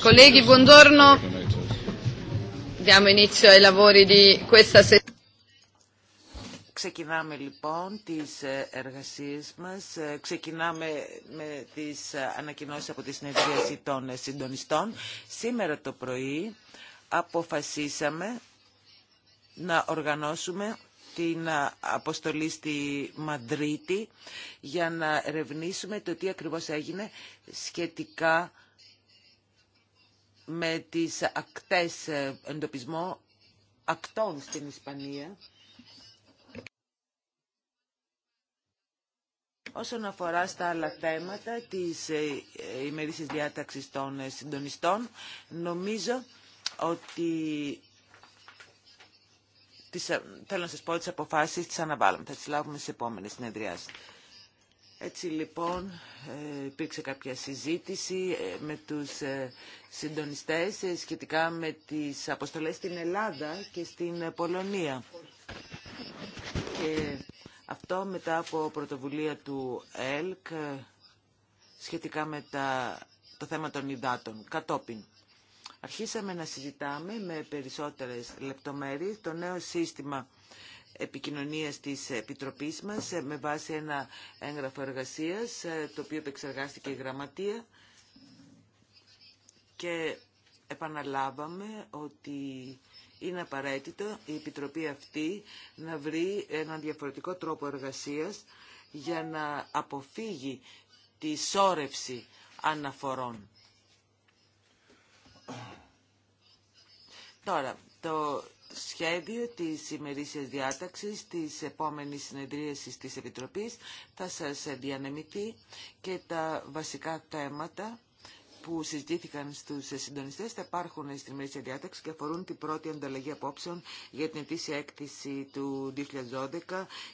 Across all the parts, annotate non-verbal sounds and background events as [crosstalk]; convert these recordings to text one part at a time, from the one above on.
Colleghi, buongiorno. Diamo inizio ai lavori di questa sessione. Ξεκινάμε λοιπόν τις ε, εργασίες μας. Ε, ξεκινάμε με τις ε, ανακοινώσεις από τη συνεδρίαση των συντονιστών. Σήμερα το πρωί αποφασίσαμε να οργανώσουμε την αποστολή στη Μαντρίτη για να ερευνήσουμε το τι ακριβώς έγινε σχετικά με τις ακτές ε, εντοπισμό ακτών στην Ισπανία. Όσον αφορά στα άλλα θέματα της ε, ημερήσεις διάταξης των ε, συντονιστών, νομίζω ότι τις, ε, θέλω να σας πω τις αποφάσεις τις αναβάλλουμε. Θα τις λάβουμε στις επόμενες συνεδριάσεις. Έτσι λοιπόν ε, υπήρξε κάποια συζήτηση ε, με τους συντονιστές σχετικά με τις αποστολές στην Ελλάδα και στην Πολωνία. Και αυτό μετά από πρωτοβουλία του ΕΛΚ σχετικά με τα, το θέμα των υδάτων κατόπιν αρχίσαμε να συζητάμε με περισσότερες λεπτομέρειες το νέο σύστημα επικοινωνίας της Επιτροπής μας με βάση ένα έγγραφο εργασίας ε, το οποίο επεξεργάστηκε η Γραμματεία και επαναλάβαμε ότι είναι απαραίτητο η Επιτροπή αυτή να βρει έναν διαφορετικό τρόπο εργασίας για να αποφύγει τη σόρευση αναφορών. Τώρα, το σχέδιο της ημερήσιας διάταξης της επόμενης συνεδρίασης της Επιτροπής θα σας διανεμηθεί και τα βασικά θέματα που συζητήθηκαν στους συντονιστέ, θα υπάρχουν στην ημερήσια διάταξη και αφορούν την πρώτη ανταλλαγή απόψεων για την ετήσια έκτηση του 2012,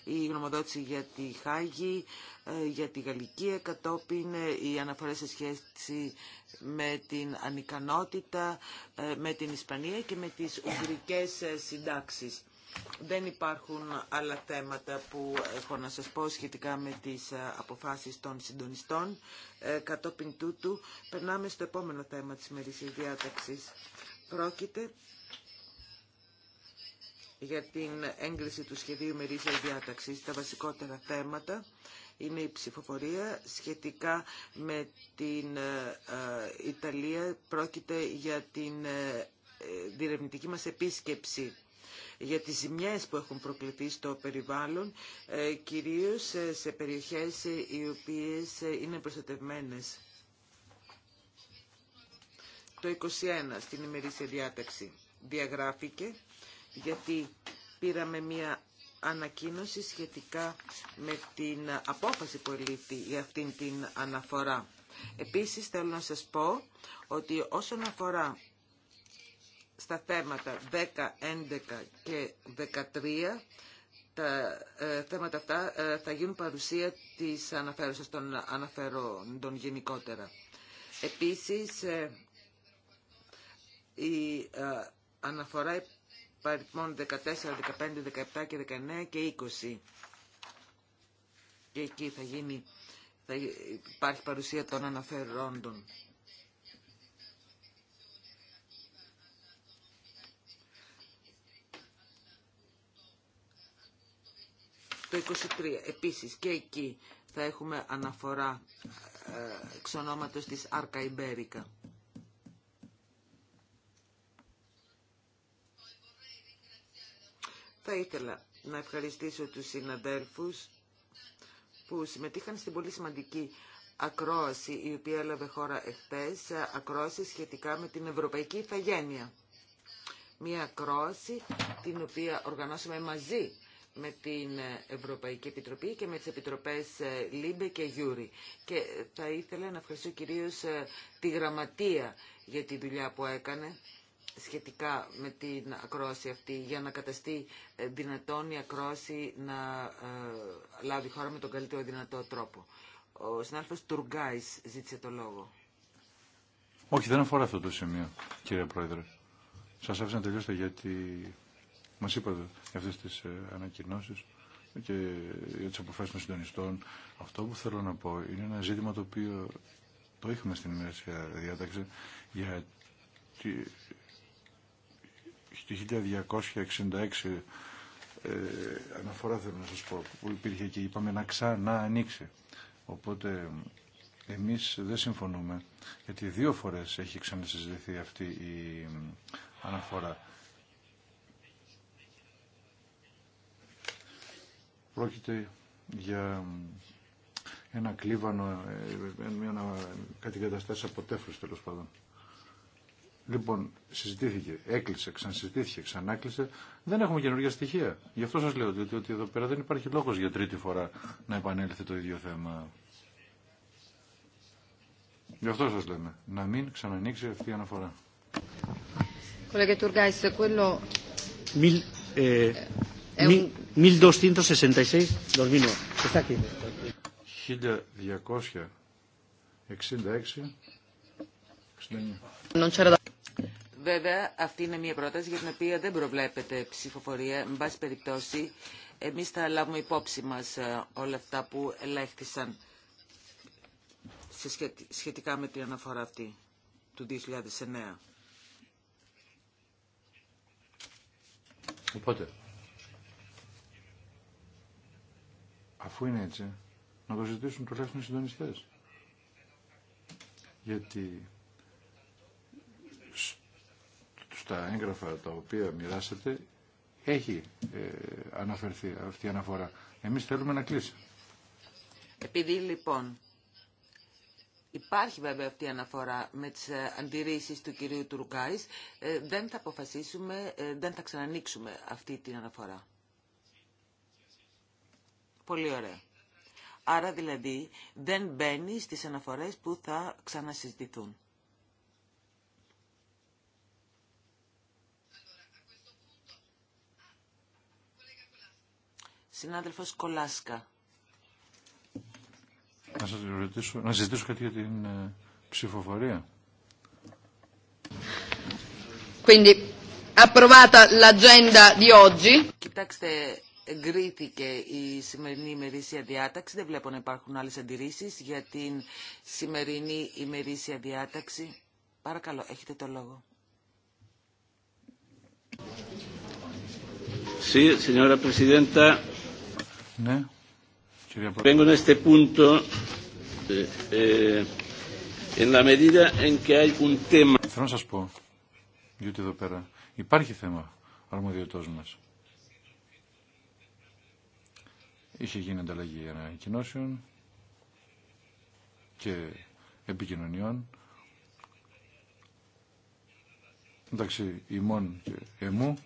η γνωμοδότηση για τη Χάγη, ε, για τη Γαλλική κατόπιν οι ε, αναφορές σε σχέση με την ανικανότητα, ε, με την Ισπανία και με τις Ουγγρικές συντάξεις. Δεν υπάρχουν άλλα θέματα που έχω να σας πω σχετικά με τις ε, αποφάσεις των συντονιστών. Ε, κατόπιν τούτου, περνάμε στο επόμενο θέμα της μερικής διάταξης. Πρόκειται για την έγκριση του σχεδίου μερίσιας διάταξης. Τα βασικότερα θέματα είναι η ψηφοφορία σχετικά με την ε, Ιταλία. Πρόκειται για την διερευνητική μας επίσκεψη για τις ζημιές που έχουν προκληθεί στο περιβάλλον, ε, κυρίως ε, σε περιοχές ε, οι οποίες είναι προστατευμένες. Το 21 στην ημερήσια διάταξη διαγράφηκε γιατί πήραμε μια ανακοίνωση σχετικά με την απόφαση που ελήφθη για αυτήν την αναφορά. Επίσης θέλω να σας πω ότι όσον αφορά στα θέματα 10, 11 και 13 τα ε, θέματα αυτά ε, θα γίνουν παρουσία της αναφέρουσας των αναφέροντων γενικότερα. Επίσης, ε, η ε, αναφορά παριθμών 14, 15, 17 και 19 και 20. Και εκεί θα γίνει, θα υπάρχει παρουσία των αναφερόντων. Το 23. Επίσης και εκεί θα έχουμε αναφορά ε, εξ ονόματος της Άρκα Θα ήθελα να ευχαριστήσω τους συναδέλφους που συμμετείχαν στην πολύ σημαντική ακρόαση η οποία έλαβε χώρα εχθές, ακρόαση σχετικά με την Ευρωπαϊκή Ιθαγένεια. Μία ακρόαση την οποία οργανώσαμε μαζί με την Ευρωπαϊκή Επιτροπή και με τις Επιτροπές ε, Λίμπε και Γιούρι. Και ε, θα ήθελα να ευχαριστώ κυρίως ε, τη Γραμματεία για τη δουλειά που έκανε σχετικά με την ακρόαση αυτή για να καταστεί δυνατόν η ακρόαση να λάβει χώρα με τον καλύτερο δυνατό τρόπο. Ο συνάδελφος Τουργκάης ζήτησε το λόγο. Όχι, δεν αφορά αυτό το σημείο, κύριε Πρόεδρε. Σας άφησα να τελειώσετε γιατί Μα είπατε για αυτές τις ε, ανακοινώσει και για τι αποφάσει των συντονιστών. Αυτό που θέλω να πω είναι ένα ζήτημα το οποίο το είχαμε στην ημερήσια διάταξη για τη 1266 ε, αναφορά θέλω να σας πω που υπήρχε και είπαμε να ξανά ανοίξει. Οπότε εμείς δεν συμφωνούμε γιατί δύο φορές έχει ξανασυζητηθεί αυτή η αναφορά Πρόκειται για ένα κλίβανο, ε, ε, μια από αποτέφρους τέλος πάντων. Λοιπόν, συζητήθηκε, έκλεισε, ξανασυζητήθηκε, ξανάκλεισε. Δεν έχουμε καινούργια στοιχεία. Γι' αυτό σας λέω διότι, ότι εδώ πέρα δεν υπάρχει λόγος για τρίτη φορά να επανέλθει το ίδιο θέμα. Γι' αυτό σας λέμε. Να μην ξανανοίξει αυτή η αναφορά. 1266-2009. Ε, está aquí. 1266. βεβαια είναι μια πρόταση για την οποία δεν προβλέπεται ψηφοφορία. με πάση περιπτώσει, εμείς θα λάβουμε υπόψη μας ε, όλα αυτά που ελέγχθησαν σχετικά με την αναφορά αυτή του 2009. Οπότε, Αφού είναι έτσι, να το ζητήσουν τουλάχιστον οι συντονιστέ. Γιατί στα έγγραφα τα οποία μοιράσατε έχει ε, αναφερθεί αυτή η αναφορά. Εμείς θέλουμε να κλείσει. Επειδή λοιπόν υπάρχει βέβαια αυτή η αναφορά με τις ε, αντιρρήσεις του κυρίου Τουρκάης, ε, δεν θα αποφασίσουμε, δεν θα ξανανοίξουμε αυτή την αναφορά. Πολύ ωραία. Άρα δηλαδή δεν μπαίνει στις αναφορές που θα ξανασυζητηθούν. Συνάδελφος Κολάσκα. Να σας ρωτήσω, να ζητήσω κάτι για την ε, ψηφοφορία. Quindi approvata l'agenda di oggi. Κοιτάξτε, εγκρίθηκε η σημερινή ημερήσια διάταξη. Δεν βλέπω να υπάρχουν άλλες αντιρρήσεις για την σημερινή ημερήσια διάταξη. Παρακαλώ, έχετε το λόγο. Sí, señora Presidenta. Ναι, en este punto eh, eh, en la medida en que hay un tema. Θέλω να σας πω, διότι εδώ πέρα υπάρχει θέμα αρμοδιωτός μας. Είχε γίνει ανταλλαγή ανακοινώσεων και επικοινωνιών εντάξει ημών και εμού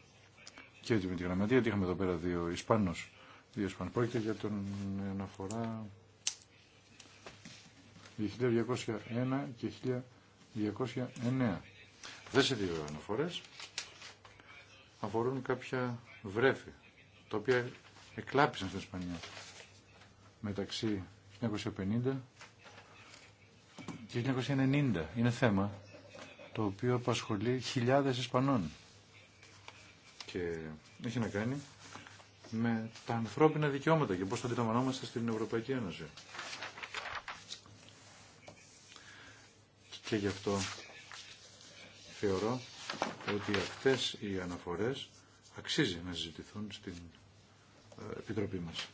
και με τη γραμματεία. Είχαμε εδώ πέρα δύο Ισπάνους. Δύο Ισπάνους. Πρόκειται για τον αναφορά 1201 και 1209. Δεν οι δύο αναφορές αφορούν κάποια βρέφη, τα οποία εκλάπησαν στην Ισπανία μεταξύ 1950 και 1990. Είναι θέμα το οποίο απασχολεί χιλιάδες Ισπανών και έχει να κάνει με τα ανθρώπινα δικαιώματα και πώς θα αντιλαμβανόμαστε στην Ευρωπαϊκή Ένωση. Και γι' αυτό θεωρώ ότι αυτές οι αναφορές αξίζει να ζητηθούν στην Επιτροπή μας.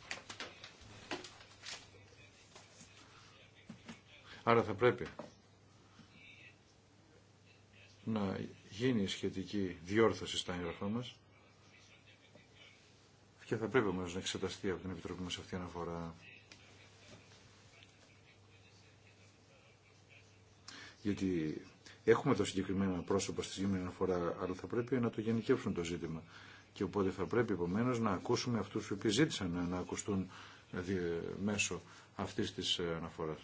Άρα θα πρέπει να γίνει σχετική διόρθωση στα έγγραφά μας και θα πρέπει όμως να εξεταστεί από την Επιτροπή μας αυτή η αναφορά. Γιατί έχουμε το συγκεκριμένο πρόσωπο στη συγκεκριμένη αναφορά, αλλά θα πρέπει να το γενικεύσουν το ζήτημα. Και οπότε θα πρέπει επομένως να ακούσουμε αυτούς που επιζήτησαν να ακουστούν ε, μέσω αυτής της ε, αναφοράς.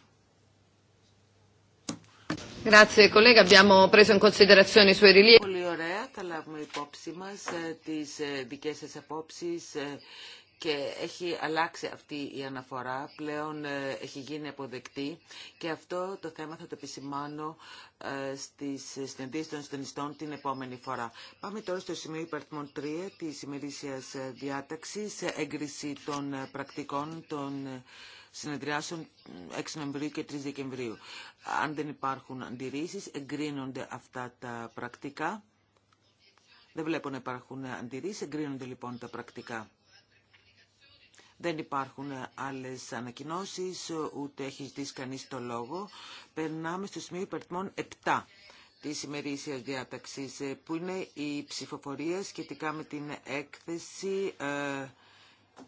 Grazie collega, abbiamo preso in considerazione i suoi rilievi. Πολύ ωραία, θα λάβουμε υπόψη μας ε, τις δικές σας απόψεις και έχει αλλάξει αυτή η αναφορά, πλέον ε, έχει γίνει αποδεκτή και αυτό το θέμα θα το επισημάνω ε, στις συνεδρίες των συντονιστών την επόμενη φορά. Πάμε τώρα στο σημείο υπαριθμών 3 της ημερήσιας ε, διάταξης, έγκριση των πρακτικών των συνεδριάσεων 6 Νοεμβρίου και 3 Δεκεμβρίου. Αν δεν υπάρχουν αντιρρήσεις, εγκρίνονται αυτά τα πρακτικά. Δεν βλέπω να υπάρχουν αντιρρήσεις, εγκρίνονται λοιπόν τα πρακτικά. Δεν υπάρχουν άλλες ανακοινώσεις, ούτε έχει ζητήσει κανείς το λόγο. Περνάμε στο σημείο υπερτιμών 7 τη ημερήσια διάταξη, ε, που είναι η ψηφοφορία σχετικά με την έκθεση ε,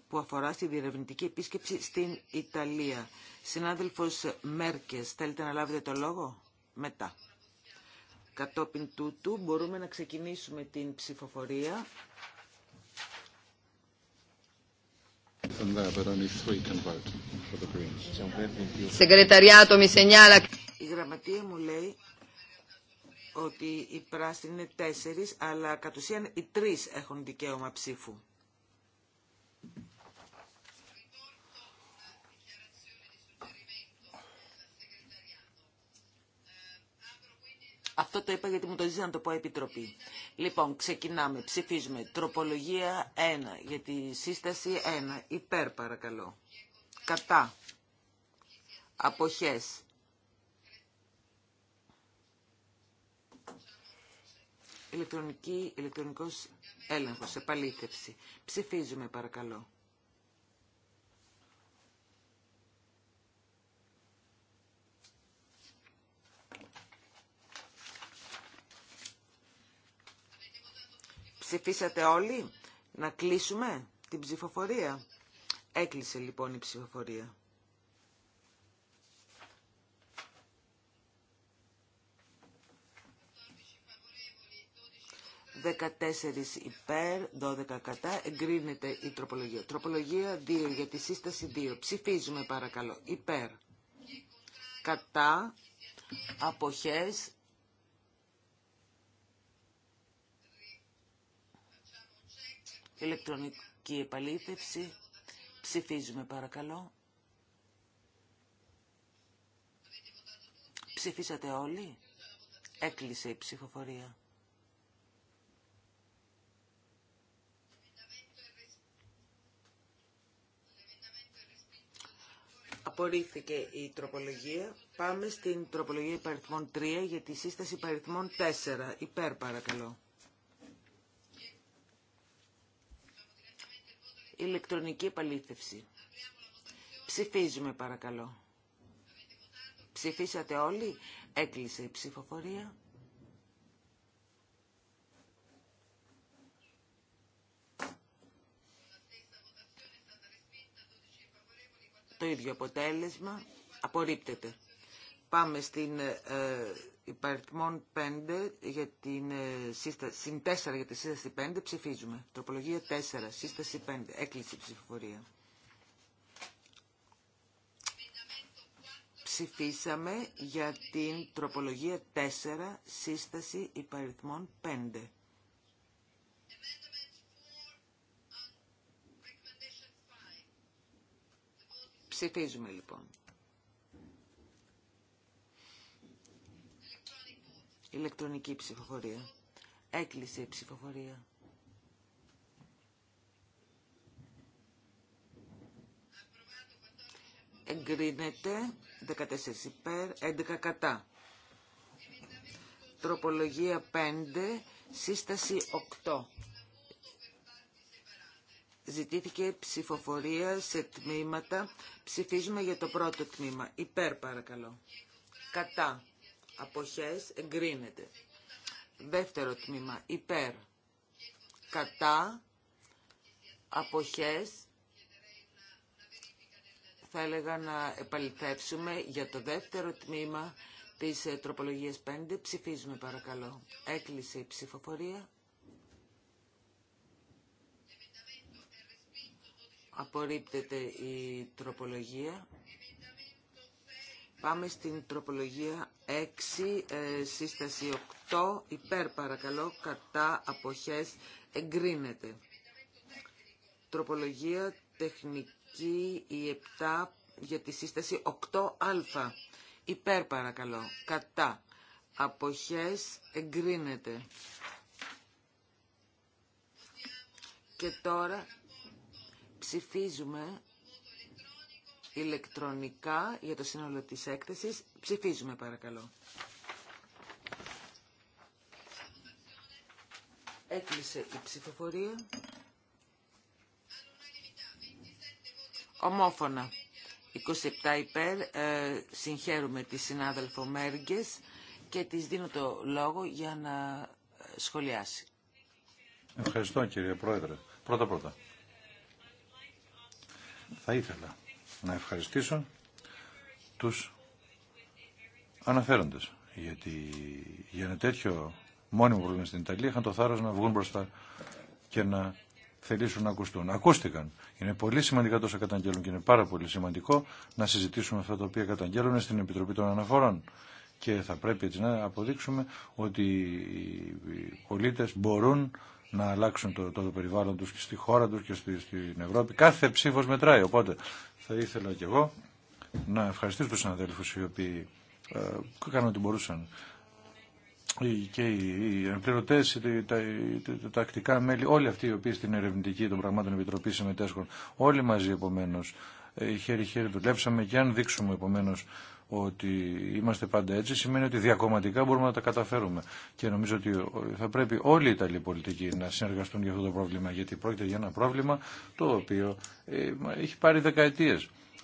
που αφορά στη διερευνητική επίσκεψη στην Ιταλία. Συνάδελφος Μέρκες, θέλετε να λάβετε το λόγο μετά. Κατόπιν τούτου μπορούμε να ξεκινήσουμε την ψηφοφορία. Η γραμματεία μου λέει ότι οι πράσινοι είναι τέσσερις, αλλά κατ' ουσίαν οι τρεις έχουν δικαίωμα ψήφου. Αυτό το είπα γιατί μου το ζήτησε να το πω επιτροπή. Λοιπόν, ξεκινάμε. Ψηφίζουμε. Τροπολογία 1 για τη σύσταση 1. Υπέρ παρακαλώ. Κατά. Αποχές. Ηλεκτρονική, ηλεκτρονικός έλεγχος, επαλήθευση. Ψηφίζουμε παρακαλώ. Ψηφίσατε όλοι. Να κλείσουμε την ψηφοφορία. Έκλεισε λοιπόν η ψηφοφορία. Δεκατέσσερις υπέρ, 12 κατά, εγκρίνεται η τροπολογία. Τροπολογία 2 για τη σύσταση 2. Ψηφίζουμε παρακαλώ. Υπέρ, κατά, αποχές, Ελεκτρονική επαλήθευση. Ψηφίζουμε παρακαλώ. Ψηφίσατε όλοι. Έκλεισε η ψηφοφορία. Απορρίφθηκε η τροπολογία. Πάμε στην τροπολογία υπαριθμών 3 για τη σύσταση υπαριθμών 4. Υπέρ παρακαλώ. ηλεκτρονική επαλήθευση. Ψηφίζουμε παρακαλώ. Ψηφίσατε όλοι. Έκλεισε η ψηφοφορία. Το ίδιο αποτέλεσμα απορρίπτεται. Πάμε στην ε, υπαριθμών 5 για την ε, συν 4 για τη σύσταση 5 ψηφίζουμε. Τροπολογία 4, σύσταση 5, έκλειση ψηφοφορία. Ψηφίσαμε για την τροπολογία 4, σύσταση υπαριθμών 5. Ψηφίζουμε λοιπόν. Ηλεκτρονική ψηφοφορία. Έκλεισε η ψηφοφορία. Εγκρίνεται 14 υπέρ, 11 κατά. Τροπολογία 5, σύσταση 8. Ζητήθηκε ψηφοφορία σε τμήματα. Ψηφίζουμε για το πρώτο τμήμα. Υπέρ παρακαλώ. Κατά αποχές εγκρίνεται. Δεύτερο τμήμα υπέρ κατά αποχές θα έλεγα να επαληθεύσουμε για το δεύτερο τμήμα της ε, τροπολογίας 5. Ψηφίζουμε παρακαλώ. Έκλεισε η ψηφοφορία. Απορρίπτεται η τροπολογία. Πάμε στην τροπολογία 6, ε, σύσταση 8, υπέρ παρακαλώ, κατά αποχές εγκρίνεται. Τροπολογία τεχνική η 7 για τη σύσταση 8α, υπέρ παρακαλώ, κατά αποχές εγκρίνεται. Και τώρα ψηφίζουμε ηλεκτρονικά για το σύνολο της έκθεσης. Ψηφίζουμε παρακαλώ. Έκλεισε η ψηφοφορία. Ομόφωνα. 27 υπέρ. Ε, συγχαίρουμε τη συνάδελφο Μέργκες και της δίνω το λόγο για να σχολιάσει. Ευχαριστώ κύριε Πρόεδρε. Πρώτα πρώτα. Θα ήθελα να ευχαριστήσω τους αναφέροντες. Γιατί για ένα τέτοιο μόνιμο πρόβλημα στην Ιταλία είχαν το θάρρος να βγουν μπροστά και να θελήσουν να ακουστούν. Ακούστηκαν. Είναι πολύ σημαντικά τόσα καταγγέλουν και είναι πάρα πολύ σημαντικό να συζητήσουμε αυτά τα οποία καταγγέλουν στην Επιτροπή των Αναφορών. Και θα πρέπει έτσι να αποδείξουμε ότι οι πολίτες μπορούν να αλλάξουν το, το, περιβάλλον τους και στη χώρα τους και στη, στην Ευρώπη. Κάθε ψήφος μετράει, οπότε θα ήθελα κι εγώ να ευχαριστήσω τους συναδέλφους οι οποίοι ε, κάνουν ό,τι μπορούσαν και οι αναπληρωτέ, τα, τα, τακτικά μέλη, όλοι αυτοί οι οποίοι στην ερευνητική των πραγμάτων επιτροπή συμμετέσχουν, όλοι μαζί επομένω, ε, χέρι-χέρι δουλέψαμε και αν δείξουμε επομένω ότι είμαστε πάντα έτσι σημαίνει ότι διακομματικά μπορούμε να τα καταφέρουμε. Και νομίζω ότι θα πρέπει όλοι οι Ιταλοί πολιτικοί να συνεργαστούν για αυτό το πρόβλημα, γιατί πρόκειται για ένα πρόβλημα το οποίο ε, έχει πάρει δεκαετίε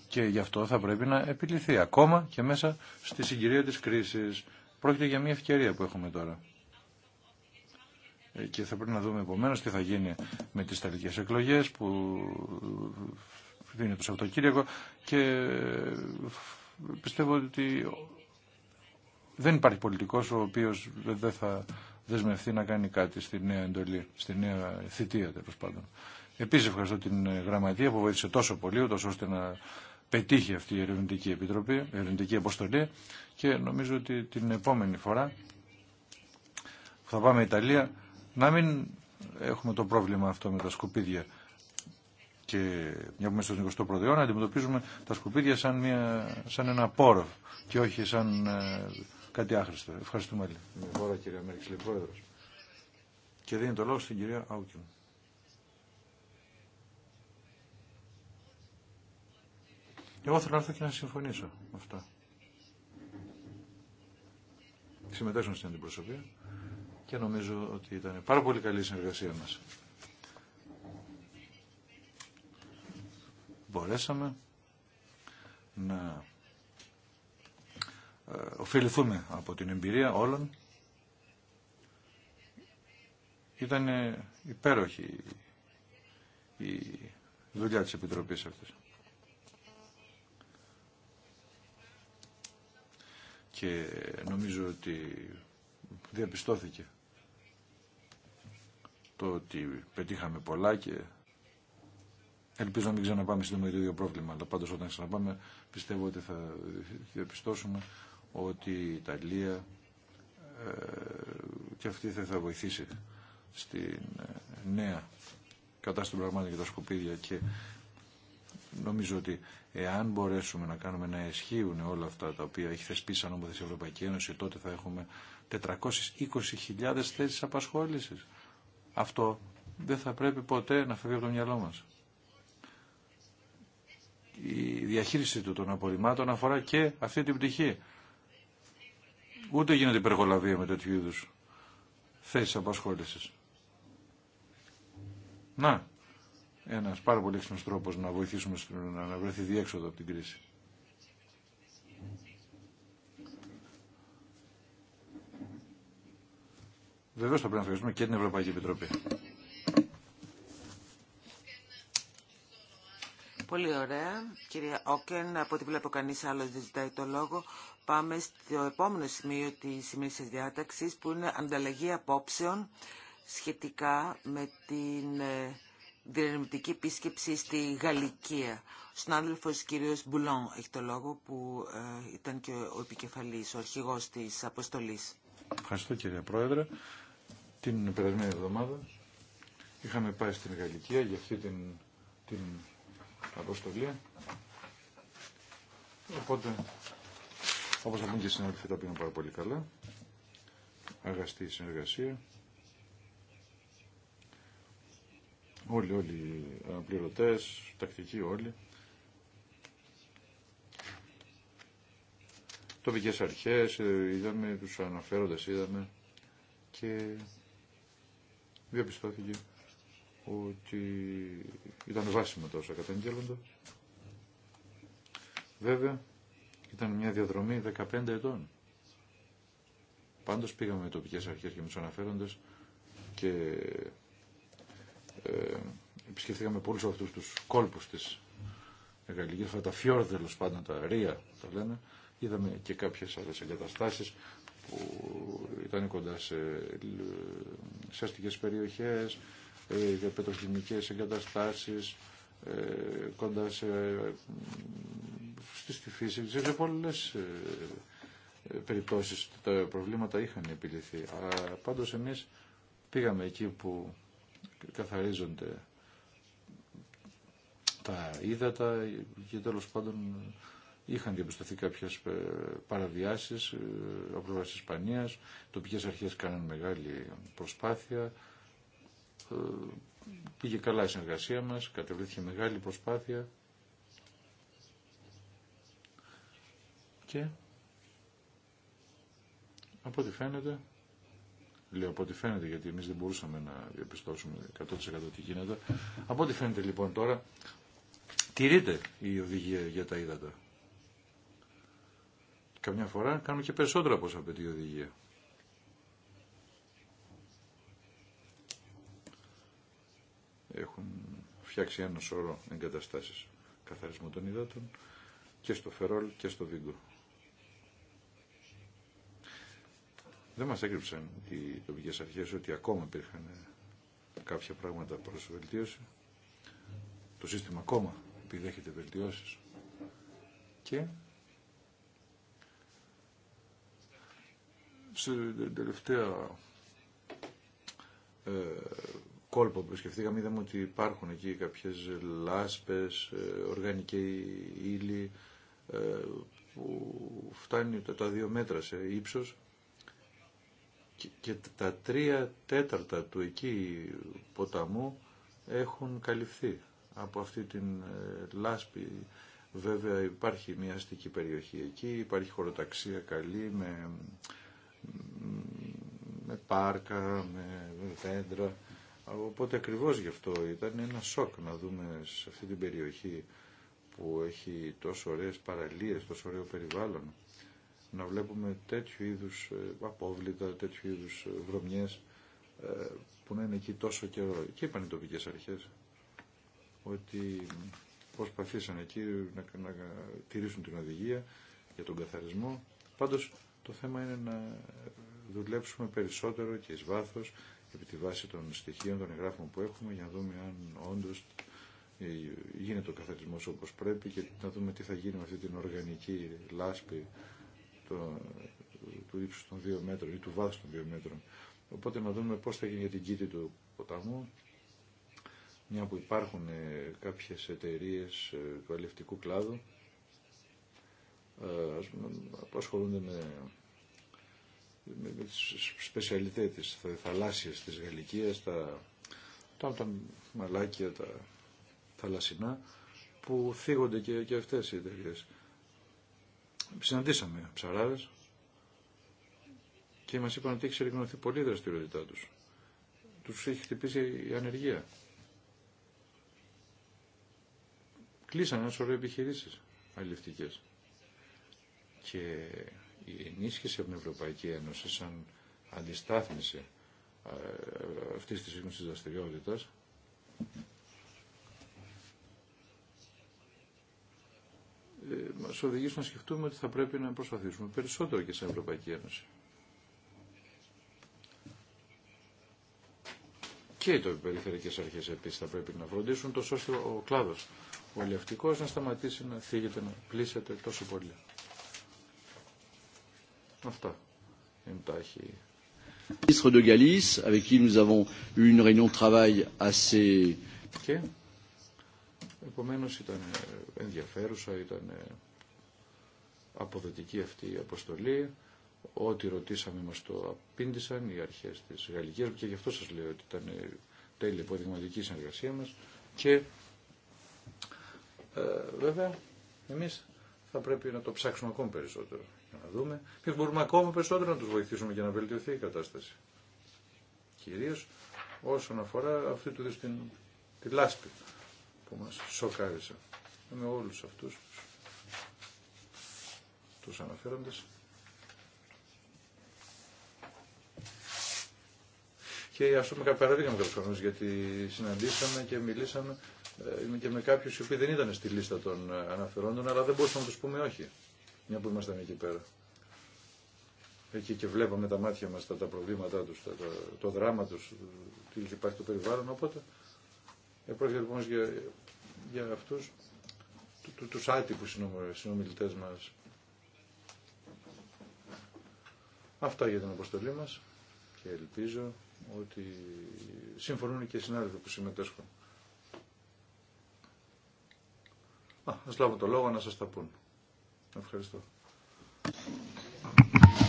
Και γι' αυτό θα πρέπει να επιληθεί ακόμα και μέσα στη συγκυρία τη κρίση. Πρόκειται για μια ευκαιρία που έχουμε τώρα. Ε, και θα πρέπει να δούμε επομένω τι θα γίνει με τι Ιταλικέ εκλογέ που δίνει το Σαββατοκύριακο και ε, πιστεύω ότι δεν υπάρχει πολιτικός ο οποίος δεν θα δεσμευτεί να κάνει κάτι στη νέα εντολή, στη νέα θητεία τέλο πάντων. Επίσης ευχαριστώ την ε, γραμματεία που βοήθησε τόσο πολύ, ώστε να πετύχει αυτή η ερευνητική επιτροπή, η ερευνητική αποστολή και νομίζω ότι την επόμενη φορά που θα πάμε Ιταλία να μην έχουμε το πρόβλημα αυτό με τα σκουπίδια και μια που είμαστε στον 21ο αιώνα αντιμετωπίζουμε τα σκουπίδια σαν, μια, σαν ένα πόρο και όχι σαν ε, κάτι άχρηστο. Ευχαριστούμε. Με κυρία Και δίνει το λόγο στην κυρία Άουκιν. Εγώ θέλω να έρθω και να συμφωνήσω με αυτά. Συμμετέχουν στην αντιπροσωπεία και νομίζω ότι ήταν πάρα πολύ καλή η συνεργασία μας. μπορέσαμε να ε, ωφεληθούμε από την εμπειρία όλων. Ήταν υπέροχη η δουλειά της Επιτροπής αυτής. Και νομίζω ότι διαπιστώθηκε το ότι πετύχαμε πολλά και Ελπίζω να μην ξαναπάμε σύντομα για το ίδιο πρόβλημα, αλλά πάντω όταν ξαναπάμε πιστεύω ότι θα διαπιστώσουμε ότι η Ιταλία ε, και αυτή θα, θα βοηθήσει στην ε, νέα κατάσταση των πραγμάτων και τα σκουπίδια και νομίζω ότι εάν μπορέσουμε να κάνουμε να ισχύουν όλα αυτά τα οποία έχει θεσπίσει σαν η Ευρωπαϊκή Ένωση τότε θα έχουμε 420.000 θέσεις απασχόλησης. Αυτό δεν θα πρέπει ποτέ να φεύγει από το μυαλό μας η διαχείριση του των απορριμμάτων αφορά και αυτή την πτυχή. Ούτε γίνεται υπεργολαβία με τέτοιου είδου θέσει απασχόληση. Να, ένα πάρα πολύ έξυπνο τρόπο να βοηθήσουμε να βρεθεί διέξοδο από την κρίση. Βεβαίω θα πρέπει να ευχαριστούμε και την Ευρωπαϊκή Επιτροπή. Πολύ ωραία. Κυρία Όκεν, από ό,τι βλέπω κανείς άλλο δεν ζητάει το λόγο. Πάμε στο επόμενο σημείο της σημερινή διάταξη, που είναι ανταλλαγή απόψεων σχετικά με την ε, διερευνητική επίσκεψη στη Γαλλικία. Ο συνάδελφο κύριος Μπουλόν έχει το λόγο που ε, ήταν και ο επικεφαλή ο αρχηγό τη αποστολή. Ευχαριστώ κυρία Πρόεδρε. Την περασμένη εβδομάδα είχαμε πάει στην Γαλλικία για αυτή την, την αποστολή. Οπότε, όπως θα πούν και οι τα πήγαν πάρα πολύ καλά. Αγαστή συνεργασία. Όλοι, όλοι, πληρωτές, τακτικοί όλοι. τοπικές αρχές, ε, είδαμε, τους αναφέροντας είδαμε και διαπιστώθηκε ότι ήταν βάσιμο τόσο καταγγέλλοντα. Βέβαια, ήταν μια διαδρομή 15 ετών. Πάντως πήγαμε με τοπικέ αρχέ και με τους και ε, επισκεφθήκαμε πολλούς αυτούς τους κόλπους της Γαλλικής, αυτά τα φιόρδε τέλο πάντων, τα ρία τα λένε. Είδαμε και κάποιες άλλε εγκαταστάσεις που ήταν κοντά σε, ε, σε αστικές περιοχές, για ε, πετροχημικές εγκαταστάσεις ε, κοντά σε, στη φύση, σε πολλές ε, περιπτώσεις τα προβλήματα είχαν επιληθεί. Αλλά πάντως εμείς πήγαμε εκεί που καθαρίζονται τα ύδατα και τέλος πάντων είχαν διαπιστωθεί κάποιες παραβιάσεις από πλευρά Ισπανίας, τοπικές αρχές κάνουν μεγάλη προσπάθεια, ε, πήγε καλά η συνεργασία μας, κατεβλήθηκε μεγάλη προσπάθεια και από ό,τι φαίνεται, λέω από ό,τι φαίνεται γιατί εμείς δεν μπορούσαμε να διαπιστώσουμε 100% τι γίνεται, από ό,τι φαίνεται λοιπόν τώρα τηρείται η οδηγία για τα ύδατα. Καμιά φορά κάνουμε και περισσότερα από όσα απαιτεί η οδηγία. έχουν φτιάξει ένα σωρό εγκαταστάσεις καθαρισμού των υδάτων και στο Φερόλ και στο Βίγκο. Δεν μας έκρυψαν οι τοπικέ αρχές ότι ακόμα υπήρχαν κάποια πράγματα προς βελτίωση. Το σύστημα ακόμα επιδέχεται βελτιώσεις. Και σε τελευταία ε, κόλπο που σκεφτήκαμε είδαμε ότι υπάρχουν εκεί κάποιες λάσπες, ε, οργανική ύλη ε, που φτάνει τα δύο μέτρα σε ύψος και τα τρία τέταρτα του εκεί ποταμού έχουν καλυφθεί από αυτή την ε, λάσπη. Βέβαια υπάρχει μια αστική περιοχή εκεί, υπάρχει χωροταξία καλή με, με πάρκα, με δέντρα Οπότε ακριβώς γι' αυτό ήταν ένα σοκ να δούμε σε αυτή την περιοχή που έχει τόσο ωραίες παραλίες, τόσο ωραίο περιβάλλον, να βλέπουμε τέτοιου είδους ε, απόβλητα, τέτοιου είδους ε, βρωμιές ε, που να είναι εκεί τόσο καιρό. Και είπαν οι τοπικές αρχές ότι προσπαθήσαν εκεί να, να τηρήσουν την οδηγία για τον καθαρισμό. Πάντως το θέμα είναι να δουλέψουμε περισσότερο και εις βάθος, επί τη βάση των στοιχείων, των εγγράφων που έχουμε, για να δούμε αν όντω ε, γίνεται ο καθαρισμός όπως πρέπει και να δούμε τι θα γίνει με αυτή την οργανική λάσπη το, του ύψους των δύο μέτρων ή του βάθους των δύο μέτρων ή του βάθους των δυο μέτρων. Οπότε να δούμε πώς θα γίνει για την κήτη του ποταμού, μια που υπάρχουν ε, κάποιες εταιρείε ε, του αλληλευτικού κλάδου που ασχολούνται με με, τις σπεσιαλιτέ της, τα θαλάσσιες της Γαλλικίας, τα, τα, τα μαλάκια, τα θαλασσινά, που θίγονται και, και αυτές οι εταιρείε. Συναντήσαμε ψαράδες και μας είπαν ότι έχει συρρυκνωθεί πολύ δραστηριότητά τους. Τους έχει χτυπήσει η ανεργία. Κλείσανε ένα σωρό επιχειρήσεις αλληλευτικές. Και η ενίσχυση από την Ευρωπαϊκή Ένωση σαν αντιστάθμιση ε, αυτή τη σύγχρονη δραστηριότητα. Ε, Μα οδηγήσει να σκεφτούμε ότι θα πρέπει να προσπαθήσουμε περισσότερο και στην Ευρωπαϊκή Ένωση. Και οι περιφερειακέ αρχέ επίση θα πρέπει να φροντίσουν, τόσο ώστε ο κλάδο ο να σταματήσει να θίγεται, να πλήσεται τόσο πολύ. Αυτά είναι Και επομένως ήταν ε, ενδιαφέρουσα, ήταν ε, αποδοτική αυτή η αποστολή. Ό,τι ρωτήσαμε μας το απήντησαν οι αρχές της Γαλλικής και γι' αυτό σας λέω ότι ήταν ε, τέλεια υποδειγματική συνεργασία μας και ε, βέβαια εμείς θα πρέπει να το ψάξουμε ακόμη περισσότερο να δούμε Και μπορούμε ακόμα περισσότερο να τους βοηθήσουμε για να βελτιωθεί η κατάσταση. Κυρίω όσον αφορά αυτή του την, τη λάσπη που μας σοκάρισε με όλους αυτούς τους αναφέροντες. Και α πούμε παραδείγμα κάποιου γιατί συναντήσαμε και μιλήσαμε ε, και με κάποιου οι οποίοι δεν ήταν στη λίστα των ε, αναφερόντων, αλλά δεν μπορούσαμε να του πούμε όχι μια που ήμασταν εκεί πέρα. Εκεί και βλέπαμε τα μάτια μας τα, τα προβλήματά τους, τα, το δράμα τους, τι είχε υπάρχει το περιβάλλον, οπότε επρόκειται λοιπόν για, για αυτούς του, του, τους άτυπους συνομιλητές μας. Αυτά για την αποστολή μας και ελπίζω ότι συμφωνούν και οι συνάδελφοι που συμμετέσχουν. Α, ας λάβω το λόγο να σας τα πούν. Ευχαριστώ.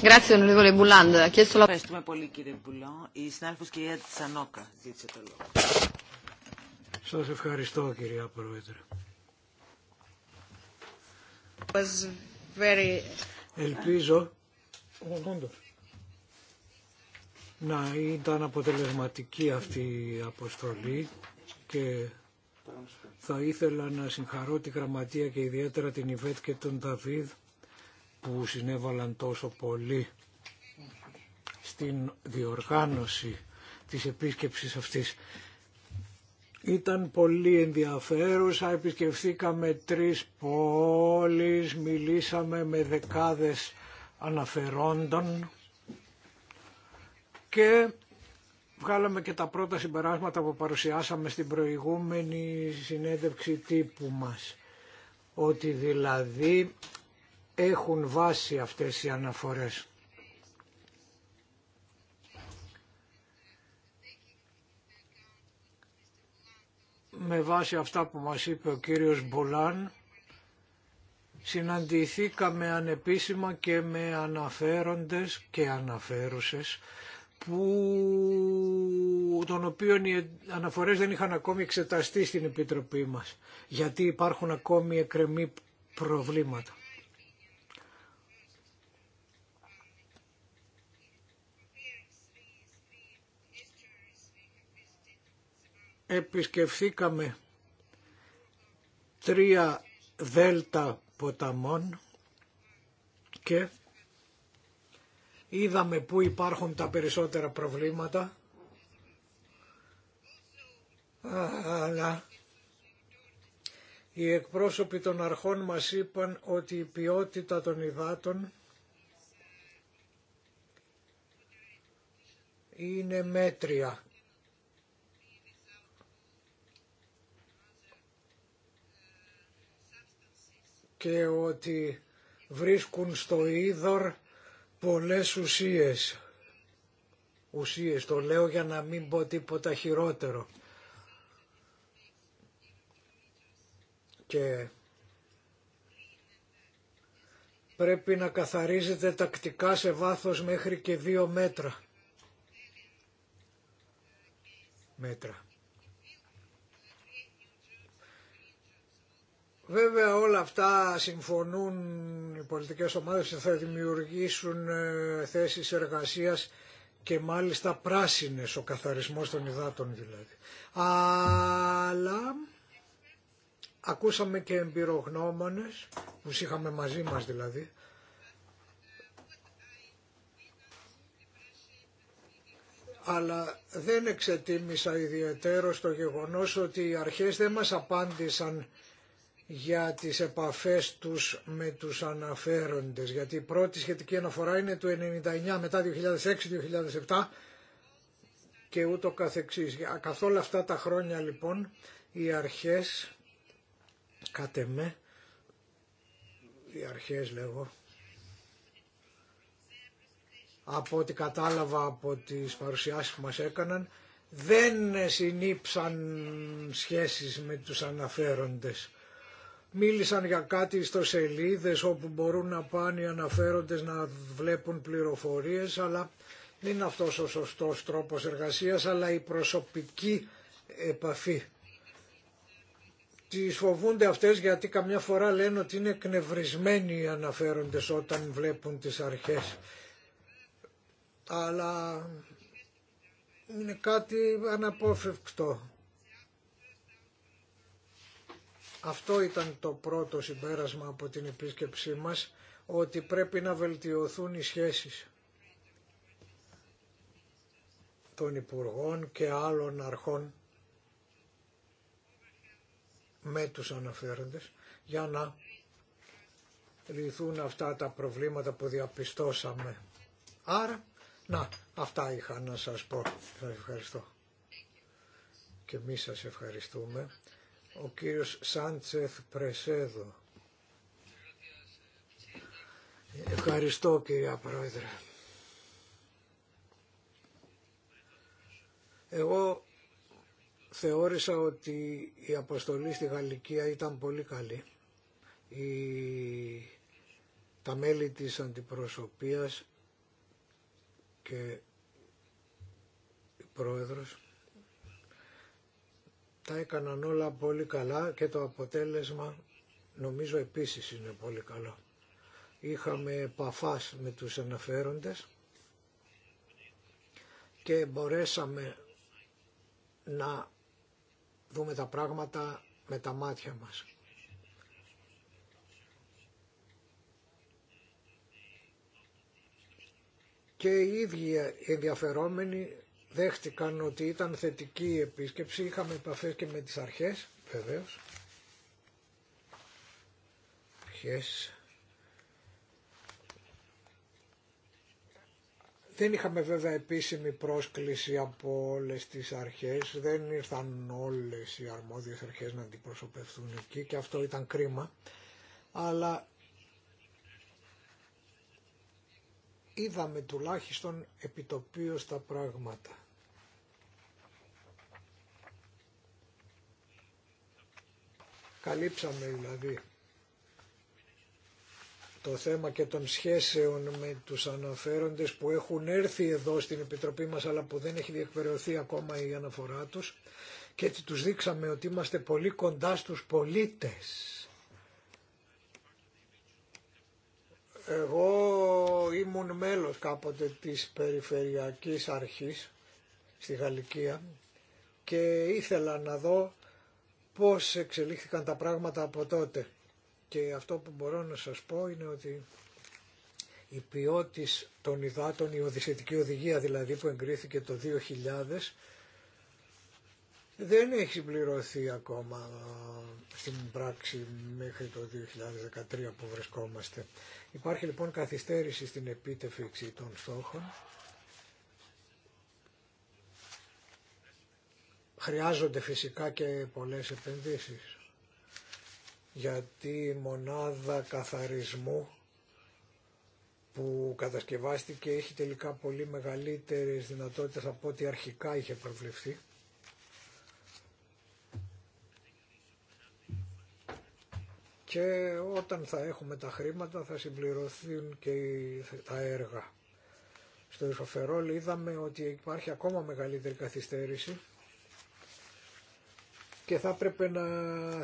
Ευχαριστούμε πολύ κύριε Μπουλάν. Η συνάδελφος κυρία Τσανόκα ζήτησε το λόγο. Σας ευχαριστώ κυρία Πρόεδρε. Very... Ελπίζω όντως, να ήταν αποτελεσματική αυτή η αποστολή και θα ήθελα να συγχαρώ τη Γραμματεία και ιδιαίτερα την Ιβέτ και τον Δαβίδ που συνέβαλαν τόσο πολύ στην διοργάνωση της επίσκεψης αυτής. Ήταν πολύ ενδιαφέρουσα, επισκεφθήκαμε τρεις πόλεις, μιλήσαμε με δεκάδες αναφερόντων και Βγάλαμε και τα πρώτα συμπεράσματα που παρουσιάσαμε στην προηγούμενη συνέντευξη τύπου μας. Ότι δηλαδή έχουν βάση αυτές οι αναφορές. Με βάση αυτά που μας είπε ο κύριος Μπολάν, συναντηθήκαμε ανεπίσημα και με αναφέροντες και αναφέρουσες που, τον οποίων οι αναφορές δεν είχαν ακόμη εξεταστεί στην Επιτροπή μας, γιατί υπάρχουν ακόμη εκρεμή προβλήματα. Επισκεφθήκαμε τρία δέλτα ποταμών και Είδαμε πού υπάρχουν τα περισσότερα προβλήματα. Αλλά οι εκπρόσωποι των αρχών μας είπαν ότι η ποιότητα των υδάτων είναι μέτρια. και ότι βρίσκουν στο είδωρ πολλές ουσίες. Ουσίες, το λέω για να μην πω τίποτα χειρότερο. Και πρέπει να καθαρίζεται τακτικά σε βάθος μέχρι και δύο μέτρα. Μέτρα. Βέβαια όλα αυτά συμφωνούν οι πολιτικές ομάδες ότι θα δημιουργήσουν ε, θέσεις εργασίας και μάλιστα πράσινες ο καθαρισμός των υδάτων δηλαδή. Αλλά ακούσαμε και εμπειρογνώμονες, που είχαμε μαζί μας δηλαδή, αλλά δεν εξετίμησα ιδιαίτερο στο γεγονός ότι οι αρχές δεν μας απάντησαν για τις επαφές τους με τους αναφέροντες. Γιατί η πρώτη σχετική αναφορά είναι του 99 μετά 2006-2007 και ούτω καθεξής. Καθ' όλα αυτά τα χρόνια λοιπόν οι αρχές, κάτε με, οι αρχές λέγω, από ό,τι κατάλαβα από τις παρουσιάσεις που μας έκαναν, δεν συνήψαν σχέσεις με τους αναφέροντες. Μίλησαν για κάτι στο σελίδες όπου μπορούν να πάνε οι αναφέροντες να βλέπουν πληροφορίες, αλλά δεν είναι αυτός ο σωστός τρόπος εργασίας, αλλά η προσωπική επαφή. τι φοβούνται αυτές γιατί καμιά φορά λένε ότι είναι εκνευρισμένοι οι αναφέροντες όταν βλέπουν τις αρχές. Αλλά είναι κάτι αναπόφευκτο. Αυτό ήταν το πρώτο συμπέρασμα από την επίσκεψή μας, ότι πρέπει να βελτιωθούν οι σχέσεις των Υπουργών και άλλων αρχών με τους αναφέροντες για να λυθούν αυτά τα προβλήματα που διαπιστώσαμε. Άρα, να, αυτά είχα να σας πω. Σας ευχαριστώ. Και εμείς σας ευχαριστούμε ο κύριος Σάντσεφ Πρεσέδο. Ευχαριστώ κυρία Πρόεδρε. Εγώ θεώρησα ότι η αποστολή στη Γαλλικία ήταν πολύ καλή. Η... Τα μέλη της αντιπροσωπείας και η πρόεδρος τα έκαναν όλα πολύ καλά και το αποτέλεσμα νομίζω επίσης είναι πολύ καλό. Είχαμε παφάς με τους αναφέροντες και μπορέσαμε να δούμε τα πράγματα με τα μάτια μας. Και οι ίδιοι ενδιαφερόμενοι δέχτηκαν ότι ήταν θετική η επίσκεψη, είχαμε επαφές και με τις αρχές, βεβαίως. Αρχές. Δεν είχαμε βέβαια επίσημη πρόσκληση από όλες τις αρχές, δεν ήρθαν όλες οι αρμόδιες αρχές να αντιπροσωπευτούν εκεί και αυτό ήταν κρίμα, αλλά είδαμε τουλάχιστον επιτοπίως τα πράγματα. Καλύψαμε δηλαδή το θέμα και των σχέσεων με τους αναφέροντες που έχουν έρθει εδώ στην Επιτροπή μας αλλά που δεν έχει διεκπαιρεωθεί ακόμα η αναφορά τους και έτσι τους δείξαμε ότι είμαστε πολύ κοντά στους πολίτες. Εγώ ήμουν μέλος κάποτε της Περιφερειακής Αρχής στη Γαλλικία και ήθελα να δω πώς εξελίχθηκαν τα πράγματα από τότε. Και αυτό που μπορώ να σας πω είναι ότι η ποιότης των υδάτων, η οδησιατική οδηγία δηλαδή που εγκρίθηκε το 2000, δεν έχει συμπληρωθεί ακόμα ε, στην πράξη μέχρι το 2013 που βρισκόμαστε. Υπάρχει λοιπόν καθυστέρηση στην επίτευξη των στόχων. Χρειάζονται φυσικά και πολλές επενδύσεις γιατί η μονάδα καθαρισμού που κατασκευάστηκε έχει τελικά πολύ μεγαλύτερες δυνατότητες από ό,τι αρχικά είχε προβλεφθεί και όταν θα έχουμε τα χρήματα θα συμπληρωθούν και τα έργα. Στο Ισοφερόλ είδαμε ότι υπάρχει ακόμα μεγαλύτερη καθυστέρηση και θα έπρεπε να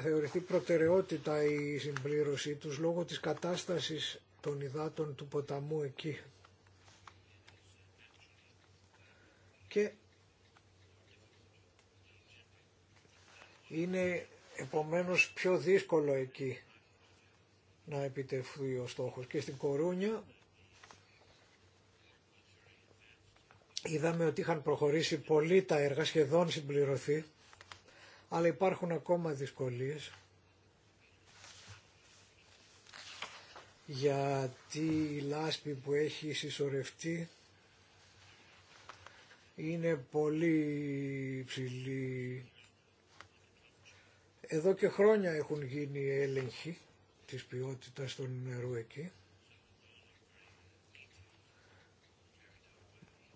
θεωρηθεί προτεραιότητα η συμπλήρωσή τους λόγω της κατάστασης των υδάτων του ποταμού εκεί. Και είναι επομένως πιο δύσκολο εκεί να επιτευχθεί ο στόχος. Και στην Κορούνια είδαμε ότι είχαν προχωρήσει πολύ τα έργα, σχεδόν συμπληρωθεί, αλλά υπάρχουν ακόμα δυσκολίες. γιατί η λάσπη που έχει συσσωρευτεί είναι πολύ ψηλή. Εδώ και χρόνια έχουν γίνει έλεγχοι της ποιότητας των νερού εκεί.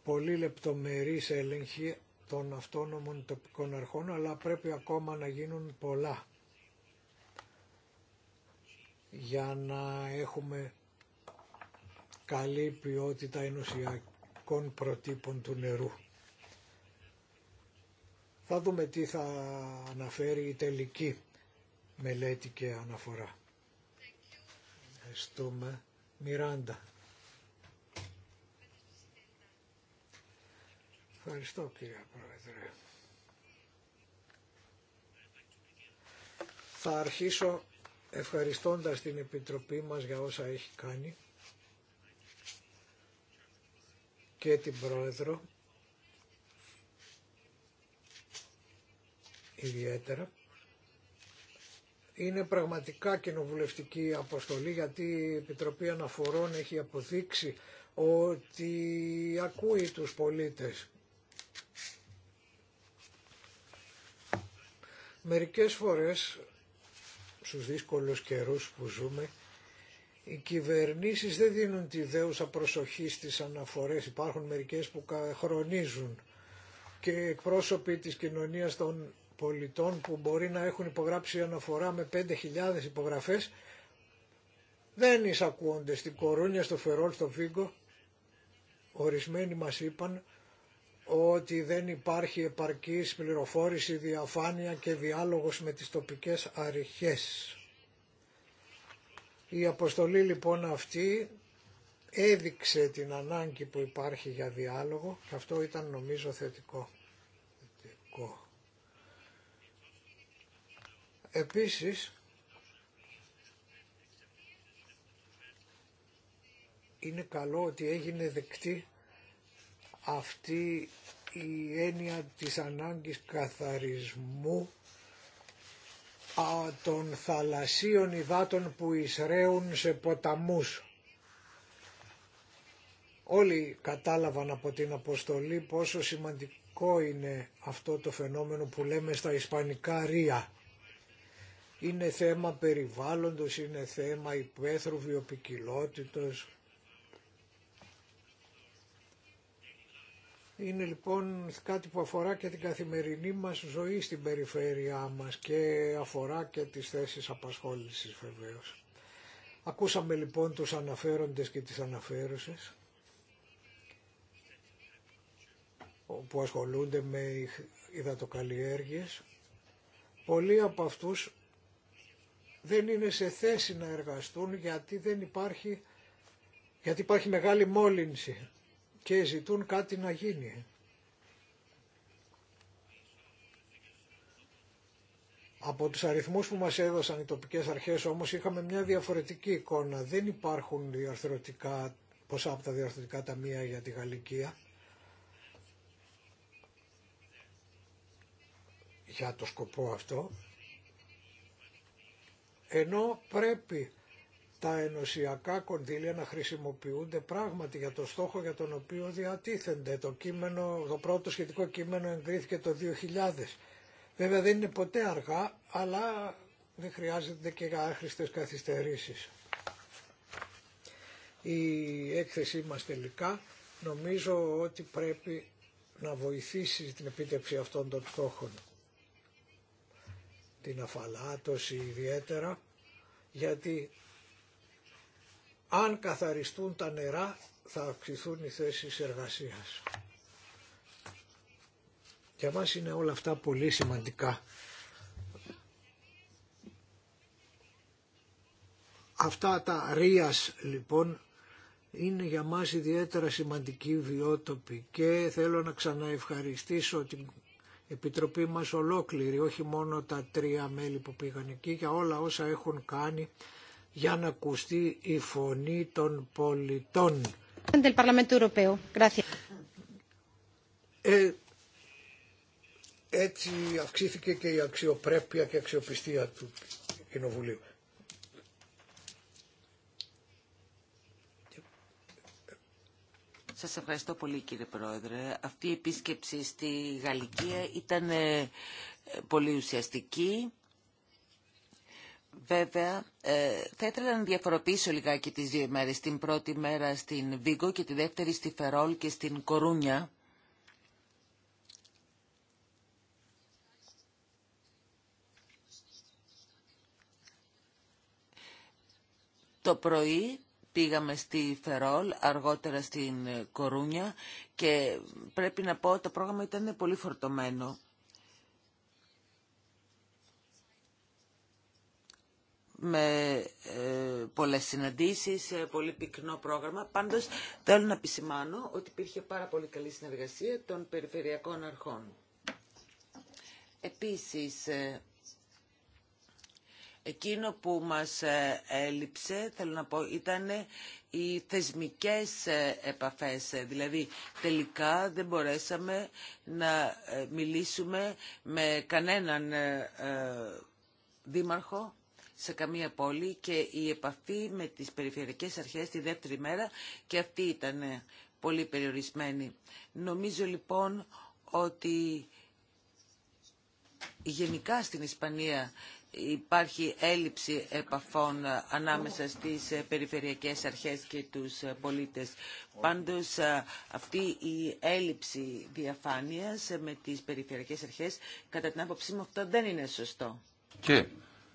Πολύ λεπτομερής έλεγχη των αυτόνομων τοπικών αρχών, αλλά πρέπει ακόμα να γίνουν πολλά για να έχουμε καλή ποιότητα ενωσιακών προτύπων του νερού. Θα δούμε τι θα αναφέρει η τελική μελέτη και αναφορά. Ευχαριστούμε. Μιράντα. Ευχαριστώ κύριε Πρόεδρε. Θα αρχίσω ευχαριστώντας την Επιτροπή μας για όσα έχει κάνει και την Πρόεδρο ιδιαίτερα είναι πραγματικά κοινοβουλευτική αποστολή γιατί η Επιτροπή Αναφορών έχει αποδείξει ότι ακούει τους πολίτες. Μερικές φορές στους δύσκολους καιρούς που ζούμε οι κυβερνήσεις δεν δίνουν τη δέουσα προσοχή στις αναφορές. Υπάρχουν μερικές που χρονίζουν και εκπρόσωποι της κοινωνίας των πολιτών που μπορεί να έχουν υπογράψει αναφορά με 5.000 υπογραφές δεν εισακούονται στην Κορούνια, στο Φερόλ, στο Φίγκο. Ορισμένοι μας είπαν ότι δεν υπάρχει επαρκής πληροφόρηση, διαφάνεια και διάλογος με τις τοπικές αρχές. Η αποστολή λοιπόν αυτή έδειξε την ανάγκη που υπάρχει για διάλογο και αυτό ήταν νομίζω θετικό. Επίσης, είναι καλό ότι έγινε δεκτή αυτή η έννοια της ανάγκης καθαρισμού των θαλασσίων υδάτων που εισραίουν σε ποταμούς. Όλοι κατάλαβαν από την αποστολή πόσο σημαντικό είναι αυτό το φαινόμενο που λέμε στα ισπανικά ρία. Είναι θέμα περιβάλλοντος, είναι θέμα υπαίθρου βιοπικιλότητος. Είναι λοιπόν κάτι που αφορά και την καθημερινή μας ζωή στην περιφέρειά μας και αφορά και τις θέσεις απασχόλησης βεβαίως. Ακούσαμε λοιπόν τους αναφέροντες και τις αναφέρουσες που ασχολούνται με υδατοκαλλιέργειες. Πολλοί από αυτούς δεν είναι σε θέση να εργαστούν γιατί δεν υπάρχει, γιατί υπάρχει μεγάλη μόλυνση και ζητούν κάτι να γίνει. Από τους αριθμούς που μας έδωσαν οι τοπικές αρχές όμως είχαμε μια διαφορετική εικόνα. Δεν υπάρχουν διαρθρωτικά, ποσά από τα διαρθρωτικά ταμεία για τη Γαλλικία. Για το σκοπό αυτό ενώ πρέπει τα ενωσιακά κονδύλια να χρησιμοποιούνται πράγματι για το στόχο για τον οποίο διατίθενται. Το, κείμενο, το πρώτο σχετικό κείμενο εγκρίθηκε το 2000. Βέβαια δεν είναι ποτέ αργά, αλλά δεν χρειάζεται και για άχρηστες καθυστερήσεις. Η έκθεσή μας τελικά νομίζω ότι πρέπει να βοηθήσει την επίτευξη αυτών των στόχων την αφαλάτωση ιδιαίτερα, γιατί αν καθαριστούν τα νερά θα αυξηθούν οι θέσεις εργασίας. Για μας είναι όλα αυτά πολύ σημαντικά. Αυτά τα ρίας λοιπόν είναι για μας ιδιαίτερα σημαντική βιότοποι και θέλω να ξαναευχαριστήσω την Επιτροπή μας ολόκληρη, όχι μόνο τα τρία μέλη που πήγαν εκεί, για όλα όσα έχουν κάνει για να ακουστεί η φωνή των πολιτών. Ε, έτσι αυξήθηκε και η αξιοπρέπεια και η αξιοπιστία του Κοινοβουλίου. Σας ευχαριστώ πολύ κύριε Πρόεδρε. Αυτή η επίσκεψη στη Γαλλικία ήταν ε, πολύ ουσιαστική. Βέβαια, ε, θα ήθελα να διαφοροποιήσω λιγάκι τις δύο μέρες. Την πρώτη μέρα στην Βίγκο και τη δεύτερη στη Φερόλ και στην Κορούνια. Το πρωί Πήγαμε στη Φερόλ, αργότερα στην Κορούνια και πρέπει να πω ότι το πρόγραμμα ήταν πολύ φορτωμένο. με ε, πολλές συναντήσεις, ε, πολύ πυκνό πρόγραμμα. Πάντως θέλω να επισημάνω ότι υπήρχε πάρα πολύ καλή συνεργασία των περιφερειακών αρχών. Επίσης, ε, Εκείνο που μας ε, έλειψε, θέλω να πω, ήταν οι θεσμικές ε, επαφές. Δηλαδή, τελικά δεν μπορέσαμε να ε, μιλήσουμε με κανέναν δήμαρχο σε καμία πόλη και η επαφή με τις περιφερειακές αρχές τη δεύτερη μέρα και αυτή ήταν πολύ περιορισμένη. Νομίζω λοιπόν ότι γενικά στην Ισπανία υπάρχει έλλειψη επαφών ανάμεσα στις περιφερειακές αρχές και τους πολίτες. Πάντως αυτή η έλλειψη διαφάνειας με τις περιφερειακές αρχές κατά την άποψή μου αυτό δεν είναι σωστό. Και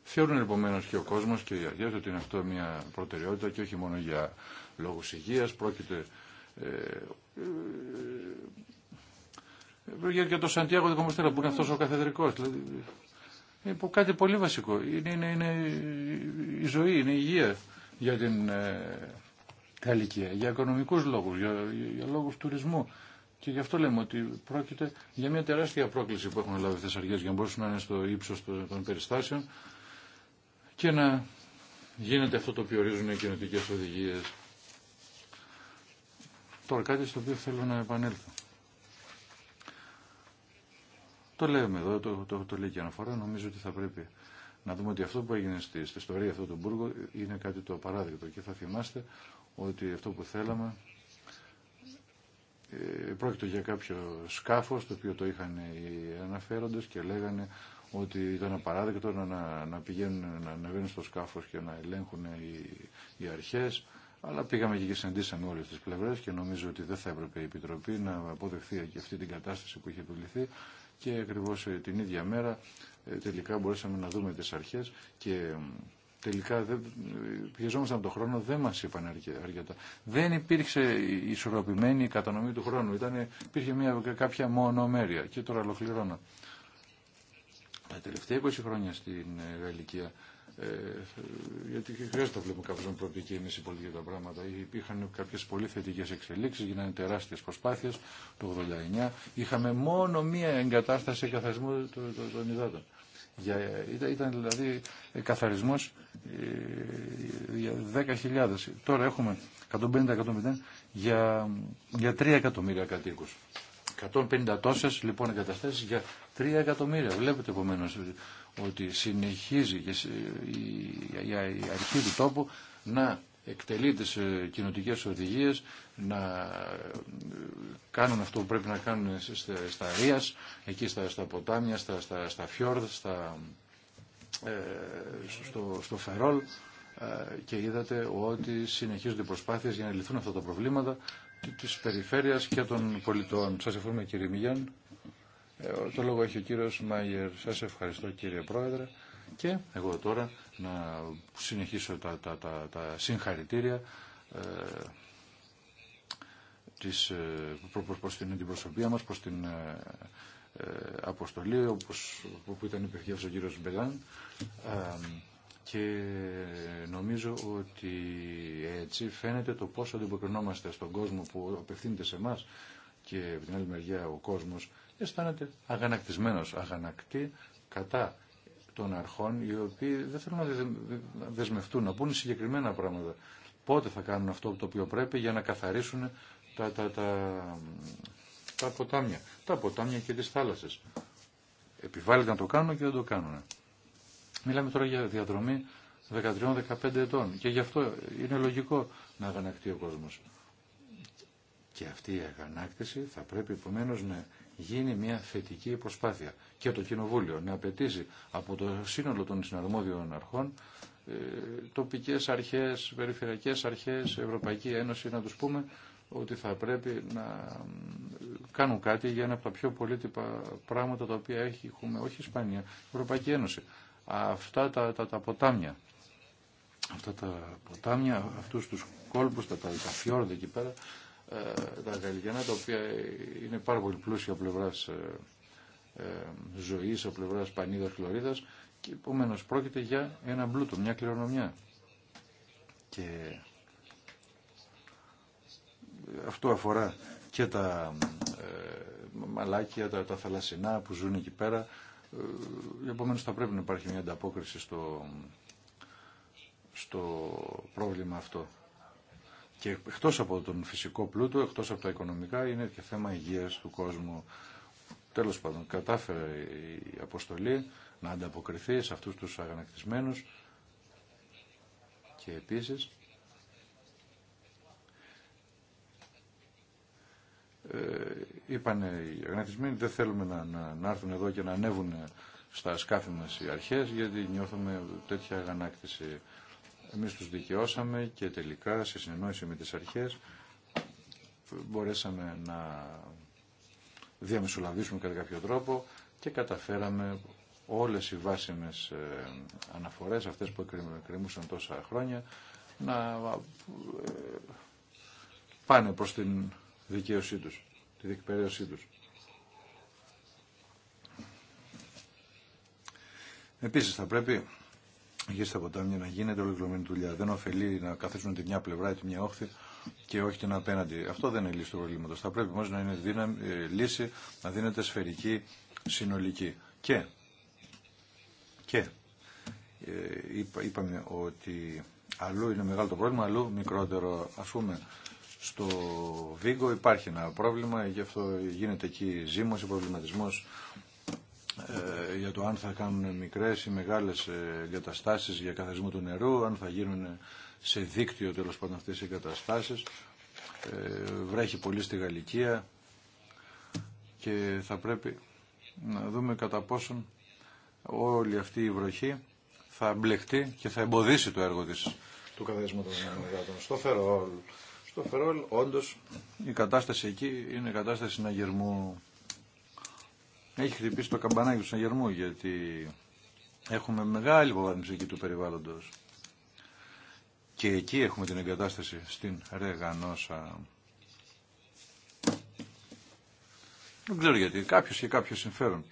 θεωρούν επομένω και ο κόσμος και οι αρχές ότι είναι αυτό μια προτεραιότητα και όχι μόνο για λόγους υγείας, πρόκειται ε, για το Σαντιάγο που είναι αυτός ο καθεδρικός. Δηλαδή, είναι κάτι πολύ βασικό. Είναι, είναι, είναι η ζωή, είναι η υγεία για την καλλικία, ε, για οικονομικούς λόγους, για, για λόγους τουρισμού. Και γι' αυτό λέμε ότι πρόκειται για μια τεράστια πρόκληση που έχουν λάβει οι Θεσσαριές για να μπορούσαν να είναι στο ύψος των περιστάσεων και να γίνεται αυτό το οποίο ορίζουν οι κοινωτικές οδηγίες. Τώρα κάτι στο οποίο θέλω να επανέλθω. Το λέμε εδώ, το, το, το λέει και αναφορά. Νομίζω ότι θα πρέπει να δούμε ότι αυτό που έγινε στη, στη ιστορία αυτού του Μπούργου είναι κάτι το απαράδεκτο. Και θα θυμάστε ότι αυτό που θέλαμε ε, πρόκειται για κάποιο σκάφος το οποίο το είχαν οι αναφέροντες και λέγανε ότι ήταν απαράδεκτο να, να, να πηγαίνουν, να ανεβαίνουν στο σκάφος και να ελέγχουν οι, οι αρχές. Αλλά πήγαμε και συναντήσαμε όλες τις πλευρές και νομίζω ότι δεν θα έπρεπε η Επιτροπή να αποδεχθεί και αυτή την κατάσταση που είχε επιβληθεί και ακριβώς ε, την ίδια μέρα ε, τελικά μπορέσαμε να δούμε τις αρχές και τελικά ε, πιεζόμασταν από τον χρόνο, δεν μας είπαν αρκετά. Δεν υπήρξε ισορροπημένη κατανομή του χρόνου. ήτανε υπήρχε μια, κάποια μονομέρεια και τώρα ολοκληρώνω. Τα τελευταία 20 χρόνια στην Γαλλικία ε, γιατί χρειάζεται να βλέπουμε κάποιον προοπτική εμεί οι πολιτικοί τα πράγματα. Υπήρχαν κάποιε πολύ θετικέ εξελίξει, γίνανε τεράστιε προσπάθειε το 89. Είχαμε μόνο μία εγκατάσταση καθαρισμού των υδάτων. Για, ήταν, δηλαδή καθαρισμό ε, για 10.000. Τώρα έχουμε 150-150 για, για 3 εκατομμύρια κατοίκου. 150 τόσε λοιπόν εγκαταστάσει για 3 εκατομμύρια. Βλέπετε επομένω ότι συνεχίζει για η αρχή του τόπου να εκτελεί τις ε, κοινοτικές οδηγίες, να ε, κάνουν αυτό που πρέπει να κάνουν στα ρίας, εκεί στα, στα ποτάμια, στα, στα, στα φιόρδ, ε, στο, στο φερόλ και είδατε ότι συνεχίζονται οι προσπάθειες για να λυθούν αυτά τα προβλήματα της περιφέρειας και των πολιτών. Σας ευχαριστούμε κύριε Μιγιάν. Ε, το λόγο έχει ο κύριος Μάγερ. Σας ευχαριστώ κύριε Πρόεδρε. Και εγώ τώρα να συνεχίσω τα, τα, τα, τα συγχαρητήρια ε, της, ε, προς, προς την αντιπροσωπεία μας, προς την ε, ε αποστολή όπως, που ήταν υπηρεσίας ο κύριος Μπελάν. και νομίζω ότι έτσι φαίνεται το πόσο αντιποκρινόμαστε στον κόσμο που απευθύνεται σε εμά και από την άλλη μεριά ο κόσμος αισθάνεται αγανακτισμένος, αγανακτή κατά των αρχών οι οποίοι δεν θέλουν να δεσμευτούν, να πούνε συγκεκριμένα πράγματα. Πότε θα κάνουν αυτό το οποίο πρέπει για να καθαρίσουν τα, τα, τα, τα ποτάμια, τα ποτάμια και τις θάλασσες. Επιβάλλεται να το κάνουν και δεν το κάνουν. Μιλάμε τώρα για διαδρομή 13-15 ετών και γι' αυτό είναι λογικό να αγανακτεί ο κόσμος. Και αυτή η αγανάκτηση θα πρέπει επομένω να γίνει μια θετική προσπάθεια και το Κοινοβούλιο να απαιτήσει από το σύνολο των συναρμόδιων αρχών ε, τοπικές αρχές, περιφερειακές αρχές, Ευρωπαϊκή Ένωση να τους πούμε ότι θα πρέπει να κάνουν κάτι για ένα από τα πιο πολύτυπα πράγματα τα οποία έχουμε, όχι Ισπανία, Ευρωπαϊκή Ένωση. Αυτά τα, τα, τα ποτάμια, αυτά τα ποτάμια, αυτούς τους κόλπους, τα, τα, τα εκεί πέρα, ε, τα γαλλικιανά τα οποία είναι πάρα πολύ πλούσια πλευράς ζωή, από πλευράς ε, ε, πανίδα χλωρίδα και επομένω πρόκειται για ένα μπλούτο, μια κληρονομιά. Και αυτό αφορά και τα μαλάκια, τα, τα θαλασσινά που ζουν εκεί πέρα. Επομένω θα πρέπει να υπάρχει μια ανταπόκριση στο, στο πρόβλημα αυτό. Και εκτός από τον φυσικό πλούτο, εκτός από τα οικονομικά, είναι και θέμα υγείας του κόσμου. Τέλος πάντων, κατάφερε η αποστολή να ανταποκριθεί σε αυτούς τους αγανακτισμένους και επίσης ε, είπαν οι αγνατισμένοι δεν θέλουμε να, να, να, έρθουν εδώ και να ανέβουν στα σκάφη μας οι αρχές γιατί νιώθουμε τέτοια αγανάκτηση. Εμείς τους δικαιώσαμε και τελικά σε συνεννόηση με τις αρχές μπορέσαμε να διαμεσολαβήσουμε κατά κάποιο τρόπο και καταφέραμε όλες οι βάσιμες ε, αναφορές, αυτές που κρεμούσαν τόσα χρόνια, να ε, πάνε προς την δικαίωσή τους, τη διεκπαιρέωσή τους. Επίσης θα πρέπει εκεί στα ποτάμια να γίνεται ολοκληρωμένη δουλειά. Δεν ωφελεί να καθίσουν τη μια πλευρά ή τη μια όχθη και όχι την απέναντι. Αυτό δεν είναι λύση του προβλήματο. Θα πρέπει όμω να είναι δύναμη, ε, λύση να δίνεται σφαιρική, συνολική. Και, και ε, είπα, είπαμε ότι αλλού είναι μεγάλο το πρόβλημα, αλλού μικρότερο. Α πούμε, στο Βίγκο υπάρχει ένα πρόβλημα, γι' αυτό γίνεται εκεί ζήμωση, προβληματισμό ε, για το αν θα κάνουν μικρές ή μεγάλες ε, εγκαταστάσεις για καθαρισμό του νερού, αν θα γίνουν σε δίκτυο τέλος πάντων αυτές οι εγκαταστάσεις. Ε, βρέχει πολύ στη Γαλλικία και θα πρέπει να δούμε κατά πόσον όλη αυτή η βροχή θα μπλεχτεί και θα εμποδίσει το έργο της του καθαρισμού των νερού. Στο Φερόλ, στο Φερόλ όντως η κατάσταση εκεί είναι η κατάσταση συναγερμού έχει χτυπήσει το καμπανάκι του Σαγερμού γιατί έχουμε μεγάλη υποβάθμιση εκεί του περιβάλλοντος. Και εκεί έχουμε την εγκατάσταση στην Ρεγανόσα. Δεν ξέρω γιατί. Κάποιος και κάποιο συμφέρον.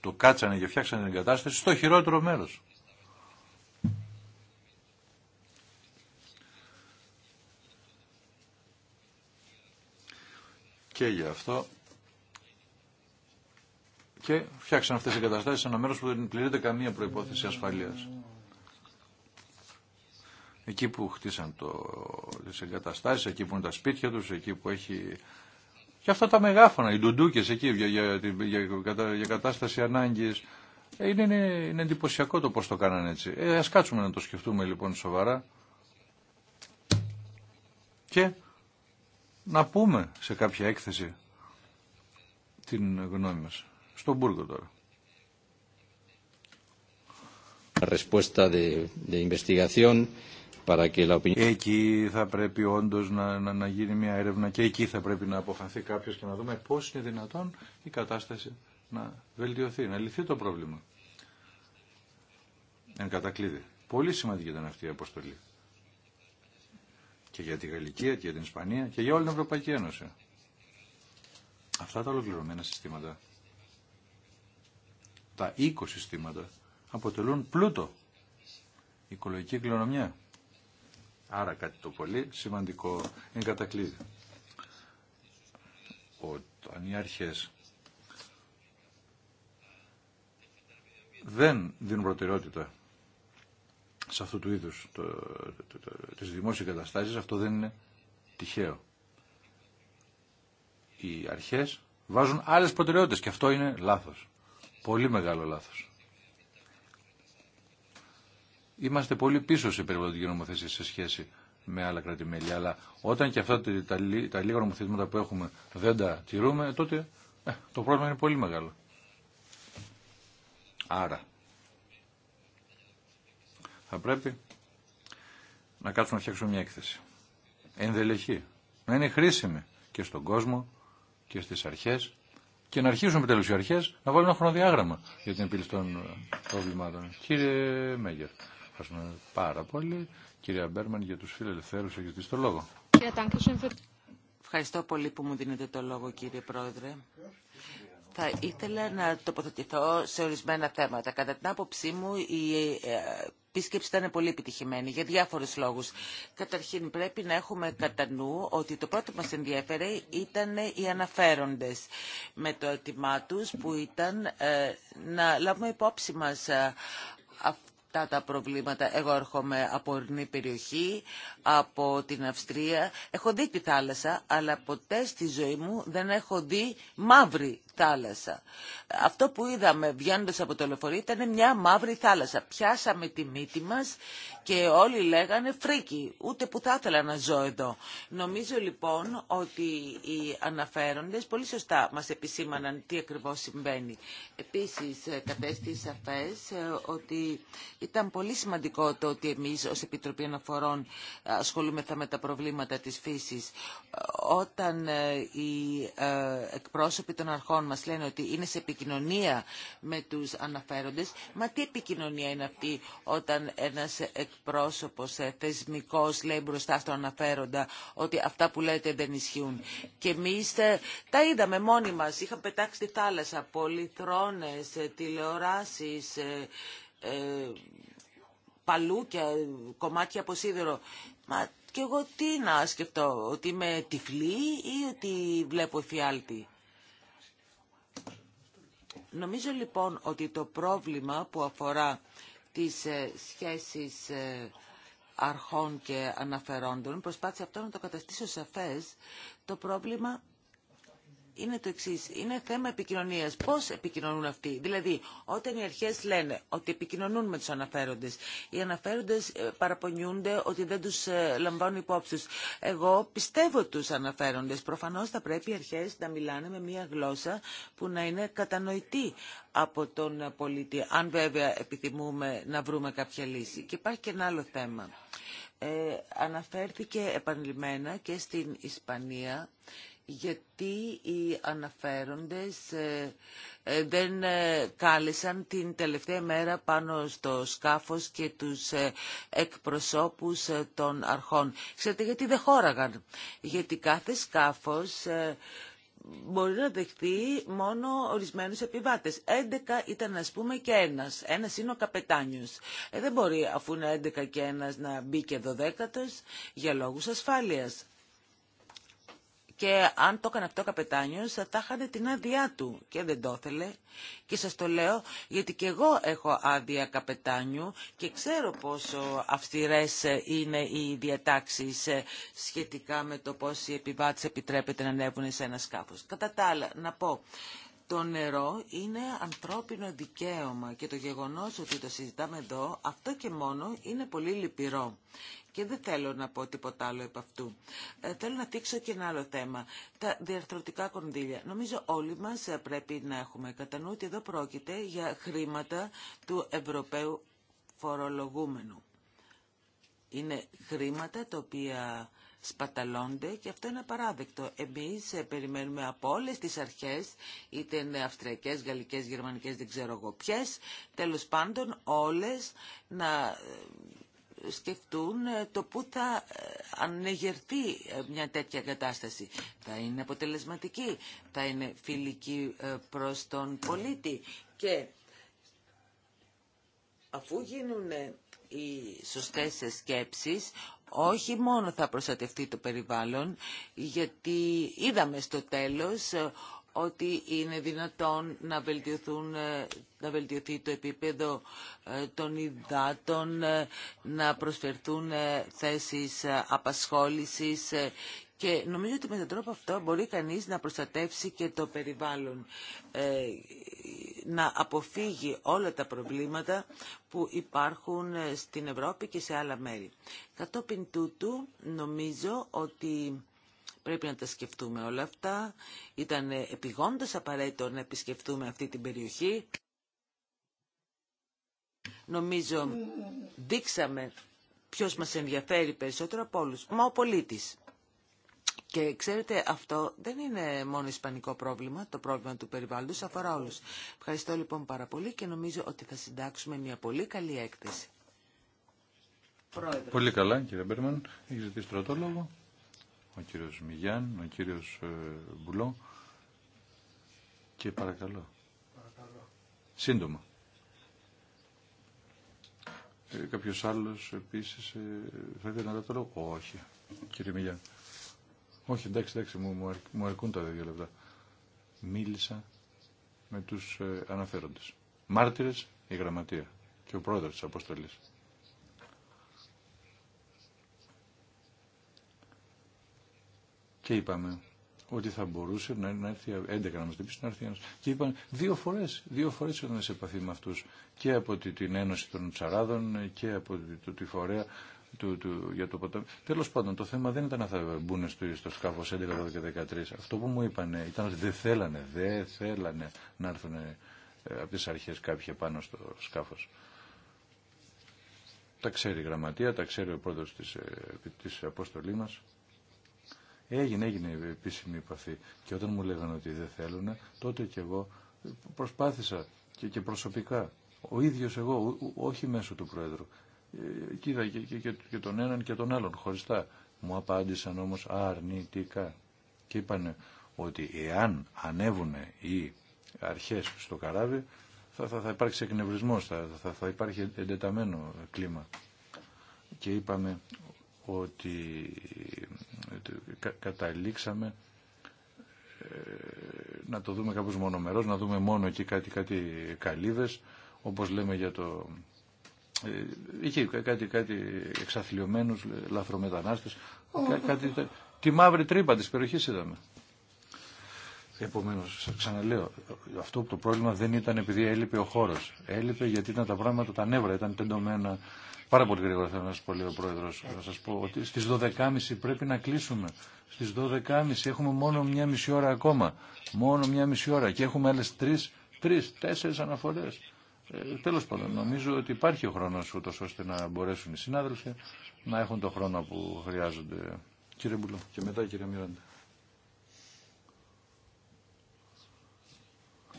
Το κάτσανε και φτιάξανε την εγκατάσταση στο χειρότερο μέρος. Και γι' αυτό και φτιάξαν αυτές τις εγκαταστάσεις σε ένα μέρος που δεν πληρείται καμία προϋπόθεση ασφαλείας. Εκεί που χτίσαν το, τις εγκαταστάσεις, εκεί που είναι τα σπίτια τους, εκεί που έχει... Και αυτά τα μεγάφωνα, οι ντουντούκες εκεί για, κατάσταση ανάγκης. Ε, είναι, είναι, εντυπωσιακό το πώς το κάνανε έτσι. Ε, ας κάτσουμε να το σκεφτούμε λοιπόν σοβαρά. Και να πούμε σε κάποια έκθεση την γνώμη μας στον Μπούργο τώρα. Εκεί θα πρέπει όντω να, να, να γίνει μια έρευνα και εκεί θα πρέπει να αποφανθεί κάποιο και να δούμε πώ είναι δυνατόν η κατάσταση να βελτιωθεί, να λυθεί το πρόβλημα. Εν κατακλείδη. Πολύ σημαντική ήταν αυτή η αποστολή. Και για τη Γαλλικία και για την Ισπανία και για όλη την Ευρωπαϊκή Ένωση. Αυτά τα ολοκληρωμένα συστήματα τα συστήματα αποτελούν πλούτο, οικολογική κληρονομιά. Άρα κάτι το πολύ σημαντικό εγκατακλείδη. Όταν οι αρχές δεν δίνουν προτεραιότητα σε αυτού του είδους το, το, το, τις δημόσιες καταστάσεις, αυτό δεν είναι τυχαίο. Οι αρχές βάζουν άλλες προτεραιότητες και αυτό είναι λάθος. Πολύ μεγάλο λάθος. Είμαστε πολύ πίσω σε περιβαλλοντική νομοθεσία σε σχέση με άλλα κρατημέλη. Αλλά όταν και αυτά τα, λίγα νομοθετήματα που έχουμε δεν τα τηρούμε, τότε ε, το πρόβλημα είναι πολύ μεγάλο. Άρα, θα πρέπει να κάτσουμε να φτιάξουμε μια έκθεση. Ενδελεχή. Να είναι χρήσιμη και στον κόσμο και στις αρχές και να αρχίσουν επιτέλου οι αρχές, να βάλουν ένα χρονοδιάγραμμα για την επίλυση των προβλημάτων. Κύριε Μέγερ, ευχαριστούμε πάρα πολύ. Κυρία Μπέρμαν, για του φιλελευθέρου έχετε δει το λόγο. Ευχαριστώ πολύ που μου δίνετε το λόγο, κύριε Πρόεδρε θα ήθελα να τοποθετηθώ σε ορισμένα θέματα. Κατά την άποψή μου, η ε, επίσκεψη ήταν πολύ επιτυχημένη για διάφορους λόγους. Καταρχήν πρέπει να έχουμε κατά νου ότι το πρώτο που μας ενδιέφερε ήταν οι αναφέροντες με το αίτημά τους που ήταν ε, να λάβουμε υπόψη μας ε, αυτά τα προβλήματα. Εγώ έρχομαι από ορεινή περιοχή, από την Αυστρία. Έχω δει τη θάλασσα, αλλά ποτέ στη ζωή μου δεν έχω δει μαύρη θάλασσα. Αυτό που είδαμε βγαίνοντα από το λεωφορείο ήταν μια μαύρη θάλασσα. Πιάσαμε τη μύτη μα και όλοι λέγανε φρίκι, ούτε που θα ήθελα να ζω εδώ. Νομίζω λοιπόν ότι οι αναφέροντε πολύ σωστά μας επισήμαναν τι ακριβώ συμβαίνει. Επίση, ε, κατέστη σαφέ ε, ότι ήταν πολύ σημαντικό το ότι εμεί ω Επιτροπή Αναφορών ε, ασχολούμεθα με τα προβλήματα τη φύση, Όταν οι εκπρόσωποι των αρχών Λοιπόν μας λένε ότι είναι σε επικοινωνία με τους αναφέροντες. Μα τι επικοινωνία είναι αυτή όταν ένας εκπρόσωπος ε, θεσμικός λέει μπροστά στον αναφέροντα ότι αυτά που λέτε δεν ισχύουν. Και εμείς ε, τα είδαμε μόνοι μας. Είχαμε πετάξει τη θάλασσα, πολυθρόνες, ε, τηλεοράσεις, παλούκια, κομμάτια από σίδερο. Μα και εγώ τι να σκεφτώ, ότι είμαι τυφλή ή ότι βλέπω εφιάλτη. Νομίζω λοιπόν ότι το πρόβλημα που αφορά τις ε, σχέσεις ε, αρχών και αναφερόντων, προσπάθησα αυτό να το καταστήσω σαφές, το πρόβλημα είναι το εξή. Είναι θέμα επικοινωνία. Πώ επικοινωνούν αυτοί. Δηλαδή, όταν οι αρχέ λένε ότι επικοινωνούν με του αναφέροντε, οι αναφέροντε ε, παραπονιούνται ότι δεν του ε, λαμβάνουν υπόψη του. Εγώ πιστεύω του αναφέροντε. Προφανώ θα πρέπει οι αρχέ να μιλάνε με μία γλώσσα που να είναι κατανοητή από τον πολίτη. Αν βέβαια επιθυμούμε να βρούμε κάποια λύση. Και υπάρχει και ένα άλλο θέμα. Ε, αναφέρθηκε επανειλημμένα και στην Ισπανία γιατί οι αναφέροντες ε, ε, δεν ε, κάλεσαν την τελευταία μέρα πάνω στο σκάφος και τους εκπροσώπους των αρχών. Ξέρετε γιατί δεν χώραγαν. Γιατί κάθε σκάφος μπορεί να δεχτεί μόνο ορισμένους επιβάτες. 11 ήταν ας πούμε και ένας. Ένας είναι ο καπετάνιος. δεν μπορεί αφού είναι 11 και ένας να μπει και 12 για λόγους ασφάλειας. Και αν το έκανε αυτό ο καπετάνιος, θα είχανε την άδειά του. Και δεν το ήθελε. Και σας το λέω, γιατί και εγώ έχω άδεια καπετάνιου και ξέρω πόσο αυστηρές είναι οι διατάξεις σχετικά με το πώς οι επιβάτες επιτρέπεται να ανέβουν σε ένα σκάφος. Κατά τα άλλα, να πω, το νερό είναι ανθρώπινο δικαίωμα και το γεγονός ότι το συζητάμε εδώ, αυτό και μόνο είναι πολύ λυπηρό. Και δεν θέλω να πω τίποτα άλλο επ' αυτού. Ε, θέλω να δείξω και ένα άλλο θέμα. Τα διαρθρωτικά κονδύλια. Νομίζω όλοι μας ε, πρέπει να έχουμε κατά νου ότι εδώ πρόκειται για χρήματα του Ευρωπαίου φορολογούμενου. Είναι χρήματα τα οποία σπαταλώνται και αυτό είναι απαράδεκτο. Εμείς ε, περιμένουμε από όλες τις αρχές, είτε είναι αυστριακές, γαλλικές, γερμανικές, δεν ξέρω εγώ ποιες, τέλος πάντων όλες να σκεφτούν ε, το πού θα ε, ανεγερθεί ε, μια τέτοια κατάσταση. Θα είναι αποτελεσματική, θα είναι φιλική προς τον πολίτη και αφού γίνουν οι σωστές σκέψεις, όχι μόνο θα προστατευτεί το περιβάλλον, γιατί είδαμε στο τέλος ότι είναι δυνατόν να, βελτιωθούν, ε, να βελτιωθεί το επίπεδο ε, των υδάτων, ε, να προσφερθούν θέσεις απασχόλησης και νομίζω ότι με τον τρόπο αυτό μπορεί κανείς να προστατεύσει και το περιβάλλον, να αποφύγει όλα τα προβλήματα που υπάρχουν στην Ευρώπη και σε άλλα μέρη. Κατόπιν τούτου νομίζω ότι Πρέπει να τα σκεφτούμε όλα αυτά. Ήταν επιγόντως απαραίτητο να επισκεφτούμε αυτή την περιοχή. Νομίζω δείξαμε ποιος μας ενδιαφέρει περισσότερο από όλους. Μα ο πολίτης. Και ξέρετε, αυτό δεν είναι μόνο ισπανικό πρόβλημα, το πρόβλημα του περιβάλλοντος αφορά όλους. Ευχαριστώ λοιπόν πάρα πολύ και νομίζω ότι θα συντάξουμε μια πολύ καλή έκθεση. Πολύ καλά κύριε Μπέρμαν. Έχει ζητήσει τώρα λόγο ο κύριος Μιγιάν, ο κύριος ε, Μπουλό και παρακαλώ. παρακαλώ. Σύντομα. Ε, κάποιος άλλος επίσης ε, θα ήθελε να το Όχι, κύριε Μιγιάν. Όχι, εντάξει, εντάξει, μου, μου αρκούν τα δύο λεπτά. Μίλησα με τους ε, αναφέροντες. Μάρτυρες, η γραμματεία και ο πρόεδρος της αποστολής. και είπαμε ότι θα μπορούσε να, έρθει 11 να μας δείξει να έρθει ένας. Και είπαν δύο φορές, δύο φορές ήταν σε επαφή με αυτούς και από την Ένωση των Τσαράδων και από το, τη φορέα του, του, για το ποτάμι. Τέλος πάντων, το θέμα δεν ήταν να θα μπουν στο, στο σκάφος 11, 12 και 13. Αυτό που μου είπαν ήταν ότι δεν θέλανε, δεν θέλανε να έρθουν ε, από τις αρχές κάποιοι πάνω στο σκάφος. Τα ξέρει η γραμματεία, τα ξέρει ο πρόεδρος της, ε, της αποστολή μας. Έγινε, έγινε επίσημη επαφή. Και όταν μου λέγανε ότι δεν θέλουν, τότε και εγώ προσπάθησα και, προσωπικά. Ο ίδιος εγώ, όχι μέσω του Πρόεδρου. Ε, κοίτα και, και, και τον έναν και τον άλλον χωριστά. Μου απάντησαν όμως αρνητικά. Και είπανε ότι εάν ανέβουν οι αρχές στο καράβι, θα, θα, θα υπάρξει εκνευρισμός, θα, θα, θα υπάρχει εντεταμένο κλίμα. Και είπαμε ότι ε, καταλήξαμε ε, να το δούμε κάπως μονομερός, να δούμε μόνο εκεί κάτι, κάτι καλύβες, όπως λέμε για το... Ε, είχε κάτι, κάτι εξαθλειωμένους λαθρομετανάστες, κάτι, τη μαύρη τρύπα της περιοχής είδαμε. Επομένως, ξαναλέω, αυτό το πρόβλημα δεν ήταν επειδή έλειπε ο χώρος. Έλειπε γιατί ήταν τα πράγματα τα νεύρα, ήταν τεντωμένα Πάρα πολύ γρήγορα θέλω να σα πω, λέει ο πρόεδρο. να σα πω ότι στι 12.30 πρέπει να κλείσουμε. Στι 12.30 έχουμε μόνο μια μισή ώρα ακόμα. Μόνο μια μισή ώρα και έχουμε άλλε τρει, τρει, τέσσερι αναφορές. Ε, πάντων, νομίζω ότι υπάρχει ο χρόνο ούτω ώστε να μπορέσουν οι συνάδελφοι να έχουν το χρόνο που χρειάζονται. Κύριε Μπουλού Και μετά κύριε Μιράντα.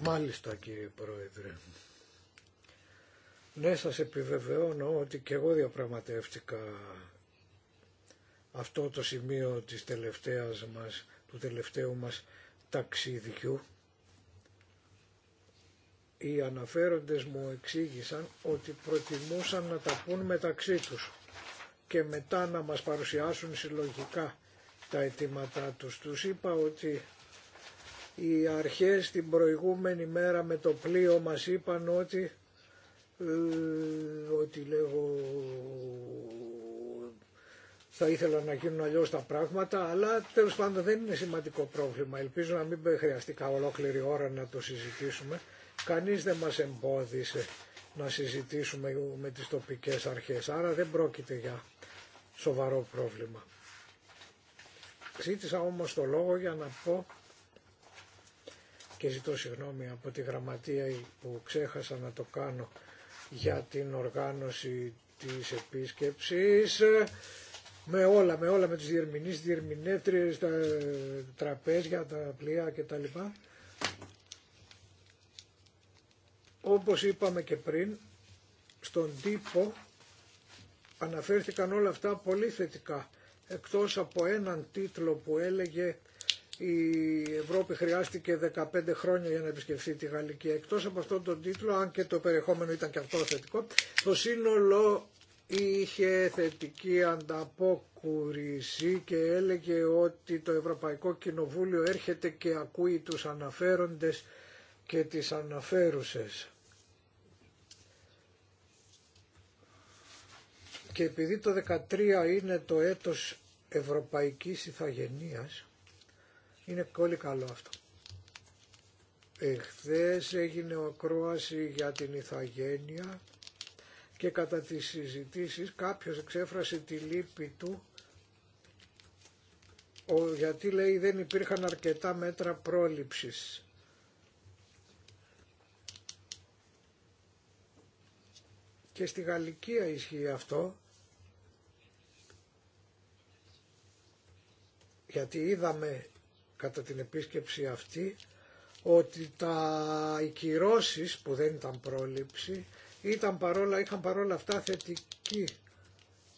Μάλιστα κύριε Πρόεδρε. Ναι, σας επιβεβαιώνω ότι και εγώ διαπραγματεύτηκα αυτό το σημείο της τελευταίας μας, του τελευταίου μας ταξιδιού. Οι αναφέροντες μου εξήγησαν ότι προτιμούσαν να τα πούν μεταξύ τους και μετά να μας παρουσιάσουν συλλογικά τα αιτήματά τους. Τους είπα ότι οι αρχές την προηγούμενη μέρα με το πλοίο μας είπαν ότι ε, ότι λέγω θα ήθελα να γίνουν αλλιώ τα πράγματα, αλλά τέλο πάντων δεν είναι σημαντικό πρόβλημα. Ελπίζω να μην χρειαστεί ολόκληρη ώρα να το συζητήσουμε. Κανείς δεν μας εμπόδισε να συζητήσουμε με τις τοπικές αρχές, άρα δεν πρόκειται για σοβαρό πρόβλημα. Ζήτησα όμως το λόγο για να πω και ζητώ συγγνώμη από τη γραμματεία που ξέχασα να το κάνω για την οργάνωση της επίσκεψης με όλα, με όλα, με τους διερμηνείς, διερμηνέτριες, τα τραπέζια, τα πλοία κτλ. Όπως είπαμε και πριν, στον τύπο αναφέρθηκαν όλα αυτά πολύ θετικά, εκτός από έναν τίτλο που έλεγε η Ευρώπη χρειάστηκε 15 χρόνια για να επισκεφθεί τη Γαλλική. Εκτός από αυτόν τον τίτλο, αν και το περιεχόμενο ήταν και αυτό θετικό, το σύνολο είχε θετική ανταπόκουρηση και έλεγε ότι το Ευρωπαϊκό Κοινοβούλιο έρχεται και ακούει τους αναφέροντες και τις αναφέρουσες. Και επειδή το 13 είναι το έτος Ευρωπαϊκής Ιθαγενείας, είναι πολύ καλό αυτό. Εχθές έγινε ο ακρόαση για την Ιθαγένεια και κατά τις συζητήσεις κάποιος εξέφρασε τη λύπη του γιατί λέει δεν υπήρχαν αρκετά μέτρα πρόληψης. Και στη Γαλλικία ισχύει αυτό, γιατί είδαμε κατά την επίσκεψη αυτή ότι τα οι που δεν ήταν πρόληψη ήταν παρόλα, είχαν παρόλα αυτά θετική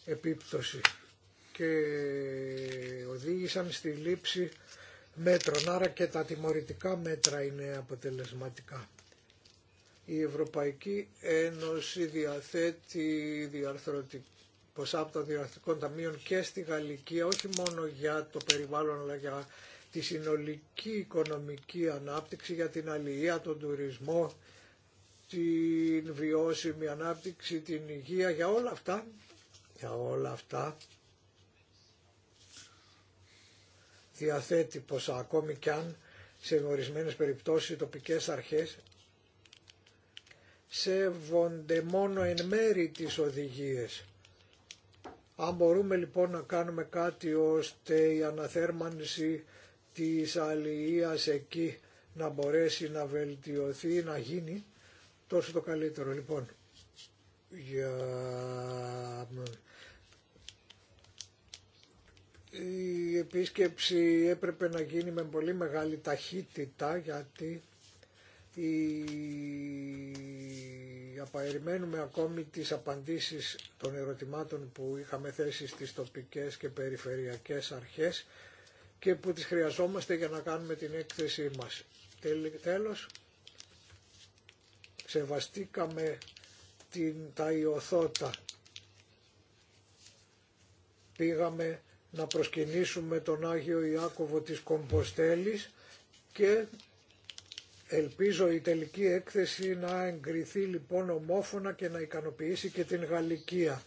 επίπτωση και οδήγησαν στη λήψη μέτρων. Άρα και τα τιμωρητικά μέτρα είναι αποτελεσματικά. Η Ευρωπαϊκή Ένωση διαθέτει διαρθρωτική ποσά από τα διαρθρωτικών ταμείων και στη Γαλλική όχι μόνο για το περιβάλλον, αλλά για τη συνολική οικονομική ανάπτυξη για την αλληλεία, τον τουρισμό, την βιώσιμη ανάπτυξη, την υγεία, για όλα αυτά, για όλα αυτά διαθέτει πως ακόμη κι αν σε ορισμένες περιπτώσεις οι τοπικές αρχές σέβονται μόνο εν μέρη τις οδηγίες. Αν μπορούμε λοιπόν να κάνουμε κάτι ώστε η αναθέρμανση της αλληλείας εκεί να μπορέσει να βελτιωθεί, να γίνει, τόσο το καλύτερο. Λοιπόν, για... η επίσκεψη έπρεπε να γίνει με πολύ μεγάλη ταχύτητα γιατί η... απαερημένουμε ακόμη τις απαντήσεις των ερωτημάτων που είχαμε θέσει στις τοπικές και περιφερειακές αρχές και που τις χρειαζόμαστε για να κάνουμε την έκθεσή μας. Τέλος, σεβαστήκαμε την, τα Πήγαμε να προσκυνήσουμε τον Άγιο Ιάκωβο της Κομποστέλης και ελπίζω η τελική έκθεση να εγκριθεί λοιπόν ομόφωνα και να ικανοποιήσει και την Γαλλικία.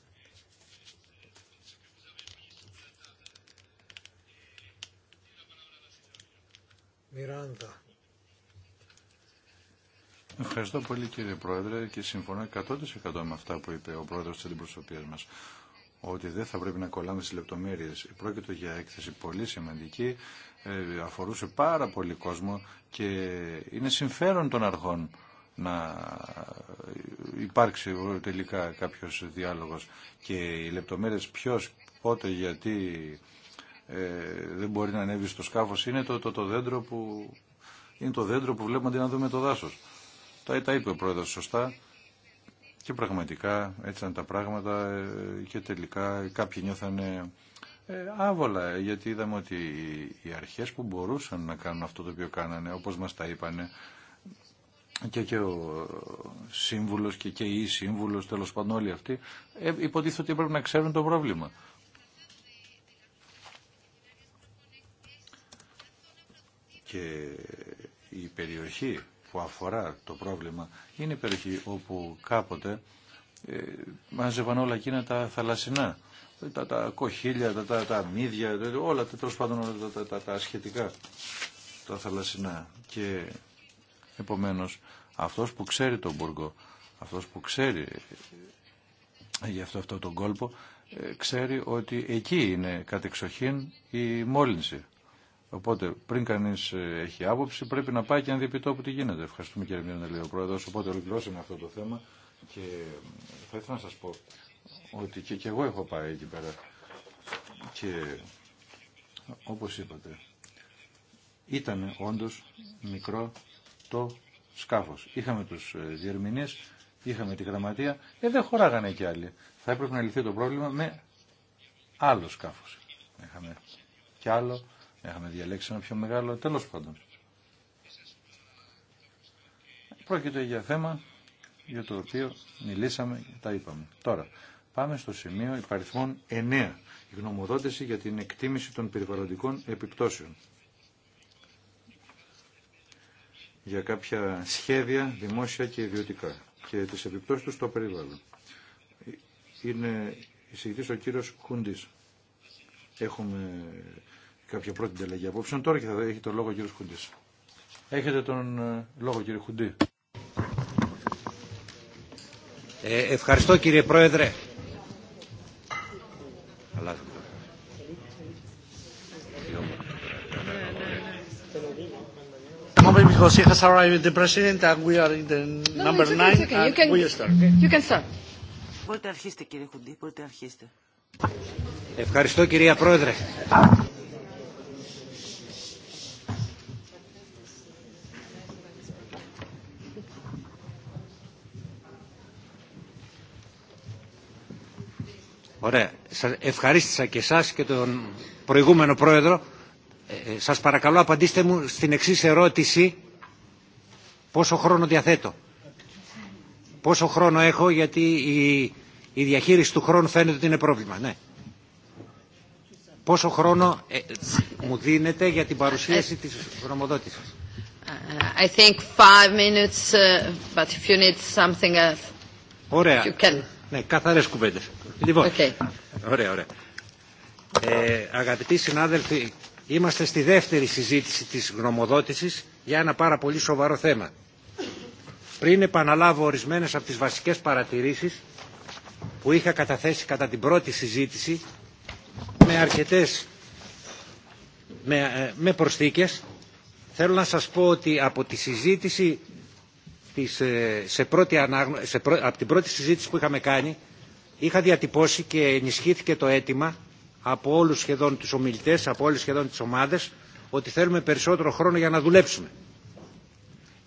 Ευχαριστώ πολύ κύριε Πρόεδρε και συμφωνώ 100% με αυτά που είπε ο Πρόεδρος της Αντιπροσωπείας μας ότι δεν θα πρέπει να κολλάμε στις λεπτομέρειες. Πρόκειται για έκθεση πολύ σημαντική, ε, αφορούσε πάρα πολύ κόσμο και είναι συμφέρον των αρχών να υπάρξει τελικά κάποιος διάλογος και οι λεπτομέρειες ποιος, πότε, γιατί ε, δεν μπορεί να ανέβει στο σκάφος είναι το, το, το δέντρο που είναι το δέντρο που βλέπουμε αντί να δούμε το δάσο. Τα, τα είπε ο πρόεδρο σωστά και πραγματικά έτσι ήταν τα πράγματα ε, και τελικά κάποιοι νιώθανε ε, άβολα γιατί είδαμε ότι οι αρχές που μπορούσαν να κάνουν αυτό το οποίο κάνανε όπως μας τα είπανε και, και ο σύμβουλος και, και η σύμβουλος τέλος πάντων όλοι αυτοί υποτίθεται ότι πρέπει να ξέρουν το πρόβλημα. και η περιοχή που αφορά το πρόβλημα είναι η περιοχή όπου κάποτε ε, μάζευαν όλα εκείνα τα θαλασσινά, τα, τα κοχύλια, τα, τα, τα μύδια, όλα τέλο πάντων τα, τα, τα, σχετικά, τα θαλασσινά. Και επομένως αυτός που ξέρει τον Μπουργκό, αυτός που ξέρει ε, για αυτό, αυτό τον κόλπο, ε, ξέρει ότι εκεί είναι κατεξοχήν η μόλυνση. Οπότε πριν κανεί ε, έχει άποψη πρέπει να πάει και να δει που τι γίνεται. Ευχαριστούμε κύριε Μιάννα, λέει ο Πρόεδρο. Οπότε ολοκληρώσαμε αυτό το θέμα και ε, θα ήθελα να σα πω ότι και, και εγώ έχω πάει εκεί πέρα και όπω είπατε ήταν όντω μικρό το σκάφο. Είχαμε του ε, διερμηνεί, είχαμε τη γραμματεία, ε, δεν χωράγανε κι άλλοι. Θα έπρεπε να λυθεί το πρόβλημα με άλλο σκάφο. Είχαμε κι άλλο Έχαμε διαλέξει ένα πιο μεγάλο τέλος πάντων. Πρόκειται για θέμα για το οποίο μιλήσαμε και τα είπαμε. Τώρα, πάμε στο σημείο υπαριθμών 9. Η γνωμοδότηση για την εκτίμηση των περιβαλλοντικών επιπτώσεων. Για κάποια σχέδια δημόσια και ιδιωτικά και τις επιπτώσεις του στο περιβάλλον. Είναι εισηγητής ο κύριος Χουντής. Έχουμε κάποια πρώτη ανταλλαγή απόψεων τώρα και θα έχει το λόγο ο κύριος Χουντής. Έχετε τον ε, λόγο κύριε Χουντή. Ε, ευχαριστώ κύριε Πρόεδρε. because he has arrived the president and we are in the no, number okay, nine okay. and can, we start. You can start. Μπορείτε αρχίστε κύριε Χουντή, μπορείτε αρχίστε. Ευχαριστώ κυρία Πρόεδρε. Ωραία. Σας ευχαρίστησα και εσά και τον προηγούμενο πρόεδρο. Ε, ε, σας παρακαλώ απαντήστε μου στην εξής ερώτηση. Πόσο χρόνο διαθέτω. Πόσο χρόνο έχω γιατί η, η διαχείριση του χρόνου φαίνεται ότι είναι πρόβλημα. Ναι. Πόσο χρόνο ε, μου δίνετε για την παρουσίαση της γνωμοδότησης. Ε, I think five minutes, but if you something else, Ωραία. You can. Ναι, καθαρές κουβέντες. Λοιπόν, okay. ωραία, ωραία. Ε, αγαπητοί συνάδελφοι, είμαστε στη δεύτερη συζήτηση της γνωμοδότησης για ένα πάρα πολύ σοβαρό θέμα. Πριν επαναλάβω ορισμένες από τις βασικές παρατηρήσεις που είχα καταθέσει κατά την πρώτη συζήτηση με αρκετές με, ε, με προσθήκες, θέλω να σας πω ότι από τη συζήτηση ε, από την πρώτη συζήτηση που είχαμε κάνει είχα διατυπώσει και ενισχύθηκε το αίτημα από όλους σχεδόν τους ομιλητές, από όλες σχεδόν τις ομάδες ότι θέλουμε περισσότερο χρόνο για να δουλέψουμε.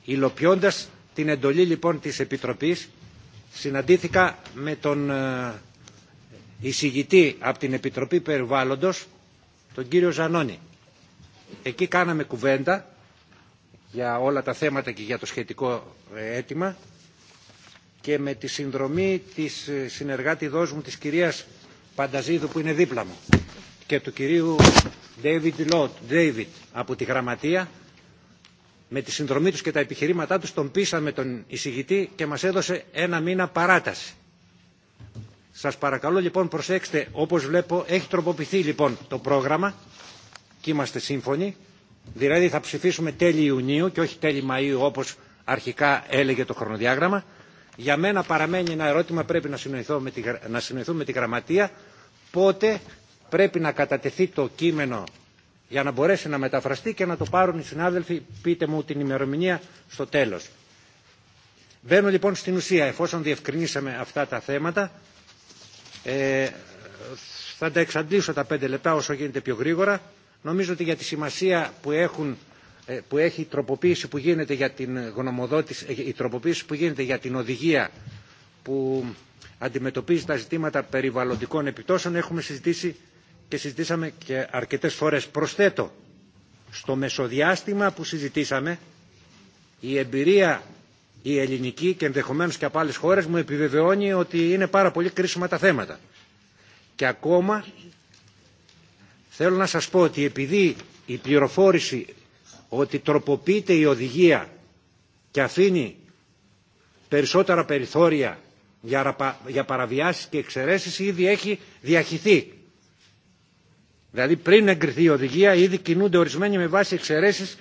Υλοποιώντας την εντολή λοιπόν της Επιτροπής συναντήθηκα με τον ε, εισηγητή από την Επιτροπή Περιβάλλοντος, τον κύριο Ζανώνη. Εκεί κάναμε κουβέντα για όλα τα θέματα και για το σχετικό ε, αίτημα και με τη συνδρομή της ε, συνεργάτη μου της κυρίας Πανταζίδου που είναι δίπλα μου και του κυρίου David Lott, David από τη Γραμματεία με τη συνδρομή τους και τα επιχειρήματά τους τον πείσαμε τον εισηγητή και μας έδωσε ένα μήνα παράταση. Σας παρακαλώ λοιπόν προσέξτε όπως βλέπω έχει τροποποιηθεί λοιπόν το πρόγραμμα και είμαστε σύμφωνοι Δηλαδή θα ψηφίσουμε τέλη Ιουνίου και όχι τέλη Μαΐου όπως αρχικά έλεγε το χρονοδιάγραμμα. Για μένα παραμένει ένα ερώτημα, πρέπει να, με να συνοηθούμε με τη γραμματεία, πότε πρέπει να κατατεθεί το κείμενο για να μπορέσει να μεταφραστεί και να το πάρουν οι συνάδελφοι, πείτε μου την ημερομηνία στο τέλος. Μπαίνω λοιπόν στην ουσία, εφόσον διευκρινίσαμε αυτά τα θέματα, ε, θα τα εξαντλήσω τα πέντε λεπτά όσο γίνεται πιο γρήγορα. Νομίζω ότι για τη σημασία ε, που, έχει η τροποποίηση που γίνεται για την γνωμοδότηση, ε, η τροποποίηση που γίνεται για την οδηγία που αντιμετωπίζει τα ζητήματα περιβαλλοντικών επιπτώσεων έχουμε συζητήσει και συζητήσαμε και αρκετές φορές. Προσθέτω, στο μεσοδιάστημα που συζητήσαμε η εμπειρία η ελληνική και ενδεχομένως και από άλλες χώρες μου επιβεβαιώνει ότι είναι πάρα πολύ κρίσιμα τα θέματα. Και ακόμα Θέλω να σας πω ότι επειδή η πληροφόρηση ότι τροποποιείται η οδηγία και αφήνει περισσότερα περιθώρια για παραβιάσεις και εξαιρέσεις ήδη έχει διαχυθεί. Δηλαδή πριν εγκριθεί η οδηγία ήδη κινούνται ορισμένοι με βάση εξαιρέσεις,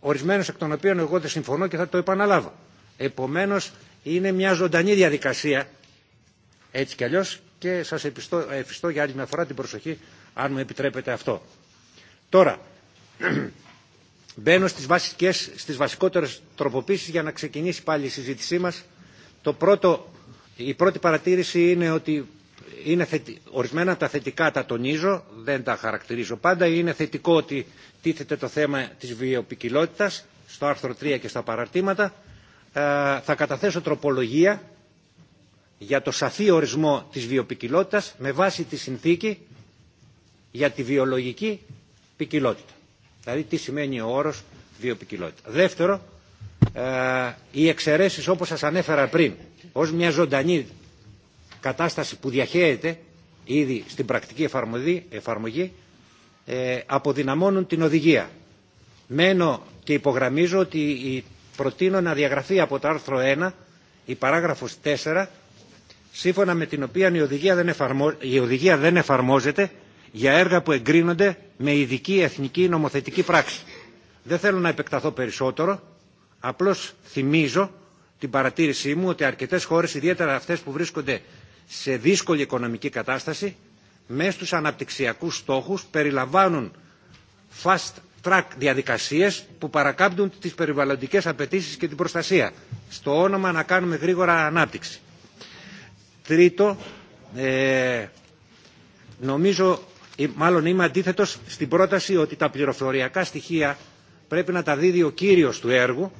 ορισμένες εκ των οποίων εγώ δεν συμφωνώ και θα το επαναλάβω. Επομένως είναι μια ζωντανή διαδικασία έτσι κι αλλιώς και σας εφιστώ για άλλη μια φορά την προσοχή αν μου επιτρέπετε αυτό. Τώρα, [clears throat] μπαίνω στις, βασικές, στις βασικότερες τροποποίησεις για να ξεκινήσει πάλι η συζήτησή μας. Το πρώτο, η πρώτη παρατήρηση είναι ότι είναι θετι... ορισμένα τα θετικά τα τονίζω, δεν τα χαρακτηρίζω πάντα. Είναι θετικό ότι τίθεται το θέμα της βιοποικιλότητας στο άρθρο 3 και στα παραρτήματα. Ε, θα καταθέσω τροπολογία για το σαφή ορισμό της βιοποικιλότητας με βάση τη συνθήκη για τη βιολογική ποικιλότητα. Δηλαδή τι σημαίνει ο όρος βιοποικιλότητα. Δεύτερο, ε, οι εξαιρέσεις όπως σας ανέφερα πριν, ως μια ζωντανή κατάσταση που διαχέεται ήδη στην πρακτική εφαρμογή, εφαρμογή ε, αποδυναμώνουν την οδηγία. Μένω και υπογραμμίζω ότι προτείνω να διαγραφεί από το άρθρο 1 η παράγραφος 4 σύμφωνα με την οποία η οδηγία δεν, η οδηγία δεν εφαρμόζεται για έργα που εγκρίνονται με ειδική εθνική νομοθετική πράξη. Δεν θέλω να επεκταθώ περισσότερο, απλώς θυμίζω την παρατήρησή μου ότι αρκετές χώρες, ιδιαίτερα αυτές που βρίσκονται σε δύσκολη οικονομική κατάσταση, μέσα στους αναπτυξιακούς στόχους περιλαμβάνουν fast track διαδικασίες που παρακάμπτουν τις περιβαλλοντικές απαιτήσεις και την προστασία, στο όνομα να κάνουμε γρήγορα ανάπτυξη. Τρίτο, ε, νομίζω ε, μάλλον είμαι αντίθετο στην πρόταση ότι τα πληροφοριακά στοιχεία πρέπει να τα δίδει ο κύριο του έργου,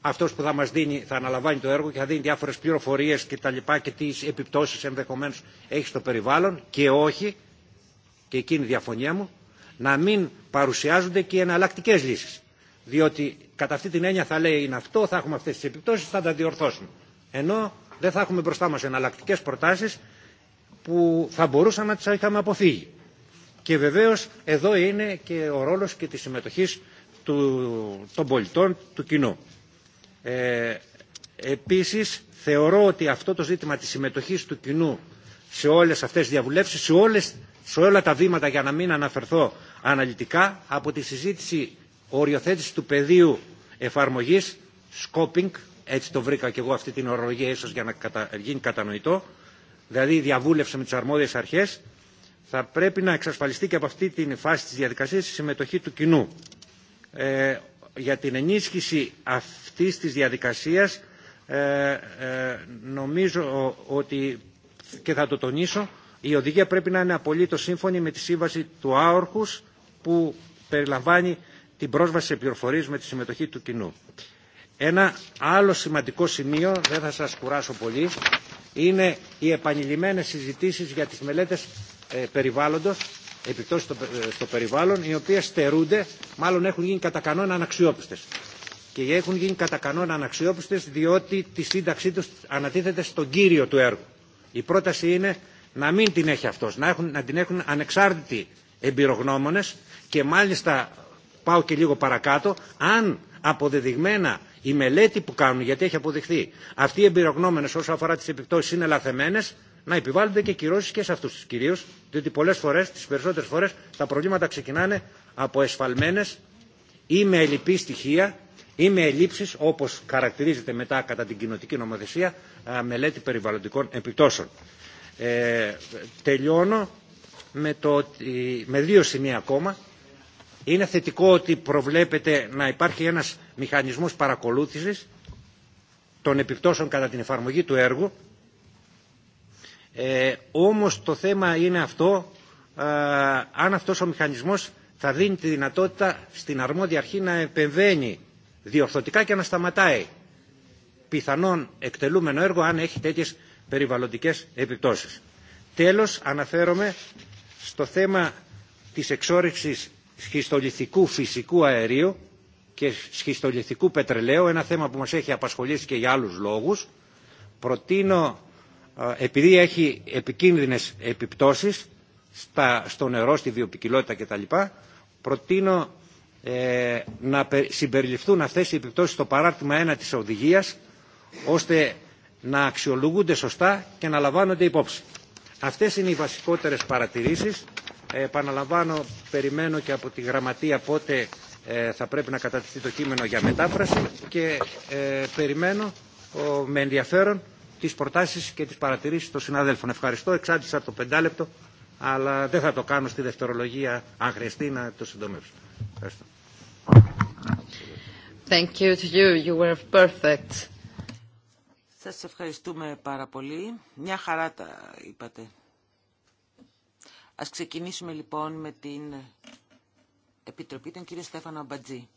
Αυτό που θα δίνει, θα αναλαμβάνει το έργο και θα δίνει διάφορες πληροφορίες και τα λοιπά και τι επιπτώσει ενδεχομένω έχει στο περιβάλλον και όχι, και εκείνη η διαφωνία μου, να μην παρουσιάζονται και εναλλακτικέ λύσει. Διότι κατά αυτή την έννοια θα λέει είναι αυτό, θα έχουμε αυτέ τι επιπτώσει, θα τα διορθώσουμε. Ενώ δεν θα έχουμε μπροστά μα εναλλακτικέ προτάσει που θα μπορούσαμε να τι είχαμε αποφύγει. Και βεβαίως εδώ είναι και ο ρόλος και τη συμμετοχής των πολιτών, του κοινού. Ε, επίσης, θεωρώ ότι αυτό το ζήτημα της συμμετοχής του κοινού σε όλες αυτές τις διαβουλεύσεις, σε, όλες, σε όλα τα βήματα για να μην αναφερθώ αναλυτικά, από τη συζήτηση οριοθέτηση του πεδίου εφαρμογής, scoping, έτσι το βρήκα και εγώ αυτή την ορολογία ίσως για να γίνει κατανοητό, δηλαδή διαβούλευση με τις αρμόδιες αρχές, θα πρέπει να εξασφαλιστεί και από αυτή την φάση της διαδικασίας η συμμετοχή του κοινού. Ε, για την ενίσχυση αυτής της διαδικασίας ε, ε, νομίζω ότι, και θα το τονίσω, η οδηγία πρέπει να είναι απολύτως σύμφωνη με τη σύμβαση του Άορχους που περιλαμβάνει την πρόσβαση σε πληροφορίες με τη συμμετοχή του κοινού. Ένα άλλο σημαντικό σημείο, δεν θα σας κουράσω πολύ, είναι οι επανειλημμένες συζητήσεις για τις μελέτες ε, περιβάλλοντος, επιπτώσεις ε, στο, περιβάλλον, οι οποίες στερούνται, μάλλον έχουν γίνει κατά κανόνα αναξιόπιστες. Και έχουν γίνει κατά κανόνα αναξιόπιστες διότι τη σύνταξή τους ανατίθεται στον κύριο του έργου. Η πρόταση είναι να μην την έχει αυτός, να, έχουν, να την έχουν ανεξάρτητοι εμπειρογνώμονες και μάλιστα πάω και λίγο παρακάτω, αν αποδεδειγμένα η μελέτη που κάνουν, γιατί έχει αποδειχθεί, αυτοί οι εμπειρογνώμενες όσο αφορά τις επιπτώσεις είναι λαθεμένες, να επιβάλλονται και κυρώσει και σε αυτού του κυρίω, διότι πολλέ φορέ, τι περισσότερε φορέ, τα προβλήματα ξεκινάνε από εσφαλμένε ή με ελλειπή στοιχεία ή με ελλείψει, όπω χαρακτηρίζεται μετά κατά την κοινοτική νομοθεσία μελέτη περιβαλλοντικών επιπτώσεων. Ε, τελειώνω με, το, με δύο σημεία ακόμα. Είναι θετικό ότι προβλέπεται να υπάρχει ένας μηχανισμός παρακολούθησης των επιπτώσεων κατά την εφαρμογή του έργου ε, όμως το θέμα είναι αυτό, ε, αν αυτός ο μηχανισμός θα δίνει τη δυνατότητα στην αρμόδια αρχή να επεμβαίνει διορθωτικά και να σταματάει πιθανόν εκτελούμενο έργο αν έχει τέτοιες περιβαλλοντικές επιπτώσεις. Τέλος, αναφέρομαι στο θέμα της εξόρυξης σχιστολιθικού φυσικού αερίου και σχιστολιθικού πετρελαίου, ένα θέμα που μας έχει απασχολήσει και για άλλους λόγους. Προτείνω ε, επειδή έχει επικίνδυνες επιπτώσεις στο νερό, στη βιοπικιλότητα κτλ. Προτείνω ε, να συμπεριληφθούν αυτές οι επιπτώσεις στο παράρτημα 1 της οδηγίας ώστε να αξιολογούνται σωστά και να λαμβάνονται υπόψη. Αυτές είναι οι βασικότερες παρατηρήσεις. Ε, επαναλαμβάνω, περιμένω και από τη γραμματεία πότε ε, θα πρέπει να κατατηθεί το κείμενο για μετάφραση και περιμένω ο, με ενδιαφέρον τις προτάσεις και τις παρατηρήσεις των συναδέλφων. Ευχαριστώ. Εξάντησα το πεντάλεπτο, αλλά δεν θα το κάνω στη δευτερολογία, αν χρειαστεί, να το συντομεύσω. Ευχαριστώ. Thank you to you. You were perfect. Σας ευχαριστούμε πάρα πολύ. Μια χαρά τα είπατε. Ας ξεκινήσουμε λοιπόν με την Επιτροπή, τον κύριο Στέφανο Αμπατζή.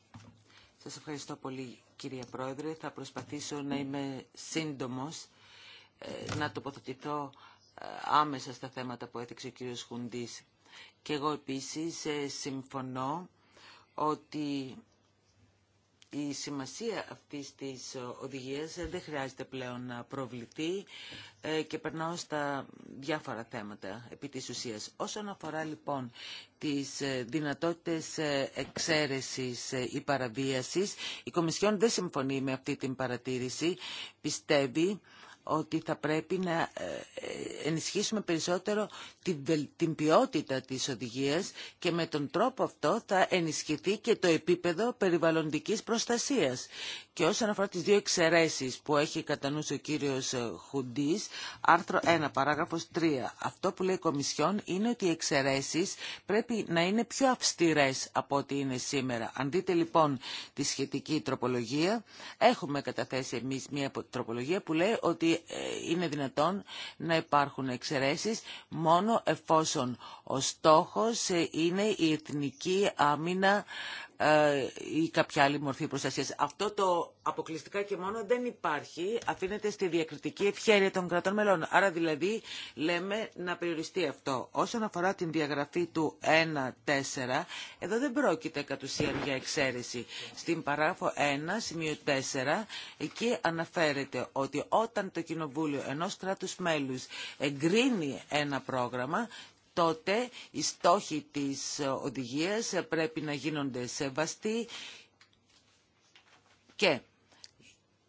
Σας ευχαριστώ πολύ κυρία Πρόεδρε. Θα προσπαθήσω να είμαι σύντομος ε, να τοποθετηθώ ε, άμεσα στα θέματα που έθιξε ο κύριος Χουντής. Και εγώ επίσης ε, συμφωνώ ότι η σημασία αυτής της οδηγίας δεν χρειάζεται πλέον να προβληθεί και περνάω στα διάφορα θέματα επί της ουσίας. Όσον αφορά λοιπόν τις δυνατότητες εξαίρεσης ή παραβίασης, η Κομισιόν δεν συμφωνεί με αυτή την παρατήρηση. Πιστεύει ότι θα πρέπει να ε, ε, ενισχύσουμε περισσότερο την ποιότητα της οδηγίας και με τον τρόπο αυτό θα ενισχυθεί και το επίπεδο περιβαλλοντικής προστασίας. Και όσον αφορά τις δύο εξαιρέσεις που έχει κατά ο κύριος ε, Χουντής, άρθρο 1, παράγραφος 3, αυτό που λέει η Κομισιόν είναι ότι οι εξαιρέσεις πρέπει να είναι πιο αυστηρές από ό,τι είναι σήμερα. Αν δείτε λοιπόν τη σχετική τροπολογία, έχουμε καταθέσει εμείς μια τροπολογία που λέει ότι ε, είναι δυνατόν να υπάρχουν εξαιρέσεις μόνο εφόσον ο στόχος ε, είναι η εθνική άμυνα ε, ή κάποια άλλη μορφή προστασία. Αυτό το αποκλειστικά και μόνο δεν υπάρχει, αφήνεται στη διακριτική ευχέρεια των κρατών μελών. Άρα δηλαδή λέμε να περιοριστεί αυτό. Όσον αφορά την διαγραφή του 1-4, εδώ δεν πρόκειται κατ' ουσίαν για εξαίρεση. Στην παράγραφο 1, σημείο 4, εκεί αναφέρεται ότι όταν το Κοινοβούλιο ενός κράτους μέλους εγκρίνει ένα πρόγραμμα, τότε οι στόχοι της οδηγίας πρέπει να γίνονται σεβαστοί και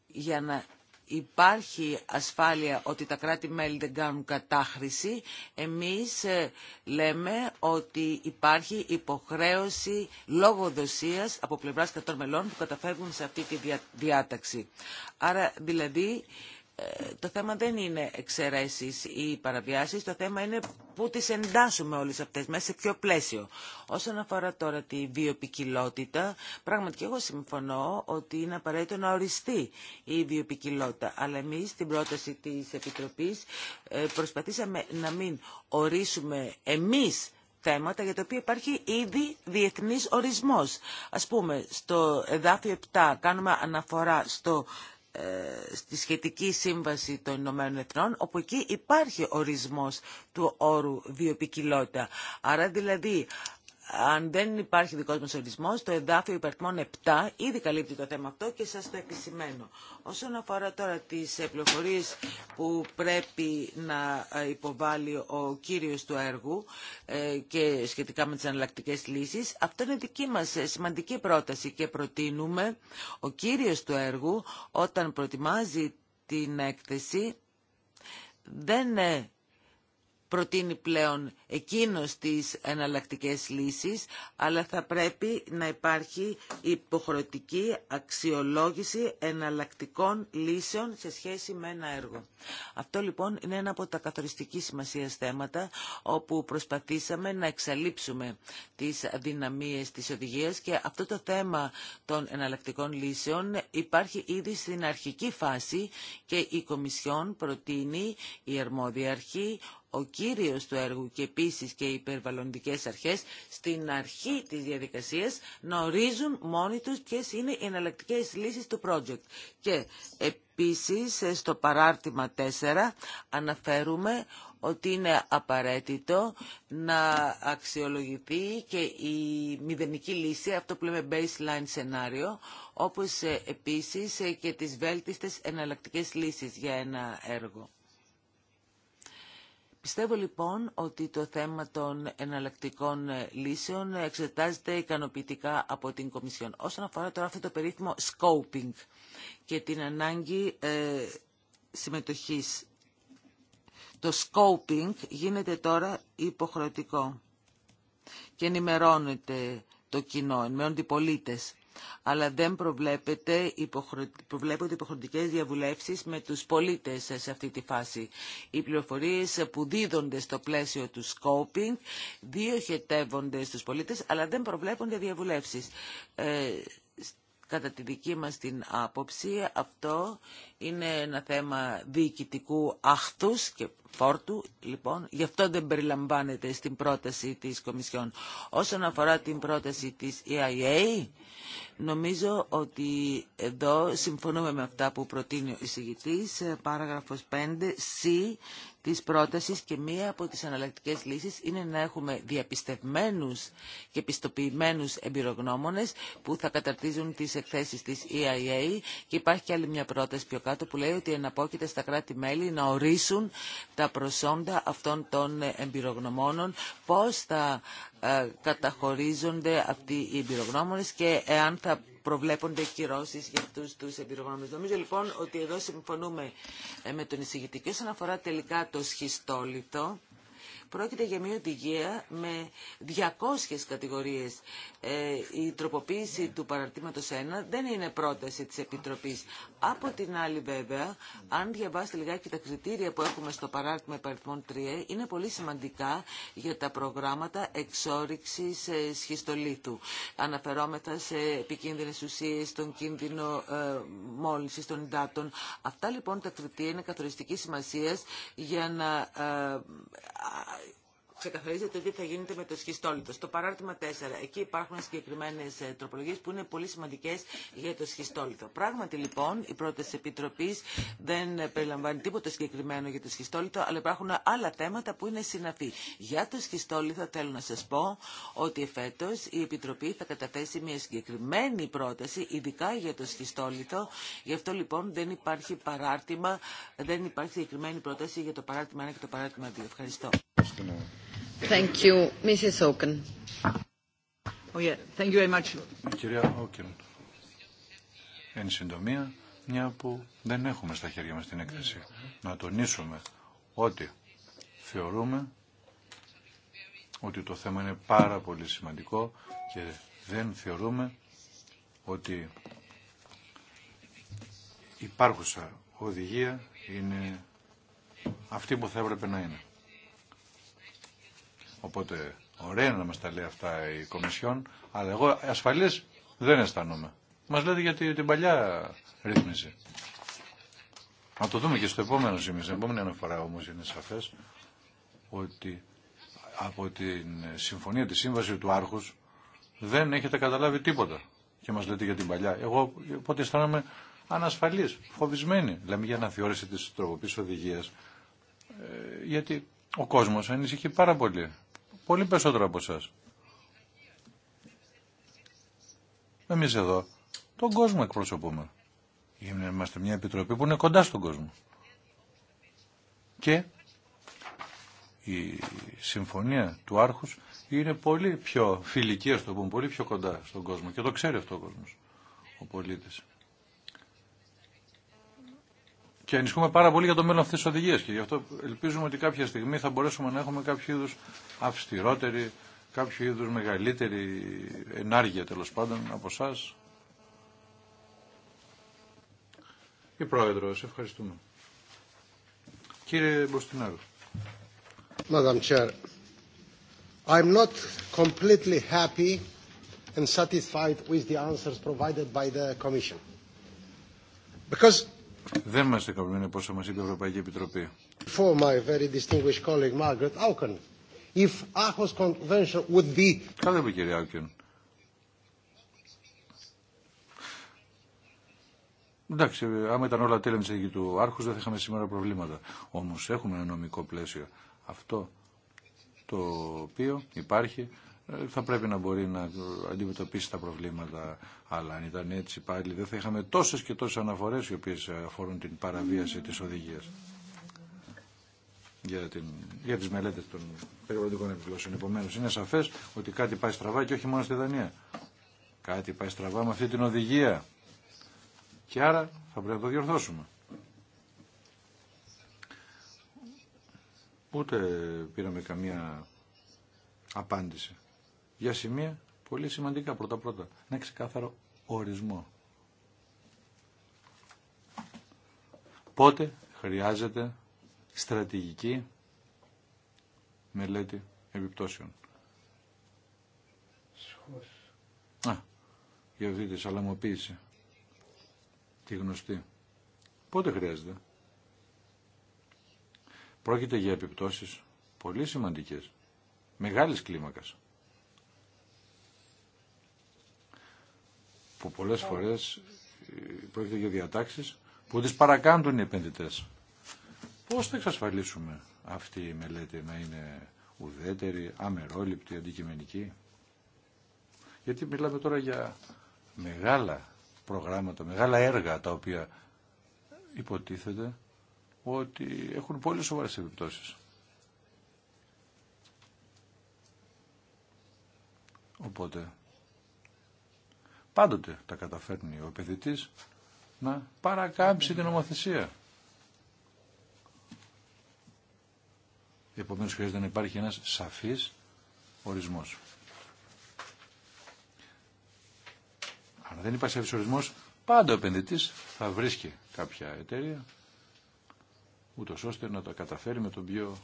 για να υπάρχει ασφάλεια ότι τα κράτη-μέλη δεν κάνουν κατάχρηση, εμείς ε, λέμε ότι υπάρχει υποχρέωση λογοδοσίας από πλευράς κατων μελών που καταφεύγουν σε αυτή τη διάταξη. Άρα δηλαδή το θέμα δεν είναι εξαιρέσεις ή παραβιάσεις, το θέμα είναι πού τις εντάσσουμε όλες αυτές, μέσα σε ποιο πλαίσιο. Όσον αφορά τώρα τη βιοπικιλότητα, πράγματι και εγώ συμφωνώ ότι είναι απαραίτητο να οριστεί η βιοπικιλότητα. Αλλά εμείς στην πρόταση της Επιτροπής ε, προσπαθήσαμε να μην ορίσουμε εμείς θέματα για τα οποία υπάρχει ήδη διεθνής ορισμός. Ας πούμε, στο εδάφιο 7 κάνουμε αναφορά στο ε, στη σχετική σύμβαση των Ηνωμένων Εθνών, όπου εκεί υπάρχει ορισμός του όρου βιοπικιλότητα. Άρα δηλαδή αν δεν υπάρχει δικό μα ορισμό, το εδάφιο υπερτμών 7 ήδη καλύπτει το θέμα αυτό και σα το επισημαίνω. Όσον αφορά τώρα τις πληροφορίε που πρέπει να ε, υποβάλει ο κύριος του έργου ε, και σχετικά με τις αναλλακτικέ λύσεις, αυτό είναι δική μα ε, σημαντική πρόταση και προτείνουμε ο κύριος του έργου όταν προετοιμάζει την έκθεση δεν προτείνει πλέον εκείνος τις εναλλακτικέ λύσεις, αλλά θα πρέπει να υπάρχει υποχρεωτική αξιολόγηση εναλλακτικών λύσεων σε σχέση με ένα έργο. Αυτό λοιπόν είναι ένα από τα καθοριστική σημασία θέματα, όπου προσπαθήσαμε να εξαλείψουμε τις δυναμίες της οδηγίας και αυτό το θέμα των εναλλακτικών λύσεων υπάρχει ήδη στην αρχική φάση και η Κομισιόν προτείνει η αρμόδια αρχή ο κύριος του έργου και επίσης και οι υπερβαλλοντικές αρχές στην αρχή της διαδικασίας να ορίζουν μόνοι τους ποιε είναι οι εναλλακτικέ λύσεις του project. Και επίσης ε, στο παράρτημα 4 αναφέρουμε ότι είναι απαραίτητο να αξιολογηθεί και η μηδενική λύση, αυτό που λέμε baseline σενάριο, όπως ε, επίσης ε, και τις βέλτιστες εναλλακτικές λύσεις για ένα έργο. Πιστεύω λοιπόν ότι το θέμα των εναλλακτικών ε, λύσεων εξετάζεται ικανοποιητικά από την Κομισιόν. Όσον αφορά τώρα αυτό το περίφημο scoping και την ανάγκη ε, συμμετοχής. Το scoping γίνεται τώρα υποχρεωτικό και ενημερώνεται το κοινό, ενημερώνονται οι πολίτες αλλά δεν προβλέπεται, προβλέπονται υποχρεωτικές διαβουλεύσεις με τους πολίτες σε αυτή τη φάση. Οι πληροφορίες που δίδονται στο πλαίσιο του scoping διοχετεύονται στους πολίτες, αλλά δεν προβλέπονται διαβουλεύσεις. Ε, κατά τη δική μας την άποψη, αυτό είναι ένα θέμα διοικητικού αχθούς και φόρτου, λοιπόν, γι' αυτό δεν περιλαμβάνεται στην πρόταση της Κομισιόν. Όσον αφορά την πρόταση της EIA, Νομίζω ότι εδώ συμφωνούμε με αυτά που προτείνει ο εισηγητής, ε, παράγραφος 5, C, της πρότασης και μία από τις αναλλακτικές λύσεις είναι να έχουμε διαπιστευμένους και πιστοποιημένους εμπειρογνώμονες που θα καταρτίζουν τις εκθέσεις της EIA και υπάρχει και άλλη μια πρόταση πιο κάτω που λέει ότι εναπόκειται στα κράτη-μέλη να ορίσουν τα προσόντα αυτών των εμπειρογνωμόνων, πώς θα ε, καταχωρίζονται αυτοί οι εμπειρογνώμονες και εάν θα προβλέπονται κυρώσεις για αυτούς τους εμπειρογνώμους. Νομίζω λοιπόν ότι εδώ συμφωνούμε ε, με τον εισηγητή και όσον αφορά τελικά το σχιστόλιτο Πρόκειται για μια οδηγία με 200 κατηγορίες. Ε, η τροποποίηση του παραρτήματος 1 δεν είναι πρόταση της Επιτροπής. Από την άλλη βέβαια, αν διαβάσετε λιγάκι τα κριτήρια που έχουμε στο παράρτημα υπαριθμών 3, είναι πολύ σημαντικά για τα προγράμματα εξόριξης ε, σχιστολίτου. Αναφερόμεθα σε επικίνδυνες ουσίες, στον κίνδυνο ε, μόλυνσης των υδάτων. Αυτά λοιπόν τα κριτήρια είναι καθοριστική σημασία για να ε, ξεκαθαρίζεται τι θα γίνεται με το σχιστόλιτο. Στο παράρτημα 4, εκεί υπάρχουν συγκεκριμένε ε, τροπολογίε που είναι πολύ σημαντικέ για το σχιστόλιτο. Πράγματι, λοιπόν, η πρόταση επιτροπή δεν περιλαμβάνει τίποτα συγκεκριμένο για το σχιστόλιτο, αλλά υπάρχουν άλλα θέματα που είναι συναφή. Για το σχιστόλιτο θέλω να σα πω ότι φέτο η Επιτροπή θα καταθέσει μια συγκεκριμένη πρόταση, ειδικά για το σχιστόλιτο. Γι' αυτό, λοιπόν, δεν υπάρχει παράρτημα, δεν υπάρχει συγκεκριμένη πρόταση για το παράρτημα 1 και το παράρτημα 2. Ευχαριστώ. Oh, κυρία εν συντομία, μια που δεν έχουμε στα χέρια μας την έκθεση, να τονίσουμε ότι θεωρούμε ότι το θέμα είναι πάρα πολύ σημαντικό και δεν θεωρούμε ότι υπάρχουσα οδηγία είναι αυτή που θα έπρεπε να είναι. Οπότε ωραία να μα τα λέει αυτά η Κομισιόν, αλλά εγώ ασφαλή δεν αισθανόμαι. Μα λέτε για την παλιά ρύθμιση. Να το δούμε και στο επόμενο σημείο, στην επόμενη αναφορά όμω είναι σαφέ ότι από την συμφωνία, τη σύμβαση του Άρχου δεν έχετε καταλάβει τίποτα και μα λέτε για την παλιά. Εγώ οπότε αισθάνομαι ανασφαλή, φοβισμένη. Λέμε για αναθεώρηση της τροποποίησης οδηγία, ε, γιατί ο κόσμο ανησυχεί πάρα πολύ Πολύ περισσότερο από εσά. Εμεί εδώ τον κόσμο εκπροσωπούμε. Είμαστε μια επιτροπή που είναι κοντά στον κόσμο. Και η συμφωνία του Άρχους είναι πολύ πιο φιλική, α το πούμε, πολύ πιο κοντά στον κόσμο. Και το ξέρει αυτό ο κόσμος, ο πολίτης και ανησυχούμε πάρα πολύ για το μέλλον αυτή τη οδηγία. Και γι' αυτό ελπίζουμε ότι κάποια στιγμή θα μπορέσουμε να έχουμε κάποιο είδου αυστηρότερη, κάποιο είδου μεγαλύτερη ενάργεια τέλο πάντων από εσά. Η Πρόεδρο, σε ευχαριστούμε. Κύριε Μποστινάρο. Madam Chair, I'm not completely happy and satisfied with the answers provided by the Commission. Because δεν μας δεκαπλώνει πόσο μας είπε η Ευρωπαϊκή Επιτροπή. For my very distinguished colleague Margaret Auken, if Aarhus Convention would be... Καλά είπε κύριε Auken. Εντάξει, άμα ήταν όλα τέλεια της του Άρχους δεν θα είχαμε σήμερα προβλήματα. Όμως έχουμε ένα νομικό πλαίσιο. Αυτό το οποίο υπάρχει ε, θα πρέπει να μπορεί να αντιμετωπίσει τα προβλήματα. Αλλά αν ήταν έτσι πάλι δεν θα είχαμε τόσες και τόσες αναφορές οι οποίες αφορούν την παραβίαση της οδηγίας για, την, για τις μελέτες των περιβαλλοντικών επιπλώσεων. Επομένως είναι σαφές ότι κάτι πάει στραβά και όχι μόνο στη Δανία. Κάτι πάει στραβά με αυτή την οδηγία. Και άρα θα πρέπει να το διορθώσουμε. Ούτε πήραμε καμία απάντηση για σημεία πολύ σημαντικά πρώτα-πρώτα. Να ξεκάθαρο ορισμό. Πότε χρειάζεται στρατηγική μελέτη επιπτώσεων. Σχώς. Α, για αυτή τη σαλαμοποίηση. Τη γνωστή. Πότε χρειάζεται. Πρόκειται για επιπτώσεις πολύ σημαντικές. Μεγάλης κλίμακας. που πολλές φορές ε, πρόκειται για διατάξεις που τις παρακάμπτουν οι επενδυτές. Πώς θα εξασφαλίσουμε αυτή η μελέτη να είναι ουδέτερη, αμερόληπτη, αντικειμενική. Γιατί μιλάμε τώρα για μεγάλα προγράμματα, μεγάλα έργα τα οποία υποτίθεται ότι έχουν πολύ σοβαρές επιπτώσεις. Οπότε Πάντοτε τα καταφέρνει ο επενδυτής να παρακάμψει την ομοθεσία. Επομένως χρειάζεται να υπάρχει ένας σαφής ορισμός. Αν δεν υπάρχει σαφής ορισμός, πάντα ο επενδυτής θα βρίσκει κάποια εταιρεία, ούτω ώστε να τα καταφέρει με τον πιο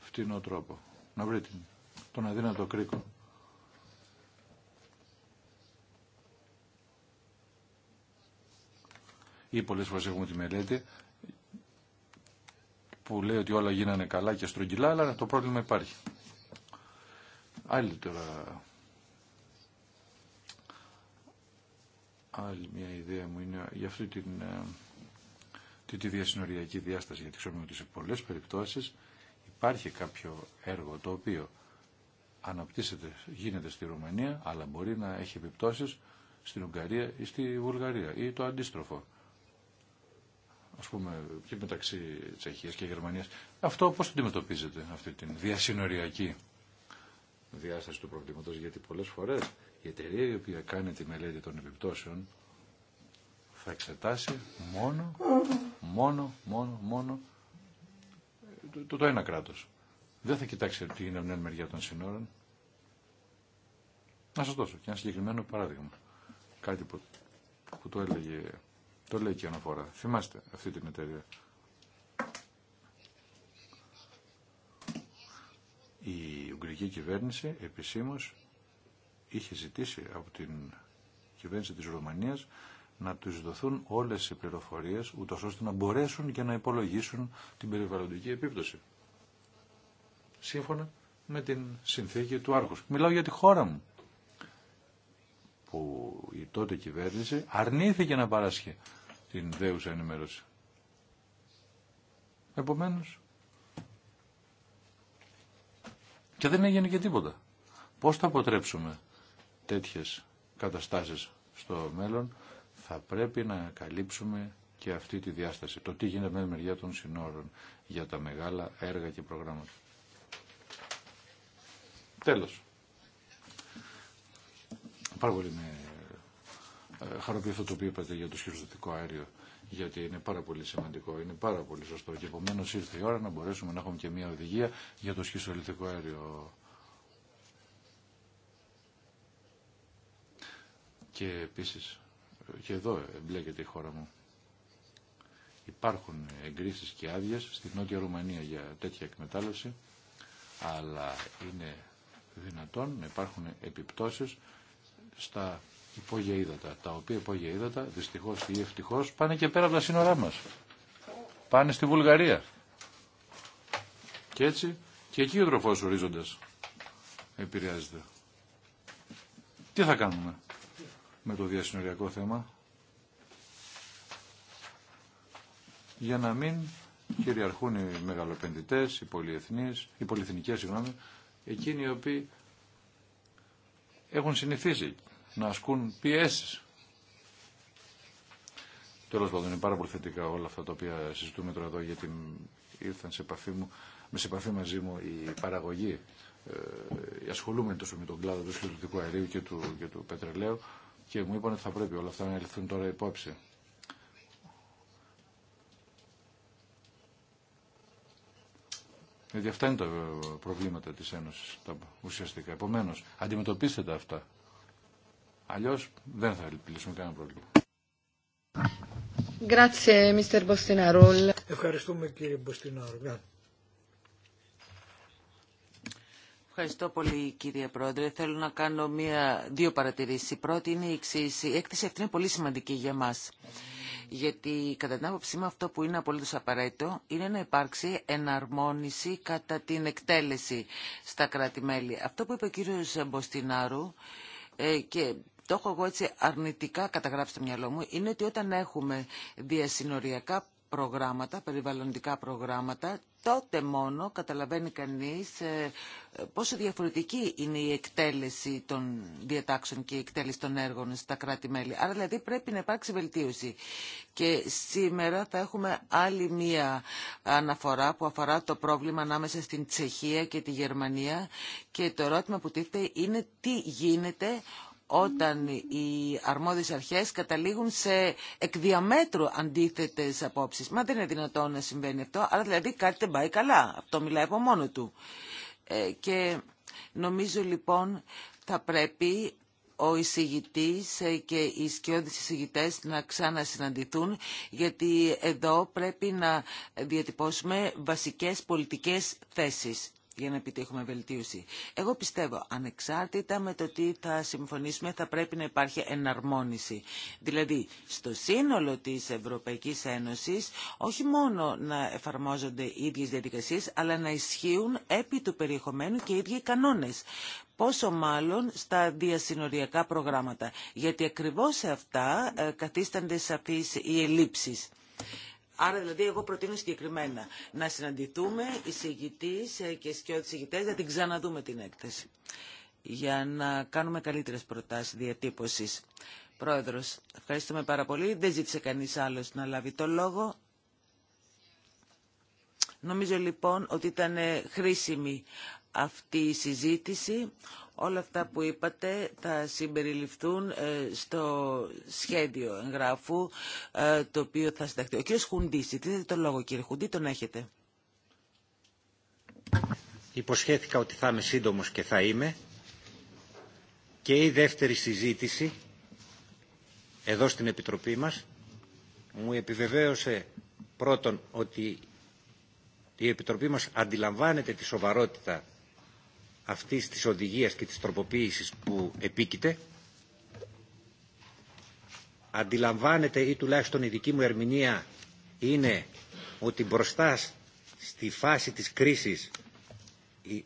φτηνό τρόπο. Να βρει τον αδύνατο κρίκο. ή πολλέ φορέ έχουμε τη μελέτη που λέει ότι όλα γίνανε καλά και στρογγυλά, αλλά το πρόβλημα υπάρχει. Άλλη τώρα... Άλλη μια ιδέα μου είναι για αυτή την, ε, τη, διασυνοριακή διάσταση, γιατί ξέρουμε ότι σε πολλές περιπτώσεις υπάρχει κάποιο έργο το οποίο αναπτύσσεται, γίνεται στη Ρουμανία, αλλά μπορεί να έχει επιπτώσεις στην Ουγγαρία ή στη Βουλγαρία ή το αντίστροφο ας πούμε, και μεταξύ Τσεχίας και Γερμανίας. Αυτό πώς το αντιμετωπίζετε, αυτή την διασυνοριακή διάσταση του προβλήματος, γιατί πολλές φορές η εταιρεία η οποία κάνει τη μελέτη των επιπτώσεων θα εξετάσει μόνο, μόνο, μόνο, μόνο το, το, ένα κράτος. Δεν θα κοιτάξει τι είναι από μια μεριά των συνόρων. Να σας δώσω και ένα συγκεκριμένο παράδειγμα. Κάτι που, που το έλεγε το λέει και αναφορά. Θυμάστε αυτή την εταιρεία. Η Ουγγρική κυβέρνηση επισήμως είχε ζητήσει από την κυβέρνηση της Ρουμανίας να τους δοθούν όλες οι πληροφορίες ούτως ώστε να μπορέσουν και να υπολογίσουν την περιβαλλοντική επίπτωση. Σύμφωνα με την συνθήκη του Άρχους. Μιλάω για τη χώρα μου που η τότε κυβέρνηση αρνήθηκε να παράσχει την δέουσα ενημέρωση. Επομένως, και δεν έγινε και τίποτα. Πώς θα αποτρέψουμε τέτοιες καταστάσεις στο μέλλον, θα πρέπει να καλύψουμε και αυτή τη διάσταση. Το τι γίνεται με τη μεριά των συνόρων για τα μεγάλα έργα και προγράμματα. Τέλος. Πάρα πολύ ε, χαροποιεί αυτό το οποίο είπατε για το σχηματικό αέριο, γιατί είναι πάρα πολύ σημαντικό, είναι πάρα πολύ σωστό. Και επομένω ήρθε η ώρα να μπορέσουμε να έχουμε και μια οδηγία για το σχηματικό αέριο. Και επίση και εδώ εμπλέκεται η χώρα μου. Υπάρχουν εγκρίσεις και άδειες στην Νότια Ρουμανία για τέτοια εκμετάλλευση, αλλά είναι δυνατόν να υπάρχουν επιπτώσεις στα υπόγεια ύδατα, τα οποία υπόγεια ύδατα δυστυχώς ή ευτυχώς πάνε και πέρα από τα σύνορά μας. Πάνε στη Βουλγαρία. Και έτσι και εκεί ο τροφό ορίζοντα επηρεάζεται. Τι θα κάνουμε με το διασυνοριακό θέμα για να μην κυριαρχούν οι μεγαλοπενδυτές, οι πολυεθνείς, οι πολυεθνικές, συγγνώμη, εκείνοι οι οποίοι έχουν συνηθίσει να ασκούν πιέσεις. Τέλος πάντων είναι πάρα πολύ θετικά όλα αυτά τα οποία συζητούμε τώρα εδώ γιατί ήρθαν σε επαφή, μου, με σε επαφή μαζί μου η παραγωγή ε, ασχολούμενοι τόσο με τον κλάδο του σχεδιωτικού αερίου και του, του πετρελαίου και μου είπαν ότι θα πρέπει όλα αυτά να ληφθούν τώρα υπόψη. Γιατί αυτά είναι τα προβλήματα της Ένωσης, τα ουσιαστικά. Επομένως, αντιμετωπίστε τα αυτά. Αλλιώ δεν θα λύσουμε κανένα πρόβλημα. Ευχαριστούμε κύριε Μποστινάρου. Ναι. Ευχαριστώ πολύ κύριε Πρόεδρε. Θέλω να κάνω μία, δύο παρατηρήσεις. Η πρώτη είναι η εξή. Η έκθεση αυτή είναι πολύ σημαντική για μας. Γιατί κατά την άποψή μου αυτό που είναι απολύτως απαραίτητο είναι να υπάρξει εναρμόνιση κατά την εκτέλεση στα κράτη-μέλη. Αυτό που είπε ο κύριο Μποστινάρου ε, και το έχω εγώ έτσι αρνητικά καταγράψει στο μυαλό μου, είναι ότι όταν έχουμε διασυνοριακά προγράμματα, περιβαλλοντικά προγράμματα, τότε μόνο καταλαβαίνει κανείς ε, πόσο διαφορετική είναι η εκτέλεση των διατάξεων και η εκτέλεση των έργων στα κράτη-μέλη. Άρα δηλαδή πρέπει να υπάρξει βελτίωση. Και σήμερα θα έχουμε άλλη μία αναφορά που αφορά το πρόβλημα ανάμεσα στην Τσεχία και τη Γερμανία και το ερώτημα που τίθεται είναι τι γίνεται όταν οι αρμόδιες αρχές καταλήγουν σε εκδιαμέτρου αντίθετες απόψεις. Μα δεν είναι δυνατόν να συμβαίνει αυτό, αλλά δηλαδή κάτι δεν πάει καλά. Αυτό μιλάει από μόνο του. Ε, και νομίζω λοιπόν θα πρέπει ο εισηγητής ε, και οι σκιώδεις εισηγητές να ξανασυναντηθούν γιατί εδώ πρέπει να διατυπώσουμε βασικές πολιτικές θέσεις για να επιτύχουμε βελτίωση. Εγώ πιστεύω, ανεξάρτητα με το τι θα συμφωνήσουμε, θα πρέπει να υπάρχει εναρμόνιση. Δηλαδή, στο σύνολο της Ευρωπαϊκής Ένωσης, όχι μόνο να εφαρμόζονται οι ίδιες διαδικασίες, αλλά να ισχύουν επί του περιεχομένου και οι ίδιοι κανόνες πόσο μάλλον στα διασυνοριακά προγράμματα, γιατί ακριβώς σε αυτά ε, καθίστανται σαφείς οι ελλείψεις. Άρα δηλαδή εγώ προτείνω συγκεκριμένα να συναντηθούμε εισηγητής ε, και οι εισηγητές να την ξαναδούμε την έκθεση για να κάνουμε καλύτερες προτάσεις διατύπωσης. Πρόεδρος, ευχαριστούμε πάρα πολύ. Δεν ζήτησε κανείς άλλος να λάβει το λόγο. Νομίζω λοιπόν ότι ήταν ε, χρήσιμη αυτή η συζήτηση. Όλα αυτά που είπατε θα συμπεριληφθούν ε, στο σχέδιο εγγράφου ε, το οποίο θα συνταχθεί. Ο κ. Χουντή, ζητείτε το λόγο κύριε Χουντή, τον έχετε. Υποσχέθηκα ότι θα είμαι σύντομος και θα είμαι. Και η δεύτερη συζήτηση εδώ στην Επιτροπή μας μου επιβεβαίωσε πρώτον ότι η Επιτροπή μας αντιλαμβάνεται τη σοβαρότητα αυτής της οδηγίας και της τροποποίησης που επίκειται αντιλαμβάνεται ή τουλάχιστον η δική μου ερμηνεία είναι ότι μπροστά στη φάση της κρίσης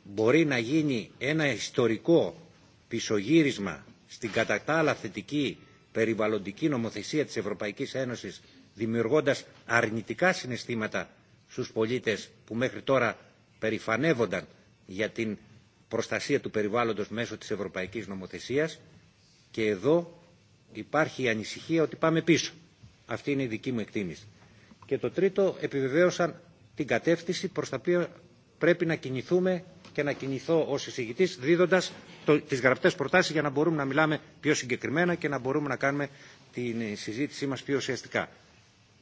μπορεί να γίνει ένα ιστορικό πισωγύρισμα στην κατά θετική περιβαλλοντική νομοθεσία της Ευρωπαϊκής Ένωσης δημιουργώντας αρνητικά συναισθήματα στους πολίτες που μέχρι τώρα περηφανεύονταν για την προστασία του περιβάλλοντος μέσω της ευρωπαϊκής νομοθεσίας και εδώ υπάρχει η ανησυχία ότι πάμε πίσω. Αυτή είναι η δική μου εκτίμηση. Και το τρίτο, επιβεβαίωσαν την κατεύθυνση προς τα οποία πρέπει να κινηθούμε και να κινηθώ ως εισηγητής δίδοντας το, τις γραπτές προτάσεις για να μπορούμε να μιλάμε πιο συγκεκριμένα και να μπορούμε να κάνουμε την συζήτησή μας πιο ουσιαστικά.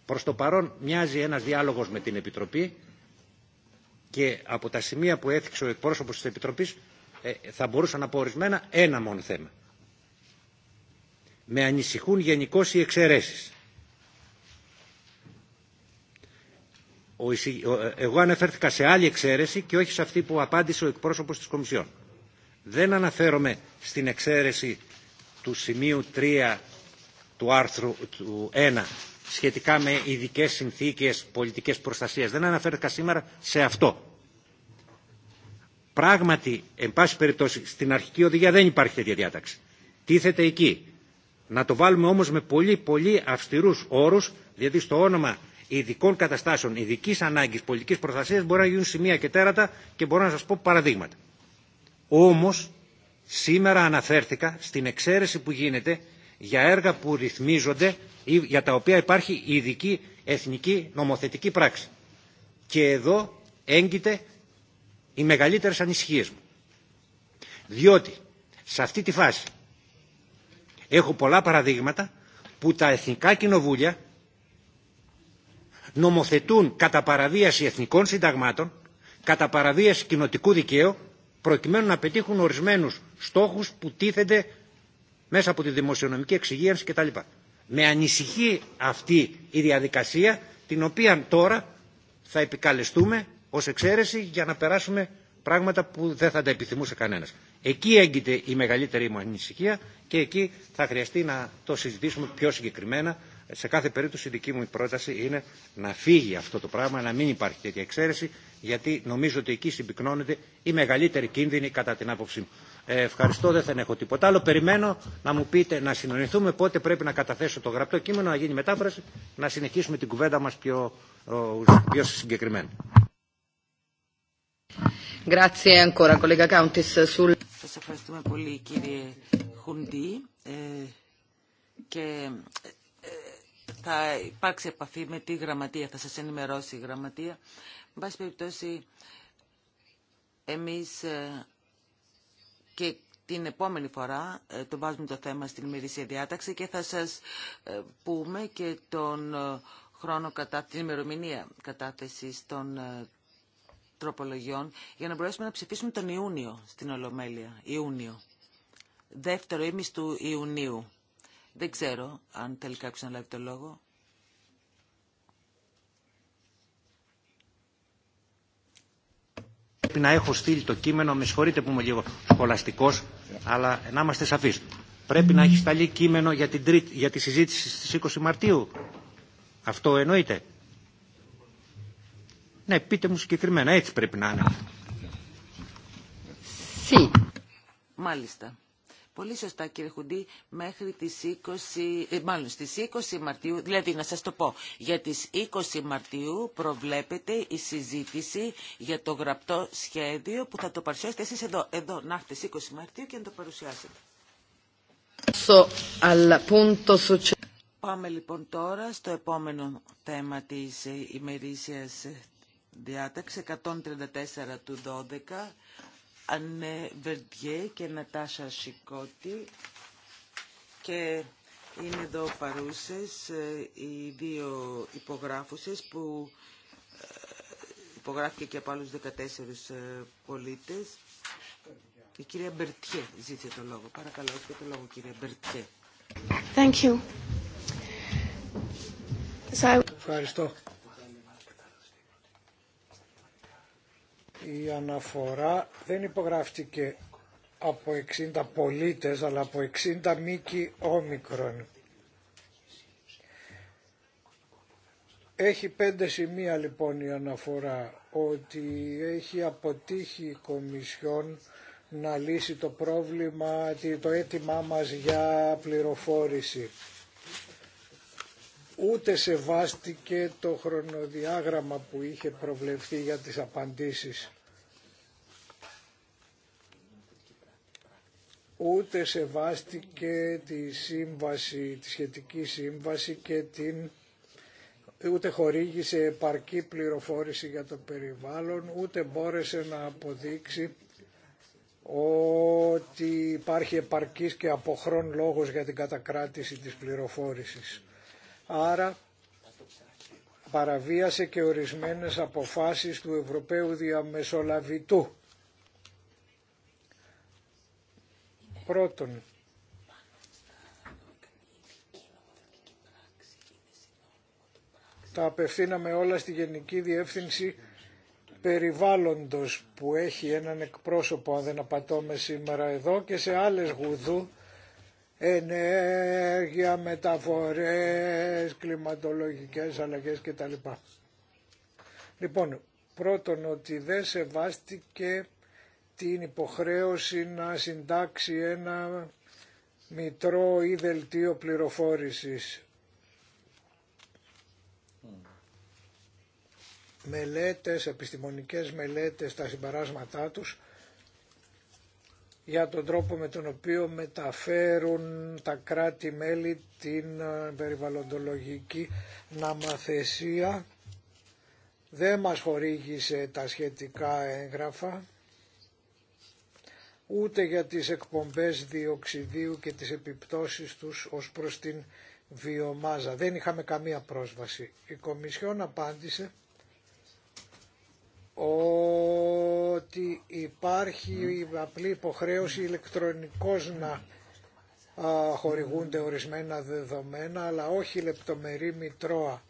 Προς το παρόν μοιάζει ένας διάλογος με την Επιτροπή και από τα σημεία που έθιξε ο εκπρόσωπος της Επιτροπής ε, θα μπορούσα να πω ορισμένα ένα μόνο θέμα. Με ανησυχούν γενικώ οι εξαιρέσεις. Ε, εγώ αναφέρθηκα σε άλλη εξαίρεση και όχι σε αυτή που απάντησε ο εκπρόσωπος της Κομισιόν. Δεν αναφέρομαι στην εξαίρεση του σημείου 3 του άρθρου του 1 σχετικά με ειδικέ συνθήκες πολιτικής προστασίας. Δεν αναφέρθηκα σήμερα σε αυτό. Πράγματι, εν πάση περιπτώσει, στην αρχική οδηγία δεν υπάρχει τέτοια διάταξη. Τίθεται εκεί. Να το βάλουμε όμως με πολύ πολύ αυστηρούς όρους, διότι στο όνομα ειδικών καταστάσεων, ειδική ανάγκης πολιτικής προστασίας μπορεί να γίνουν σημεία και τέρατα και μπορώ να σας πω παραδείγματα. Όμως, σήμερα αναφέρθηκα στην εξαίρεση που γίνεται για έργα που ρυθμίζονται ή για τα οποία υπάρχει ειδική εθνική νομοθετική πράξη. Και εδώ έγκυται οι μεγαλύτερες ανησυχίες μου. Διότι σε αυτή τη φάση έχω πολλά παραδείγματα που τα εθνικά κοινοβούλια νομοθετούν κατά παραβίαση εθνικών συνταγμάτων, κατά παραβίαση κοινοτικού δικαίου, προκειμένου να πετύχουν ορισμένους στόχους που τίθενται μέσα από τη δημοσιονομική εξυγίανση κτλ. Με ανησυχεί αυτή η διαδικασία την οποία τώρα θα επικαλεστούμε ως εξαίρεση για να περάσουμε πράγματα που δεν θα τα επιθυμούσε κανένας. Εκεί έγκυται η μεγαλύτερη μου ανησυχία και εκεί θα χρειαστεί να το συζητήσουμε πιο συγκεκριμένα. Σε κάθε περίπτωση η δική μου πρόταση είναι να φύγει αυτό το πράγμα, να μην υπάρχει τέτοια εξαίρεση, γιατί νομίζω ότι εκεί συμπυκνώνεται η μεγαλύτερη κίνδυνη κατά την άποψή μου. Ε, ευχαριστώ, δεν θα έχω τίποτα άλλο. Περιμένω να μου πείτε, να συνονιθούμε πότε πρέπει να καταθέσω το γραπτό κείμενο, να γίνει μετάφραση, να συνεχίσουμε την κουβέντα μας πιο, πιο συγκεκριμένα. Σας ευχαριστούμε πολύ κύριε Χουντή ε, και ε, θα υπάρξει επαφή με τη γραμματεία, θα σας ενημερώσει η γραμματεία. Εν πάση περιπτώσει, εμείς και την επόμενη φορά ε, το βάζουμε το θέμα στην ημερήσια διάταξη και θα σας ε, πούμε και τον ε, χρόνο κατά την ημερομηνία κατάθεσης των τροπολογιών για να μπορέσουμε να ψηφίσουμε τον Ιούνιο στην Ολομέλεια. Ιούνιο. Δεύτερο ήμις του Ιουνίου. Δεν ξέρω αν τελικά κάποιος να λάβει το λόγο. να έχω στείλει το κείμενο, με συγχωρείτε που είμαι λίγο σχολαστικό, αλλά να είμαστε σαφεί. Πρέπει να έχει σταλεί κείμενο για, την τρίτη, για τη συζήτηση στι 20 Μαρτίου. Αυτό εννοείται. Ναι, πείτε μου συγκεκριμένα, έτσι πρέπει να είναι. Μάλιστα. Πολύ σωστά κύριε Χουντή, μέχρι τις 20, ε, μάλλον στις 20 Μαρτίου, δηλαδή να σας το πω, για τις 20 Μαρτίου προβλέπεται η συζήτηση για το γραπτό σχέδιο που θα το παρουσιάσετε εσείς εδώ, εδώ να έρθετε 20 Μαρτίου και να το παρουσιάσετε. Πάμε λοιπόν τώρα στο επόμενο θέμα της ε, ημερήσιας ε, διάταξη 134 του 12 Ανέ Βερντιέ και Νατάσα Σικότη και είναι εδώ παρούσες ε, οι δύο υπογράφουσες που ε, υπογράφηκε και από άλλους 14 ε, πολίτες. Η κυρία Μπερτιέ ζήτησε το λόγο. Παρακαλώ, έχετε το λόγο κυρία Μπερτιέ. Thank you. Ευχαριστώ. Η αναφορά δεν υπογράφτηκε από 60 πολίτες, αλλά από 60 μήκη όμικρον. Έχει πέντε σημεία λοιπόν η αναφορά ότι έχει αποτύχει η Κομισιόν να λύσει το πρόβλημα, το αίτημά μας για πληροφόρηση ούτε σεβάστηκε το χρονοδιάγραμμα που είχε προβλεφθεί για τις απαντήσεις. Ούτε σεβάστηκε τη σύμβαση, τη σχετική σύμβαση και την ούτε χορήγησε επαρκή πληροφόρηση για το περιβάλλον, ούτε μπόρεσε να αποδείξει ότι υπάρχει επαρκής και αποχρόν λόγος για την κατακράτηση της πληροφόρησης. Άρα παραβίασε και ορισμένες αποφάσεις του Ευρωπαίου Διαμεσολαβητού. Πρώτον, τα απευθύναμε όλα στη Γενική Διεύθυνση Περιβάλλοντος που έχει έναν εκπρόσωπο αν δεν απατώμε σήμερα εδώ και σε άλλες γουδού ενέργεια, μεταφορές, κλιματολογικές αλλαγές κτλ. Λοιπόν, πρώτον ότι δεν σεβάστηκε την υποχρέωση να συντάξει ένα μητρό ή δελτίο πληροφόρησης. Μελέτες, επιστημονικές μελέτες, τα συμπαράσματά τους για τον τρόπο με τον οποίο μεταφέρουν τα κράτη-μέλη την ε, περιβαλλοντολογική ναμαθεσία. Δεν μας χορήγησε τα σχετικά έγγραφα ούτε για τις εκπομπές διοξιδίου και τις επιπτώσεις τους ως προς την βιομάζα. Δεν είχαμε καμία πρόσβαση. Η Κομισιόν απάντησε ότι υπάρχει απλή υποχρέωση ηλεκτρονικώς να χορηγούνται ορισμένα δεδομένα αλλά όχι λεπτομερή μητρώα.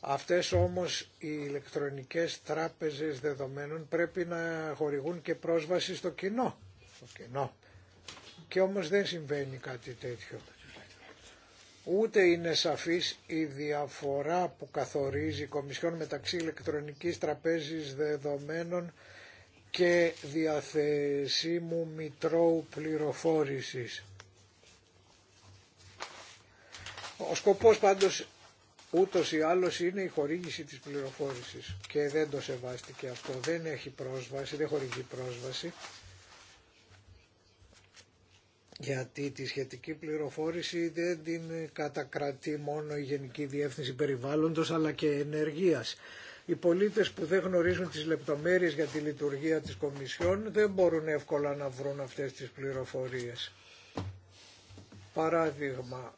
Αυτές όμως οι ηλεκτρονικές τράπεζες δεδομένων πρέπει να χορηγούν και πρόσβαση στο κοινό. Στο κοινό. Και όμως δεν συμβαίνει κάτι τέτοιο. Ούτε είναι σαφής η διαφορά που καθορίζει η Κομισιόν μεταξύ ηλεκτρονικής τραπέζης δεδομένων και διαθεσίμου μητρώου πληροφόρησης. Ο σκοπός πάντως ούτως ή άλλως είναι η χορήγηση της πληροφόρησης και δεν το σεβάστηκε αυτό, δεν έχει πρόσβαση, δεν χορηγεί πρόσβαση γιατί τη σχετική πληροφόρηση δεν την κατακρατεί μόνο η Γενική Διεύθυνση Περιβάλλοντος αλλά και Ενεργείας. Οι πολίτες που δεν γνωρίζουν τις λεπτομέρειες για τη λειτουργία της Κομισιόν δεν μπορούν εύκολα να βρουν αυτές τις πληροφορίες. Παράδειγμα,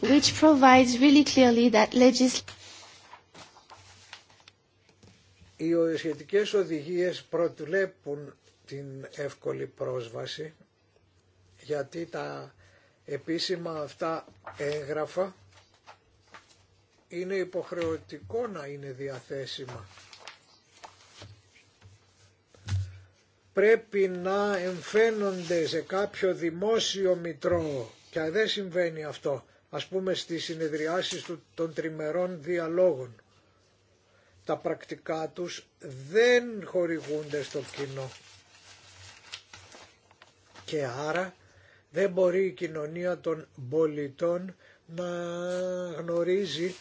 which provides really clearly that οι σχετικές οδηγίες προτυλέπουν την εύκολη πρόσβαση γιατί τα επίσημα αυτά έγγραφα είναι υποχρεωτικό να είναι διαθέσιμα. Πρέπει να εμφαίνονται σε κάποιο δημόσιο μητρό και δεν συμβαίνει αυτό ας πούμε στις συνεδριάσεις των τριμερών διαλόγων τα πρακτικά τους δεν χορηγούνται στο κοινό. Και άρα δεν μπορεί η κοινωνία των πολιτών να γνωρίζει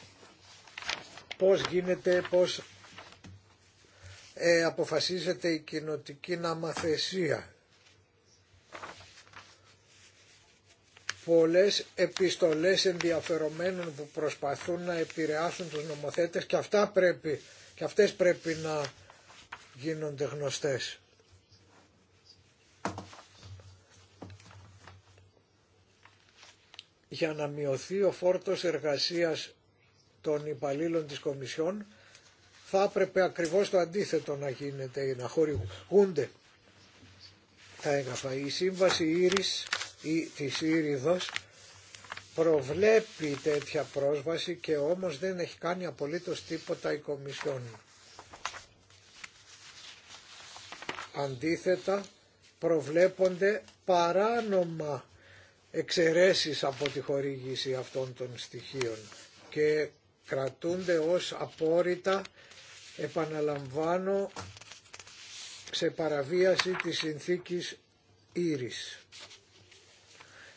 πώς γίνεται, πώς ε, αποφασίζεται η κοινοτική ναμαθεσία. πολλές επιστολές ενδιαφερομένων που προσπαθούν να επηρεάσουν τους νομοθέτες και, αυτά πρέπει, και αυτές πρέπει να γίνονται γνωστές. Για να μειωθεί ο φόρτος εργασίας των υπαλλήλων της Κομισιόν θα έπρεπε ακριβώς το αντίθετο να γίνεται ή να χορηγούνται τα έγγραφα. Η να χορηγουνται τα εγραφα Ήρης ή της Ήριδος προβλέπει τέτοια πρόσβαση και όμως δεν έχει κάνει απολύτως τίποτα η Κομισιόν. Αντίθετα προβλέπονται παράνομα εξαιρέσεις από τη χορήγηση αυτών των στοιχείων και κρατούνται ως απόρριτα επαναλαμβάνω σε παραβίαση της συνθήκης Ήρης.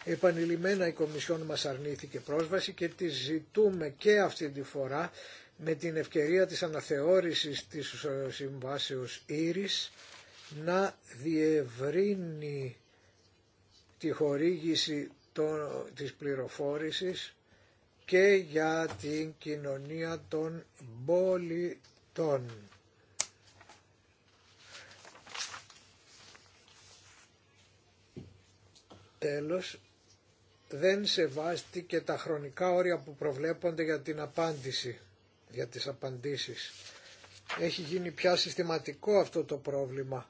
Επανειλημμένα η Κομισιόν μας αρνήθηκε πρόσβαση και τη ζητούμε και αυτή τη φορά με την ευκαιρία της αναθεώρησης της ε, συμβάσεως Ήρης να διευρύνει τη χορήγηση των, της πληροφόρησης και για την κοινωνία των πολιτών. Τέλος, δεν σεβάστηκε τα χρονικά όρια που προβλέπονται για την απάντηση, για τις απαντήσεις. Έχει γίνει πια συστηματικό αυτό το πρόβλημα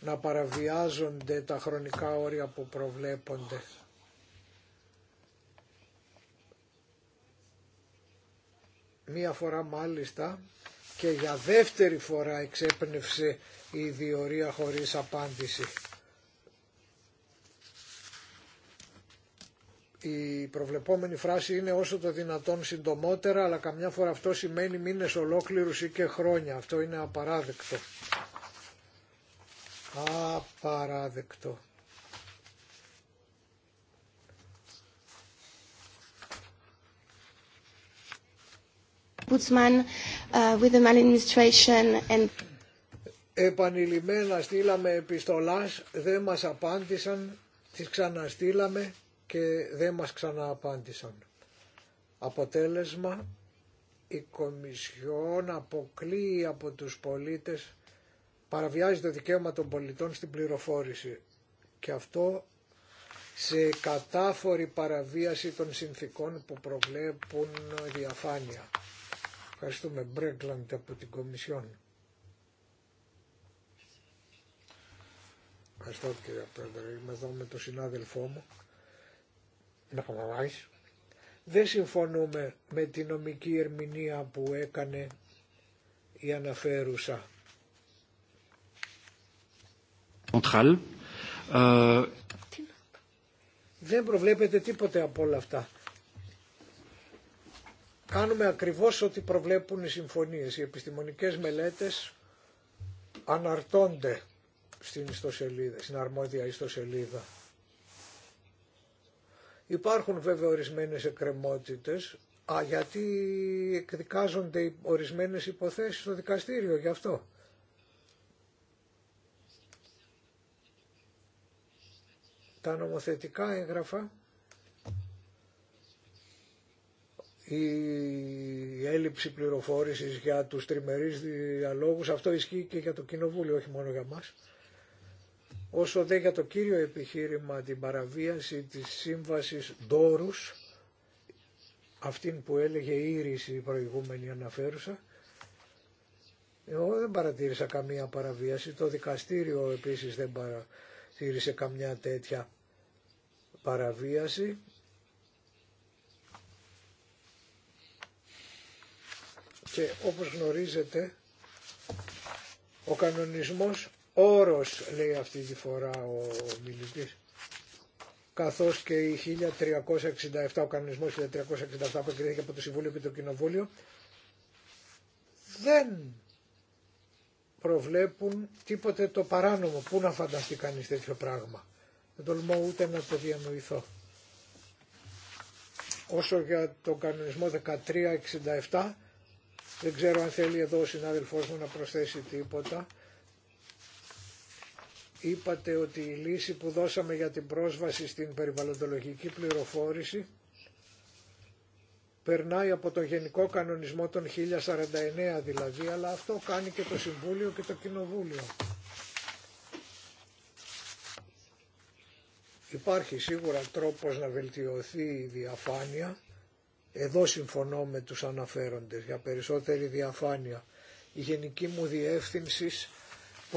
να παραβιάζονται τα χρονικά όρια που προβλέπονται. Μία φορά μάλιστα και για δεύτερη φορά εξέπνευσε η διορία χωρίς απάντηση. η προβλεπόμενη φράση είναι όσο το δυνατόν συντομότερα, αλλά καμιά φορά αυτό σημαίνει μήνες ολόκληρους ή και χρόνια. Αυτό είναι απαράδεκτο. Απαράδεκτο. Uh, with the and... Επανειλημμένα στείλαμε επιστολάς, δεν μας απάντησαν, τις ξαναστήλαμε και δεν μας ξανααπάντησαν. Αποτέλεσμα, η Κομισιόν αποκλείει από τους πολίτες, παραβιάζει το δικαίωμα των πολιτών στην πληροφόρηση και αυτό σε κατάφορη παραβίαση των συνθήκων που προβλέπουν διαφάνεια. Ευχαριστούμε Μπρέγκλαντ από την Κομισιόν. Ευχαριστώ κύριε Πρόεδρε, είμαι εδώ με τον συνάδελφό μου δεν συμφωνούμε με την νομική ερμηνεία που έκανε η αναφέρουσα. Ε, δεν προβλέπεται τίποτε από όλα αυτά. Κάνουμε ακριβώς ό,τι προβλέπουν οι συμφωνίες. Οι επιστημονικές μελέτες αναρτώνται στην, ιστοσελίδα, στην αρμόδια ιστοσελίδα. Υπάρχουν βέβαια ορισμένες εκκρεμότητες, α, γιατί εκδικάζονται ορισμένες υποθέσεις στο δικαστήριο γι' αυτό. Τα νομοθετικά έγγραφα, η έλλειψη πληροφόρησης για τους τριμερείς διαλόγους, αυτό ισχύει και για το Κοινοβούλιο, όχι μόνο για μας όσο δε για το κύριο επιχείρημα την παραβίαση της σύμβασης Ντόρους, αυτήν που έλεγε η Ήρηση η προηγούμενη αναφέρουσα, εγώ δεν παρατήρησα καμία παραβίαση, το δικαστήριο επίσης δεν παρατήρησε καμιά τέτοια παραβίαση. Και όπως γνωρίζετε, ο κανονισμός όρος λέει αυτή τη φορά ο μιλητής καθώς και η 1367, ο κανονισμός 1367 που από το Συμβούλιο και το Κοινοβούλιο δεν προβλέπουν τίποτε το παράνομο. Πού να φανταστεί κανείς τέτοιο πράγμα. Δεν τολμώ ούτε να το διανοηθώ. Όσο για τον κανονισμό 1367, δεν ξέρω αν θέλει εδώ ο συνάδελφός μου να προσθέσει τίποτα. Είπατε ότι η λύση που δώσαμε για την πρόσβαση στην περιβαλλοντολογική πληροφόρηση περνάει από το Γενικό Κανονισμό των 1049 δηλαδή, αλλά αυτό κάνει και το Συμβούλιο και το Κοινοβούλιο. Υπάρχει σίγουρα τρόπος να βελτιωθεί η διαφάνεια. Εδώ συμφωνώ με τους αναφέροντες για περισσότερη διαφάνεια. Η γενική μου διεύθυνση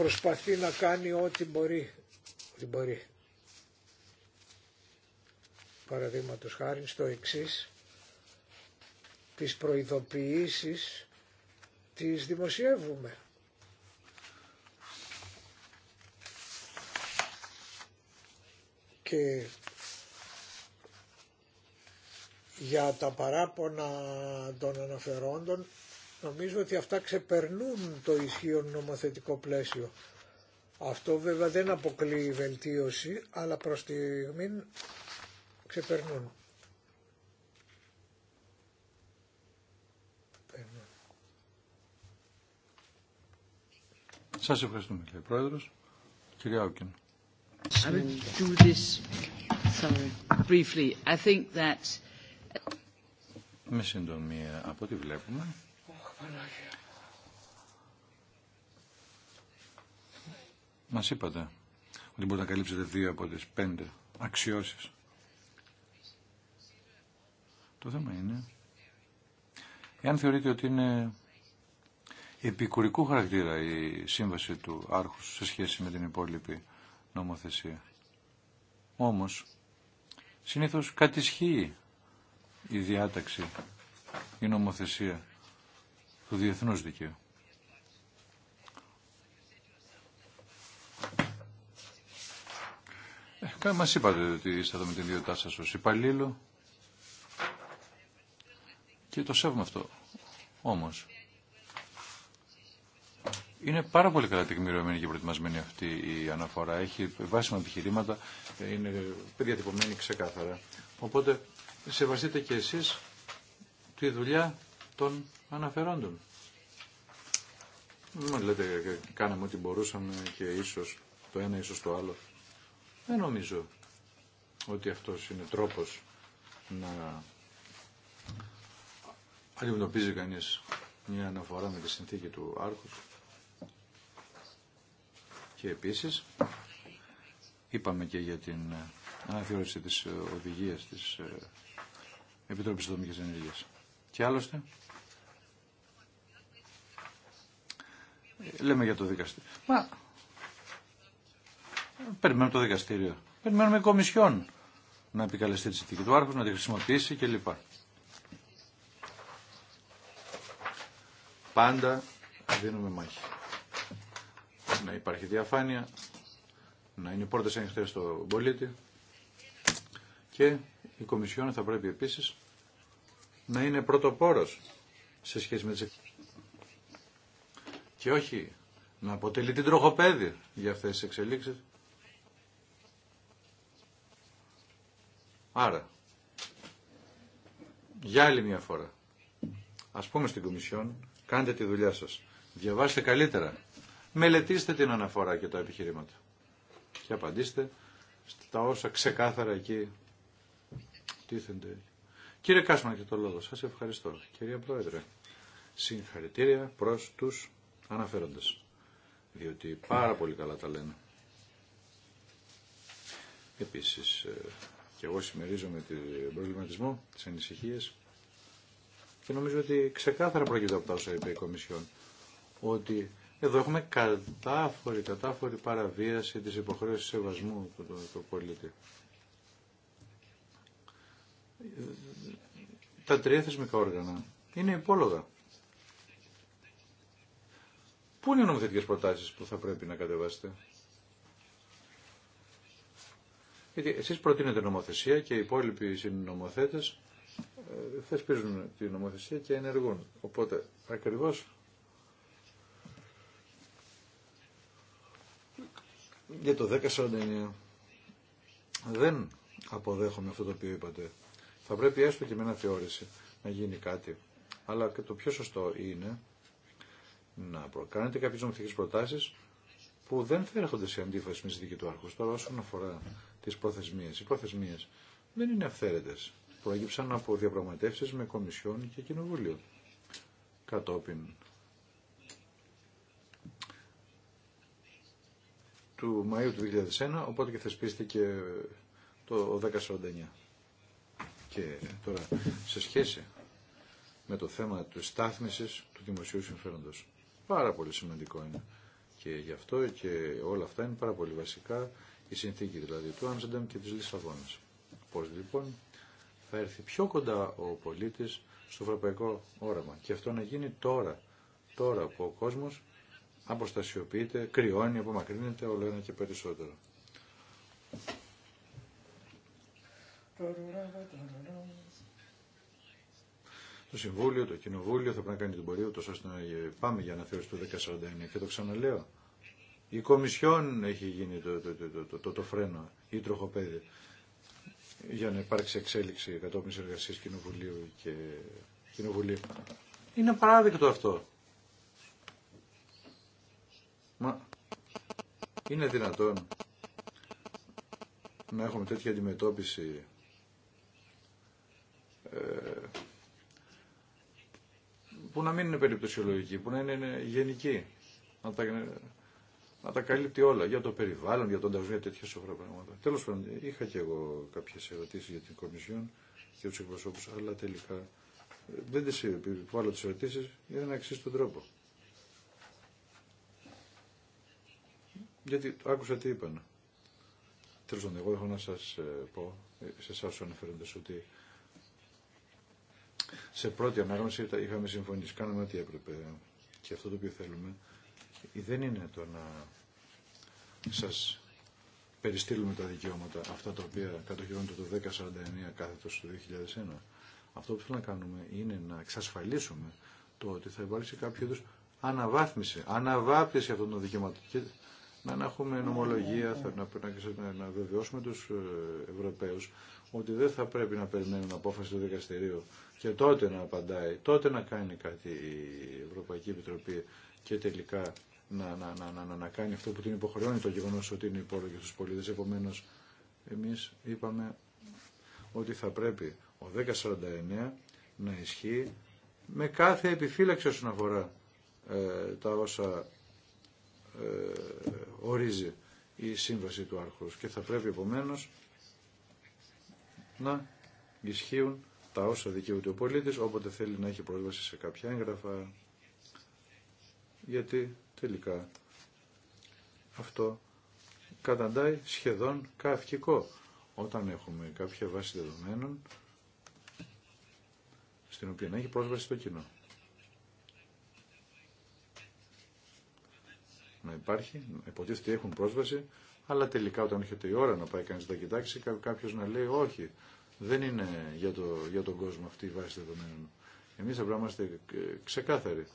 προσπαθεί να κάνει ό,τι μπορεί. Ό,τι μπορεί. Παραδείγματος χάρη στο εξή τις προειδοποιήσεις τις δημοσιεύουμε. Και για τα παράπονα των αναφερόντων Νομίζω ότι αυτά ξεπερνούν το ισχύον νομοθετικό πλαίσιο. Αυτό βέβαια δεν αποκλείει βελτίωση, αλλά προς τη στιγμή ξεπερνούν. Σας ευχαριστούμε κύριε Πρόεδρος. Κυρία Όκεν. Με συντομία από ό,τι βλέπουμε μας είπατε ότι μπορείτε να καλύψετε δύο από τις πέντε αξιώσεις. Το θέμα είναι εάν θεωρείτε ότι είναι επικουρικού χαρακτήρα η σύμβαση του Άρχου σε σχέση με την υπόλοιπη νομοθεσία. Όμως, συνήθως κατησχύει η διάταξη, η νομοθεσία του διεθνού δικαίου. Ε, μα είπατε ότι είστε εδώ με την ιδιότητά σα ω υπαλλήλου και το σέβομαι αυτό. Όμω, είναι πάρα πολύ καλά τεκμηριωμένη και προετοιμασμένη αυτή η αναφορά. Έχει βάσιμα επιχειρήματα, είναι διατυπωμένη ξεκάθαρα. Οπότε, σεβαστείτε και εσείς τη δουλειά των αναφερόντων. Μην λέτε κάναμε ό,τι μπορούσαμε και ίσως το ένα ίσως το άλλο. Δεν νομίζω ότι αυτός είναι τρόπος να αντιμετωπίζει κανείς μια αναφορά με τη συνθήκη του Άρχους. Και επίσης είπαμε και για την αναθεώρηση της οδηγίας της ε, Επιτροπής Δομικής Ενέργειας. Και άλλωστε λέμε για το δικαστήριο. Μα περιμένουμε το δικαστήριο. Περιμένουμε η κομισιόν να επικαλεστεί τη συνθήκη του Άρχου, να τη χρησιμοποιήσει κλπ. Πάντα δίνουμε μάχη. Να υπάρχει διαφάνεια, να είναι οι πόρτες ανοιχτέ στον πολίτη και η Κομισιόν θα πρέπει επίσης να είναι πρωτοπόρος σε σχέση με τις και όχι να αποτελεί την τροχοπέδη για αυτές τις εξελίξεις. Άρα, για άλλη μια φορά, ας πούμε στην Κομισιόν, κάντε τη δουλειά σας, διαβάστε καλύτερα, μελετήστε την αναφορά και τα επιχειρήματα και απαντήστε στα όσα ξεκάθαρα εκεί τίθενται. Κύριε Κάσμα και το λόγο, σας ευχαριστώ. Κυρία Πρόεδρε, συγχαρητήρια προς τους αναφέροντας, διότι πάρα πολύ καλά τα λένε. Επίσης, ε, και εγώ συμμερίζομαι τον προβληματισμό, τις ανησυχίες και νομίζω ότι ξεκάθαρα πρόκειται από τα όσα είπε η Κομισιόν ότι εδώ έχουμε κατάφορη, κατάφορη παραβίαση της υποχρέωσης σεβασμού του, του πολίτη. Τα τρία θεσμικά όργανα είναι υπόλογα. Πού είναι οι νομοθετικές προτάσεις που θα πρέπει να κατεβάσετε. Γιατί εσείς προτείνετε νομοθεσία και οι υπόλοιποι συνομοθέτες ε, θεσπίζουν τη νομοθεσία και ενεργούν. Οπότε ακριβώς για το 1049 δεν αποδέχομαι αυτό το οποίο είπατε. Θα πρέπει έστω και με ένα θεώρηση να γίνει κάτι. Αλλά και το πιο σωστό είναι να προκάνετε κάποιες νομοθετικές προτάσεις που δεν θα έρχονται σε αντίφαση με τη του αρχού. Τώρα όσον αφορά τις προθεσμίες, οι προθεσμίες δεν είναι αυθαίρετες. Προέγυψαν από διαπραγματεύσεις με Κομισιόν και Κοινοβούλιο. Κατόπιν του Μαΐου του 2001, οπότε και θεσπίστηκε το 1049. Και τώρα, σε σχέση με το θέμα του στάθμισης του δημοσίου συμφέροντος. Πάρα πολύ σημαντικό είναι. Και γι' αυτό και όλα αυτά είναι πάρα πολύ βασικά η συνθήκη δηλαδή του Άμστερνταμ και της Λισαβόνας. Πώς λοιπόν θα έρθει πιο κοντά ο πολίτης στο ευρωπαϊκό όραμα. Και αυτό να γίνει τώρα. Τώρα που ο κόσμος αποστασιοποιείται, κρυώνει, απομακρύνεται όλο ένα και περισσότερο το Συμβούλιο, το Κοινοβούλιο θα πρέπει να κάνει την πορεία ούτως ώστε να πάμε για αναθεώρηση του 1049. Και το ξαναλέω, η Κομισιόν έχει γίνει το, το, το, το, το φρένο ή τροχοπέδι για να υπάρξει εξέλιξη κατόπιν εργασία Κοινοβουλίου και Κοινοβουλίου. Είναι παράδεικτο αυτό. Μα είναι δυνατόν να έχουμε τέτοια αντιμετώπιση ε, που να μην είναι περιπτωσιολογική, που να είναι γενική. Να τα, να τα καλύπτει όλα για το περιβάλλον, για τον για τέτοια σοβαρά πράγματα. Τέλο πάντων, είχα και εγώ κάποιε ερωτήσει για την Κομισιόν και του εκπροσώπου, αλλά τελικά ε, δεν τι ε, βάλω τι ερωτήσει για να αξίζει τον τρόπο. Γιατί άκουσα τι είπαν. Τέλο πάντων, εγώ έχω να σα ε, πω, σε εσά του ότι σε πρώτη ανάγνωση είχαμε συμφωνήσει, κάναμε ό,τι έπρεπε και αυτό το οποίο θέλουμε δεν είναι το να σας περιστύλουμε τα δικαιώματα αυτά τα οποία κατοχυρώνεται το 1049 κάθετος του 2001. Αυτό που θέλουμε να κάνουμε είναι να εξασφαλίσουμε το ότι θα υπάρξει κάποιο είδου αναβάθμιση, αναβάπτιση αυτών των δικαιωμάτων. Και να, έχουμε νομολογία, να, να βεβαιώσουμε τους ε, Ευρωπαίους ότι δεν θα πρέπει να περιμένουν απόφαση του δικαστηρίου και τότε να απαντάει, τότε να κάνει κάτι η Ευρωπαϊκή Επιτροπή και τελικά να, να, να, να, να κάνει αυτό που την υποχρεώνει το γεγονό ότι είναι υπόλογη στους πολίτες. Επομένως, εμείς είπαμε ότι θα πρέπει ο 1049 να ισχύει με κάθε επιφύλαξη όσον αφορά ε, τα όσα ε, ορίζει η σύμβαση του άρχους και θα πρέπει επομένως να ισχύουν τα όσα δικαιούται ο πολιτή όποτε θέλει να έχει πρόσβαση σε κάποια έγγραφα, γιατί τελικά αυτό καταντάει σχεδόν καυκικό. Όταν έχουμε κάποια βάση δεδομένων, στην οποία να έχει πρόσβαση το κοινό. Να υπάρχει, υποτίθεται έχουν πρόσβαση αλλά τελικά όταν έρχεται η ώρα να πάει κανείς να τα κοιτάξει, κάποιος να λέει όχι, δεν είναι για, το, για τον κόσμο αυτή η βάση δεδομένων. Εμείς θα πρέπει να είμαστε ε, ξεκάθαροι.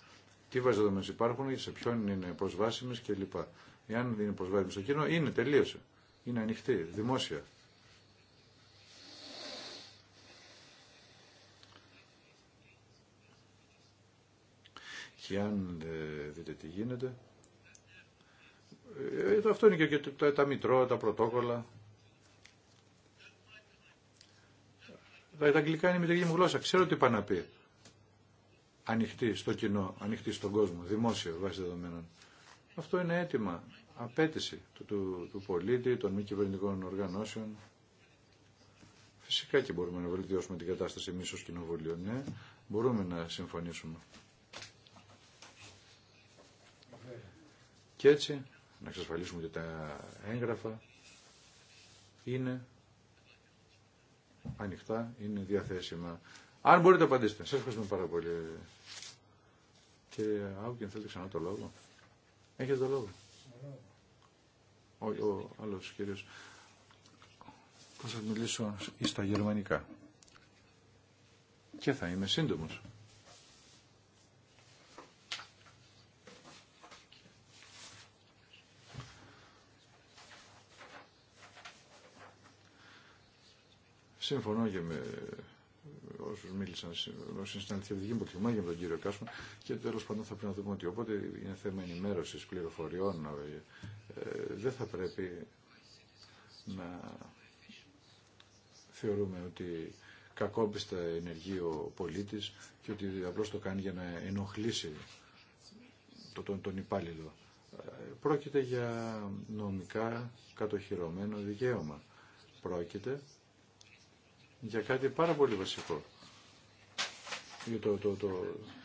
Τι βάσει δεδομένων υπάρχουν, σε ποιον είναι προσβάσιμες κλπ. Εάν δεν είναι προσβάσιμες στο κοινό, είναι, τελείωσε. Είναι ανοιχτή, δημόσια. Και αν ε, δείτε τι γίνεται, ε, ε, αυτό είναι και τα, τα μητρώα, τα πρωτόκολλα. Τα, τα αγγλικά είναι η μητρική μου γλώσσα. Ξέρω τι είπα να πει. Ανοιχτή στο κοινό, ανοιχτή στον κόσμο, δημόσιο βάσει δεδομένων. Αυτό είναι αίτημα, απέτηση του, του, του πολίτη, των μη κυβερνητικών οργανώσεων. Φυσικά και μπορούμε να βελτιώσουμε την κατάσταση εμεί ω κοινοβούλιο. Ναι. μπορούμε να συμφωνήσουμε. Και έτσι να εξασφαλίσουμε ότι τα έγγραφα είναι ανοιχτά, είναι διαθέσιμα. Αν μπορείτε απαντήστε. Σας ευχαριστούμε πάρα πολύ. Και Άουκεν, θέλετε ξανά το λόγο. Έχετε το λόγο. Ο, ο άλλος κύριος. Θα σας μιλήσω στα γερμανικά. Και θα είμαι σύντομος. Συμφωνώ και με όσου μίλησαν, όσοι στην δική μου θυμάμαι και με τον κύριο Κάσμα. Και τέλο πάντων θα πρέπει να δούμε ότι οπότε είναι θέμα ενημέρωση πληροφοριών. Ε, δεν θα πρέπει να θεωρούμε ότι κακόπιστα ενεργεί ο πολίτη και ότι απλώ το κάνει για να ενοχλήσει τον, τον υπάλληλο. Ε, πρόκειται για νομικά κατοχυρωμένο δικαίωμα. Πρόκειται για κάτι πάρα πολύ βασικό. Για το, το, το,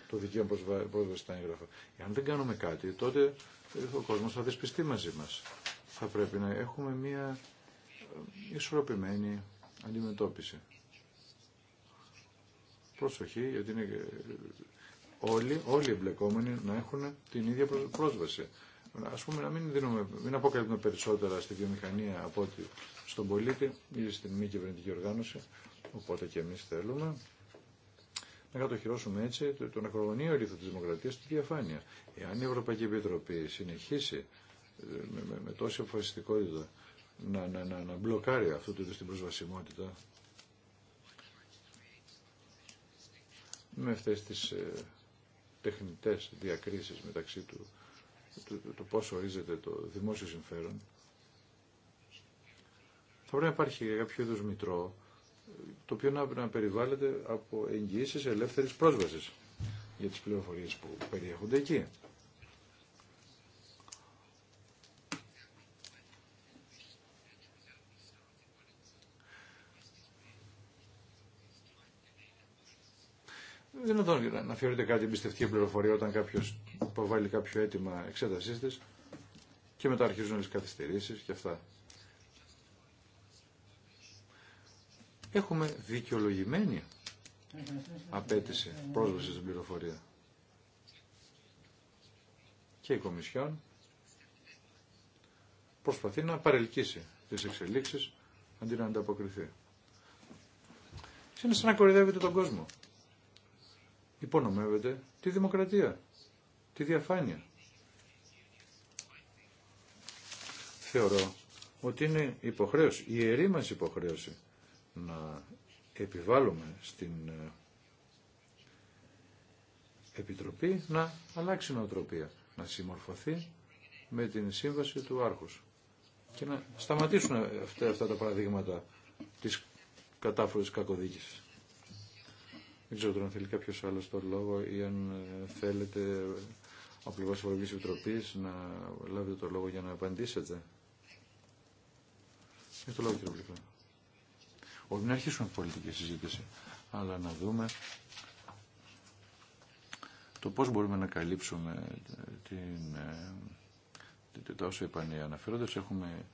το δικαίωμα πρόσβαση στα έγγραφα. Εάν δεν κάνουμε κάτι, τότε ε, ο κόσμος θα δεσπιστεί μαζί μας. Θα πρέπει να έχουμε μια ε, ισορροπημένη αντιμετώπιση. Προσοχή, γιατί είναι ε, όλοι, όλοι οι εμπλεκόμενοι να έχουν την ίδια πρόσβαση ας πούμε να μην, δίνουμε, μην αποκαλύπτουμε περισσότερα στη βιομηχανία από ότι στον πολίτη ή στην μη κυβερνητική οργάνωση. Οπότε και εμείς θέλουμε να κατοχυρώσουμε έτσι τον ακρογωνίο ρήθο της δημοκρατίας στη διαφάνεια. Εάν η Ευρωπαϊκή Επιτροπή συνεχίσει ε, με, τόση αποφασιστικότητα να, να, να, να μπλοκάρει αυτού του είδους την προσβασιμότητα με αυτές τις ε, τεχνητές διακρίσεις μεταξύ του το, το, πόσο ορίζεται το δημόσιο συμφέρον, θα πρέπει να υπάρχει κάποιο είδου μητρό, το οποίο να, να περιβάλλεται από εγγυήσει ελεύθερης πρόσβαση για τι πληροφορίε που περιέχονται εκεί. είναι δυνατόν να θεωρείται κάτι εμπιστευτική πληροφορία όταν κάποιο υποβάλλει κάποιο αίτημα εξέτασή τη και μετά αρχίζουν τι καθυστερήσει και αυτά. Έχουμε δικαιολογημένη απέτηση πρόσβαση στην πληροφορία. Και η Κομισιόν προσπαθεί να παρελκύσει τις εξελίξεις αντί να ανταποκριθεί. Είναι σαν να κορυδεύεται τον κόσμο υπονομεύεται τη δημοκρατία, τη διαφάνεια. Θεωρώ ότι είναι υποχρέωση, η ιερή μας υποχρέωση να επιβάλλουμε στην ε, Επιτροπή να αλλάξει νοοτροπία, να συμμορφωθεί με την σύμβαση του άρχους και να σταματήσουν ε, αυτά, αυτά τα παραδείγματα της κατάφορης κακοδίκησης. Δεν ξέρω αν θέλει κάποιο άλλο το λόγο ή αν ε, θέλετε από πλευρά τη Ευρωπαϊκή Επιτροπή να λάβετε το λόγο για να απαντήσετε. Έχει το λόγο, κύριε Πληγό. Όχι να αρχίσουμε πολιτική συζήτηση, αλλά να δούμε το πώς μπορούμε να καλύψουμε ε, την, ε, τα όσα είπαν οι Έχουμε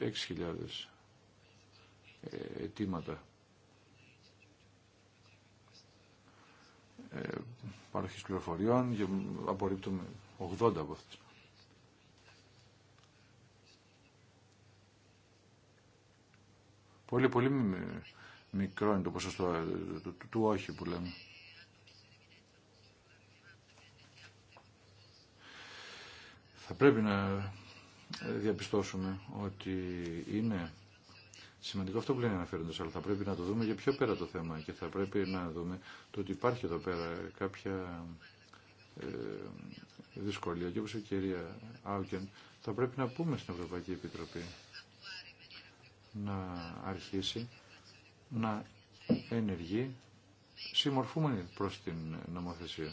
6.000 αιτήματα Ε, παροχής πληροφοριών και απορρίπτουμε 80 από αυτές. Πολύ, πολύ μικρό είναι το ποσοστό ε, του όχι που λέμε. Θα πρέπει να ε, διαπιστώσουμε ότι είναι Σημαντικό αυτό που λένε αναφέροντα, αλλά θα πρέπει να το δούμε για πιο πέρα το θέμα και θα πρέπει να δούμε το ότι υπάρχει εδώ πέρα κάποια ε, δυσκολία και όπω η κυρία Άουκεν θα πρέπει να πούμε στην Ευρωπαϊκή Επιτροπή να αρχίσει να ενεργεί συμμορφούμενη προς την νομοθεσία.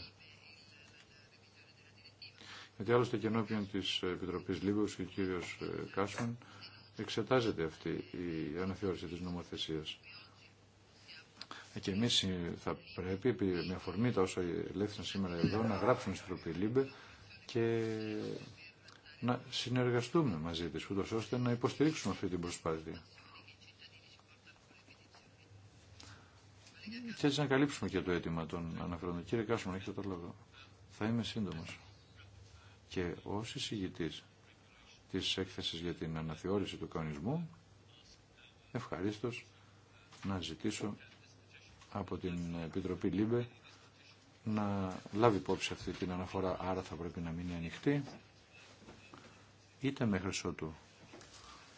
Γιατί άλλωστε και ενώπιον της Επιτροπής Λίβεως και ο κύριος ε, Κάσμαν εξετάζεται αυτή η αναθεώρηση της νομοθεσίας. Και εμείς θα πρέπει, με αφορμή τα όσα ελέγχθησαν σήμερα εδώ, να γράψουμε στην Τροπή και να συνεργαστούμε μαζί της, ούτως ώστε να υποστηρίξουμε αυτή την προσπάθεια. Και έτσι να καλύψουμε και το αίτημα των αναφέροντων. Κύριε Κάσμα, έχετε το λόγο. Θα είμαι σύντομος. Και ως εισηγητής της έκθεσης για την αναθεώρηση του κανονισμού, ευχαρίστως να ζητήσω από την Επιτροπή Λίμπε να λάβει υπόψη αυτή την αναφορά, άρα θα πρέπει να μείνει ανοιχτή, είτε μέχρι ότου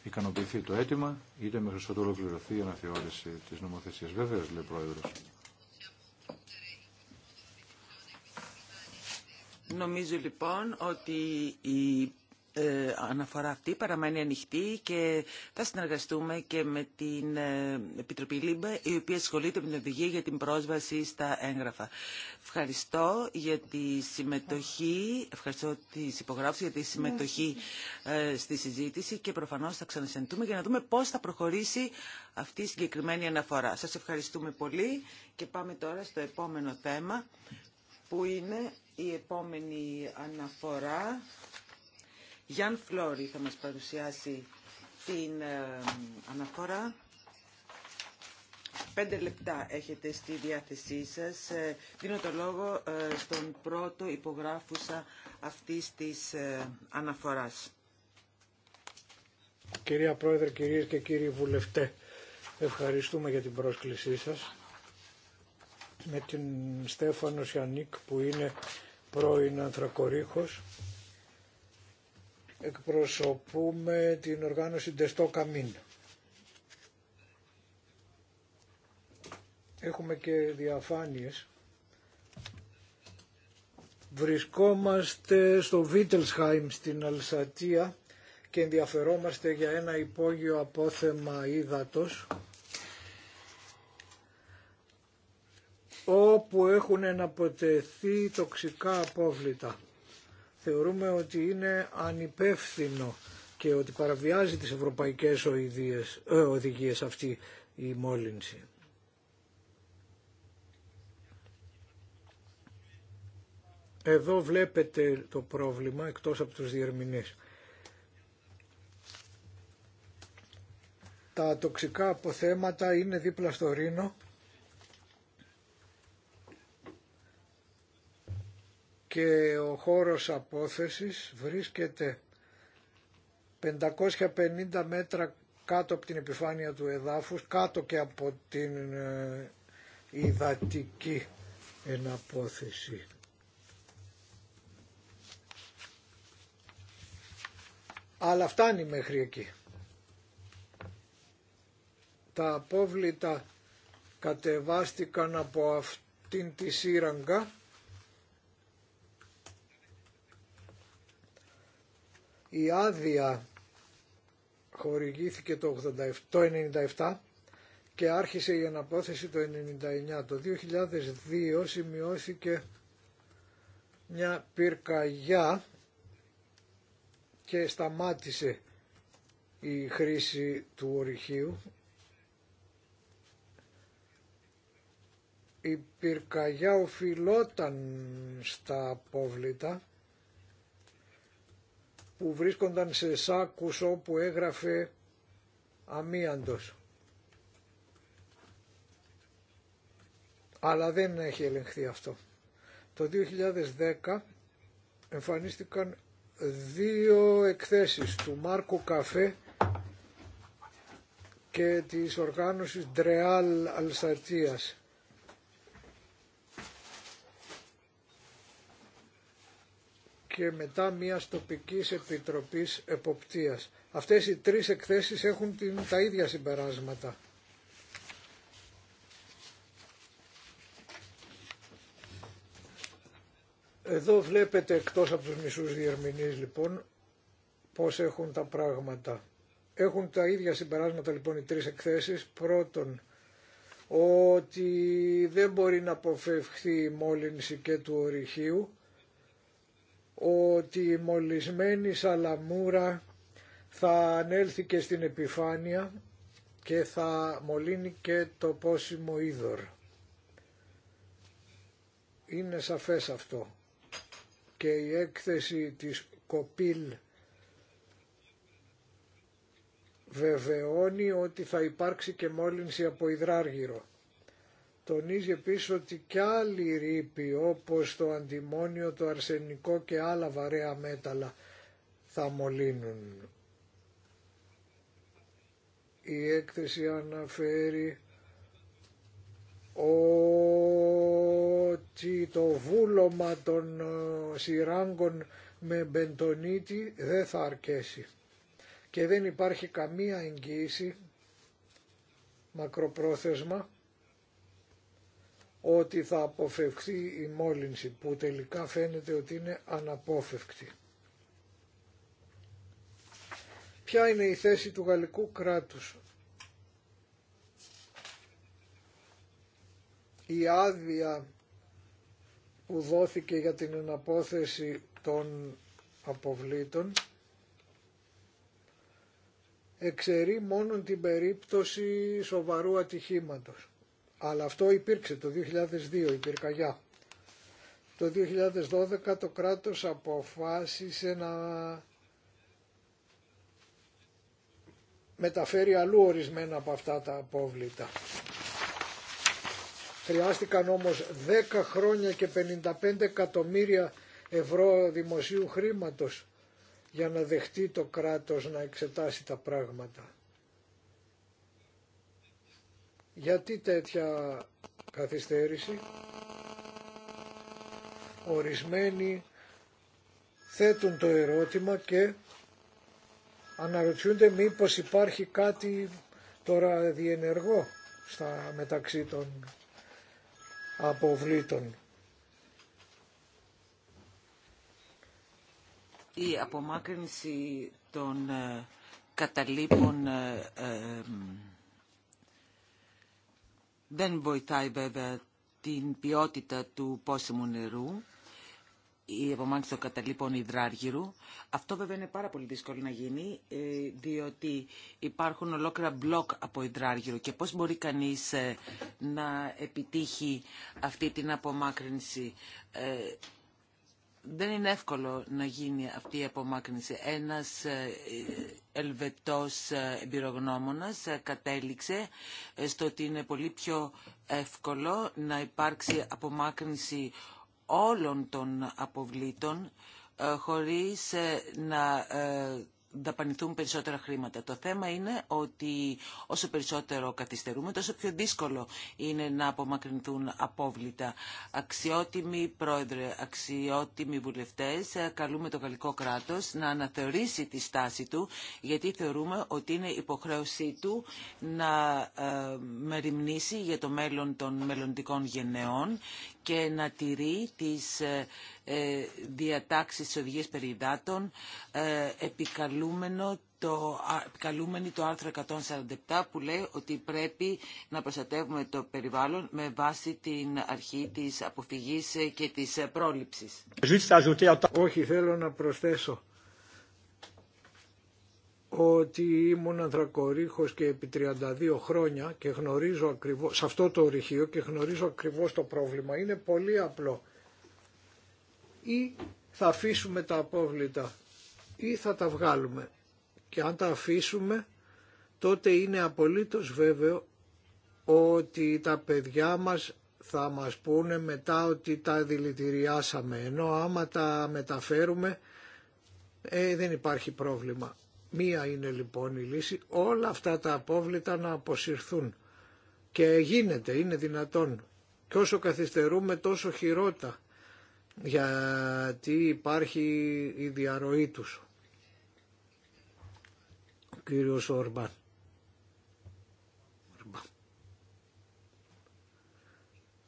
ικανοποιηθεί το αίτημα, είτε μέχρι ότου ολοκληρωθεί η αναθεώρηση της νομοθεσίας. Βέβαια, λέει ο Πρόεδρος. Νομίζω λοιπόν ότι η ε, αναφορά αυτή παραμένει ανοιχτή και θα συνεργαστούμε και με την ε, Επιτροπή ΛΥΜΠΕ η οποία ασχολείται με την οδηγία για την πρόσβαση στα έγγραφα. Ευχαριστώ για τη συμμετοχή, ευχαριστώ τις υπογράφου για τη συμμετοχή ε, στη συζήτηση και προφανώς θα ξανασυντούμε για να δούμε πώς θα προχωρήσει αυτή η συγκεκριμένη αναφορά. Σας ευχαριστούμε πολύ και πάμε τώρα στο επόμενο θέμα που είναι η επόμενη αναφορά Γιάν Φλόρι θα μας παρουσιάσει την ε, αναφορά. Πέντε λεπτά έχετε στη διάθεσή σας. Ε, δίνω το λόγο ε, στον πρώτο υπογράφουσα αυτής της αναφοράς. Κυρία Πρόεδρε, κυρίες και κύριοι βουλευτέ, ευχαριστούμε για την πρόσκλησή σας. Με την Στέφανο Σιανίκ που είναι πρώην ανθρακορίχος εκπροσωπούμε την οργάνωση Ντεστό Καμίν. Έχουμε και διαφάνειες. Βρισκόμαστε στο Βίτελσχάιμ στην Αλσατία και ενδιαφερόμαστε για ένα υπόγειο απόθεμα ύδατος όπου έχουν εναποτεθεί τοξικά απόβλητα θεωρούμε ότι είναι ανυπεύθυνο και ότι παραβιάζει τις ευρωπαϊκές οδηγίες, ε, οδηγίες αυτή η μόλυνση. Εδώ βλέπετε το πρόβλημα εκτός από τους διερμηνείς. Τα τοξικά αποθέματα είναι δίπλα στο ρήνο και ο χώρος απόθεσης βρίσκεται 550 μέτρα κάτω από την επιφάνεια του εδάφους, κάτω και από την ε, υδατική εναπόθεση. Αλλά φτάνει μέχρι εκεί. Τα απόβλητα κατεβάστηκαν από αυτήν τη σύραγγα Η άδεια χορηγήθηκε το 1997 και άρχισε η αναπόθεση το 1999. Το 2002 σημειώθηκε μια πυρκαγιά και σταμάτησε η χρήση του ορυχείου. Η πυρκαγιά οφειλόταν στα απόβλητα που βρίσκονταν σε σάκους όπου έγραφε αμίαντος. Αλλά δεν έχει ελεγχθεί αυτό. Το 2010 εμφανίστηκαν δύο εκθέσεις του Μάρκο Καφέ και της οργάνωσης Ντρεάλ Αλσαρτίας και μετά μια τοπικής επιτροπής εποπτείας. Αυτές οι τρεις εκθέσεις έχουν την, τα ίδια συμπεράσματα. Εδώ βλέπετε εκτός από τους μισούς διερμηνείς λοιπόν πώς έχουν τα πράγματα. Έχουν τα ίδια συμπεράσματα λοιπόν οι τρεις εκθέσεις. Πρώτον, ότι δεν μπορεί να αποφευχθεί η μόλυνση και του ορυχείου ότι η μολυσμένη σαλαμούρα θα ανέλθει και στην επιφάνεια και θα μολύνει και το πόσιμο είδωρ. Είναι σαφές αυτό. Και η έκθεση της Κοπίλ βεβαιώνει ότι θα υπάρξει και μόλυνση από υδράργυρο. Τονίζει επίσης ότι και άλλοι ρήποι όπως το αντιμόνιο, το αρσενικό και άλλα βαρέα μέταλλα θα μολύνουν. Η έκθεση αναφέρει ότι το βούλωμα των ε, σειράγκων με μπεντονίτη δεν θα αρκέσει και δεν υπάρχει καμία εγγύηση μακροπρόθεσμα ότι θα αποφευχθεί η μόλυνση που τελικά φαίνεται ότι είναι αναπόφευκτη. Ποια είναι η θέση του γαλλικού κράτους. Η άδεια που δόθηκε για την αναπόθεση των αποβλήτων εξαιρεί μόνο την περίπτωση σοβαρού ατυχήματος. Αλλά αυτό υπήρξε το 2002, η πυρκαγιά. Το 2012 το κράτος αποφάσισε να μεταφέρει αλλού ορισμένα από αυτά τα απόβλητα. Χρειάστηκαν όμως 10 χρόνια και 55 εκατομμύρια ευρώ δημοσίου χρήματος για να δεχτεί το κράτος να εξετάσει τα πράγματα. Γιατί τέτοια καθυστέρηση ορισμένοι θέτουν το ερώτημα και αναρωτιούνται μήπως υπάρχει κάτι τώρα διενεργό στα μεταξύ των αποβλήτων. Η απομάκρυνση των ε, καταλήπων ε, ε, δεν βοηθάει βέβαια την ποιότητα του πόσιμου νερού η απομάκρυνση των καταλήπων λοιπόν, υδράργυρου. Αυτό βέβαια είναι πάρα πολύ δύσκολο να γίνει, ε, διότι υπάρχουν ολόκληρα μπλοκ από υδράργυρο και πώς μπορεί κανείς ε, να επιτύχει αυτή την απομάκρυνση. Ε, δεν είναι εύκολο να γίνει αυτή η απομάκρυνση. Ένας ε, ελβετός ε, εμπειρογνώμονας ε, κατέληξε στο ότι είναι πολύ πιο εύκολο να υπάρξει απομάκρυνση όλων των αποβλήτων χωρίς να δαπανηθούν περισσότερα χρήματα. Το θέμα είναι ότι όσο περισσότερο καθυστερούμε, τόσο πιο δύσκολο είναι να απομακρυνθούν απόβλητα. Αξιότιμοι πρόεδρε, αξιότιμοι βουλευτέ, ε, καλούμε το γαλλικό κράτος να αναθεωρήσει τη στάση του, γιατί θεωρούμε ότι είναι υποχρέωσή του να ε, μεριμνήσει για το μέλλον των μελλοντικών γενεών και να τηρεί τις ε, ε, διατάξεις της οδηγίας ε, επικαλούμενο το, επικαλούμενη το άρθρο 147 που λέει ότι πρέπει να προστατεύουμε το περιβάλλον με βάση την αρχή της αποφυγής και της πρόληψης. Όχι, θέλω να προσθέσω ότι ήμουν ανθρακορίχος και επί 32 χρόνια και γνωρίζω ακριβώς, σε αυτό το ρηχείο και γνωρίζω ακριβώς το πρόβλημα. Είναι πολύ απλό. Ή θα αφήσουμε τα απόβλητα ή θα τα βγάλουμε. Και αν τα αφήσουμε τότε είναι απολύτως βέβαιο ότι τα παιδιά μας θα μας πούνε μετά ότι τα δηλητηριάσαμε. Ενώ άμα τα μεταφέρουμε ε, δεν υπάρχει πρόβλημα. Μία είναι λοιπόν η λύση όλα αυτά τα απόβλητα να αποσυρθούν. Και γίνεται, είναι δυνατόν. Και όσο καθυστερούμε τόσο χειρότα γιατί υπάρχει η διαρροή τους. Ο κύριος Ορμπάν.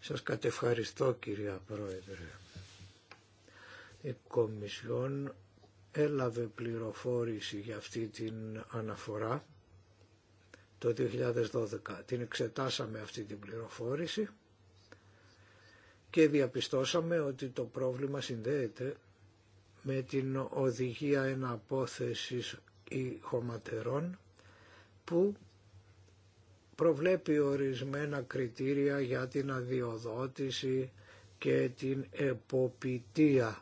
Σας κατευχαριστώ κυρία Πρόεδρε. Η έλαβε πληροφόρηση για αυτή την αναφορά το 2012. Την εξετάσαμε αυτή την πληροφόρηση και διαπιστώσαμε ότι το πρόβλημα συνδέεται με την οδηγία εναπόθεσης ή χωματερών που προβλέπει ορισμένα κριτήρια για την αδειοδότηση και την εποπτεία.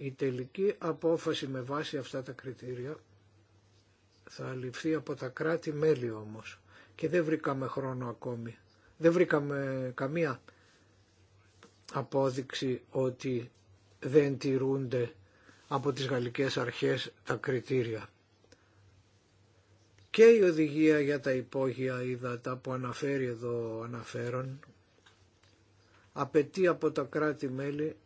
Η τελική απόφαση με βάση αυτά τα κριτήρια θα ληφθεί από τα κράτη-μέλη όμως και δεν βρήκαμε χρόνο ακόμη. Δεν βρήκαμε καμία απόδειξη ότι δεν τηρούνται από τις γαλλικές αρχές τα κριτήρια. Και η οδηγία για τα υπόγεια ύδατα που αναφέρει εδώ αναφέρον απαιτεί από τα κράτη-μέλη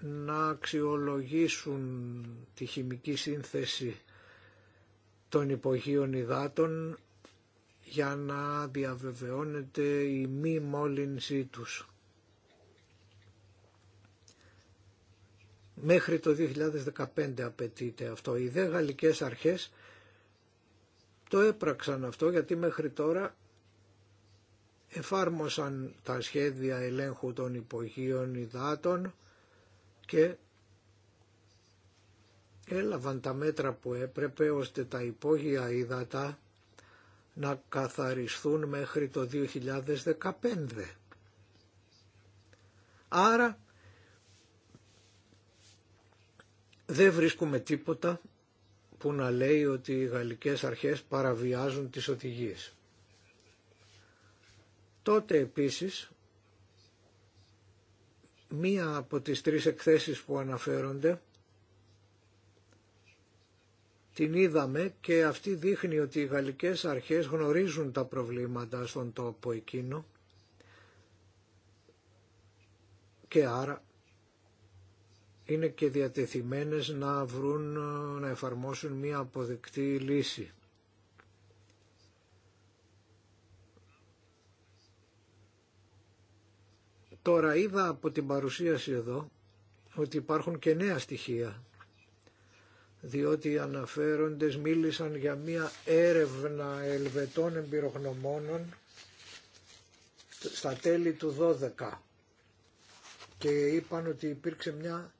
να αξιολογήσουν τη χημική σύνθεση των υπογείων υδάτων για να διαβεβαιώνεται η μη μόλυνσή τους. Μέχρι το 2015 απαιτείται αυτό. Οι δε γαλλικές αρχές το έπραξαν αυτό γιατί μέχρι τώρα εφάρμοσαν τα σχέδια ελέγχου των υπογείων υδάτων και έλαβαν τα μέτρα που έπρεπε ώστε τα υπόγεια ύδατα να καθαριστούν μέχρι το 2015. Άρα δεν βρίσκουμε τίποτα που να λέει ότι οι γαλλικές αρχές παραβιάζουν τις οδηγίες. Τότε επίσης Μία από τις τρεις εκθέσεις που αναφέρονται την είδαμε και αυτή δείχνει ότι οι γαλλικές αρχές γνωρίζουν τα προβλήματα στον τόπο εκείνο και άρα είναι και διατεθειμένες να βρουν, να εφαρμόσουν μία αποδεκτή λύση. Τώρα είδα από την παρουσίαση εδώ ότι υπάρχουν και νέα στοιχεία διότι οι αναφέροντες μίλησαν για μία έρευνα ελβετών εμπειρογνωμόνων στα τέλη του 12 και είπαν ότι υπήρξε μια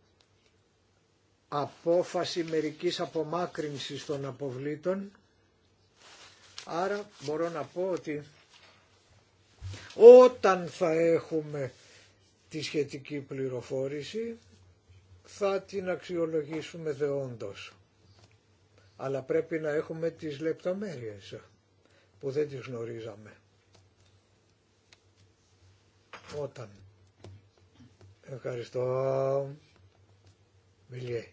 απόφαση μερικής απομάκρυνσης των αποβλήτων άρα μπορώ να πω ότι όταν θα έχουμε τη σχετική πληροφόρηση θα την αξιολογήσουμε δεόντως. Αλλά πρέπει να έχουμε τις λεπτομέρειες που δεν τις γνωρίζαμε. Όταν. Ευχαριστώ. Μιλιέ.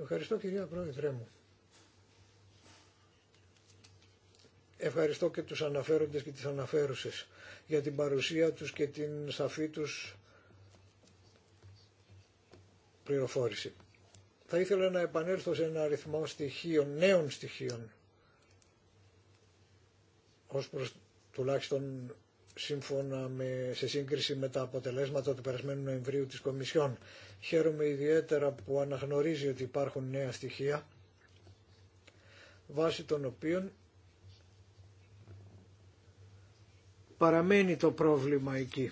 Ευχαριστώ κυρία Πρόεδρε μου. Ευχαριστώ και τους αναφέροντες και τις αναφέρουσες για την παρουσία τους και την σαφή τους πληροφόρηση. Θα ήθελα να επανέλθω σε ένα αριθμό στοιχείων, νέων στοιχείων, ως προς τουλάχιστον σύμφωνα με, σε σύγκριση με τα αποτελέσματα του περασμένου Νοεμβρίου της Κομισιόν. Χαίρομαι ιδιαίτερα που αναγνωρίζει ότι υπάρχουν νέα στοιχεία, βάσει των οποίων παραμένει το πρόβλημα εκεί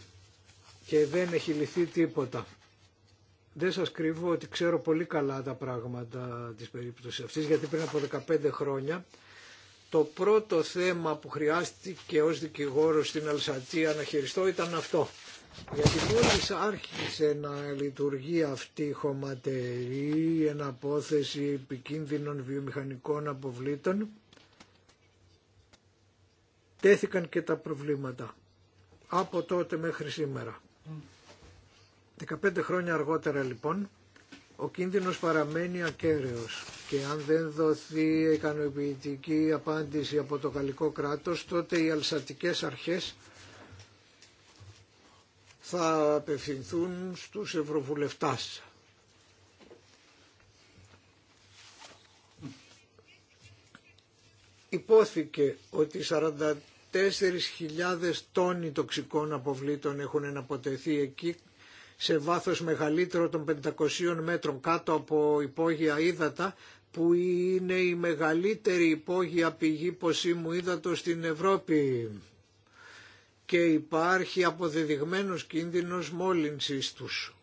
και δεν έχει λυθεί τίποτα. Δεν σας κρύβω ότι ξέρω πολύ καλά τα πράγματα της περίπτωσης αυτής, γιατί πριν από 15 χρόνια το πρώτο θέμα που χρειάστηκε ως δικηγόρος στην Αλσατία να χειριστώ ήταν αυτό. Γιατί μόλι άρχισε να λειτουργεί αυτή η χωματερή, η εναπόθεση επικίνδυνων βιομηχανικών αποβλήτων, τέθηκαν και τα προβλήματα από τότε μέχρι σήμερα. 15 χρόνια αργότερα λοιπόν ο κίνδυνος παραμένει ακέραιος και αν δεν δοθεί ικανοποιητική απάντηση από το γαλλικό κράτος τότε οι αλσατικές αρχές θα απευθυνθούν στους ευρωβουλευτάς. υπόθηκε ότι 44.000 τόνοι τοξικών αποβλήτων έχουν εναποτεθεί εκεί σε βάθος μεγαλύτερο των 500 μέτρων κάτω από υπόγεια ύδατα που είναι η μεγαλύτερη υπόγεια πηγή ποσίμου ύδατο στην Ευρώπη και υπάρχει αποδεδειγμένος κίνδυνος μόλυνσης τους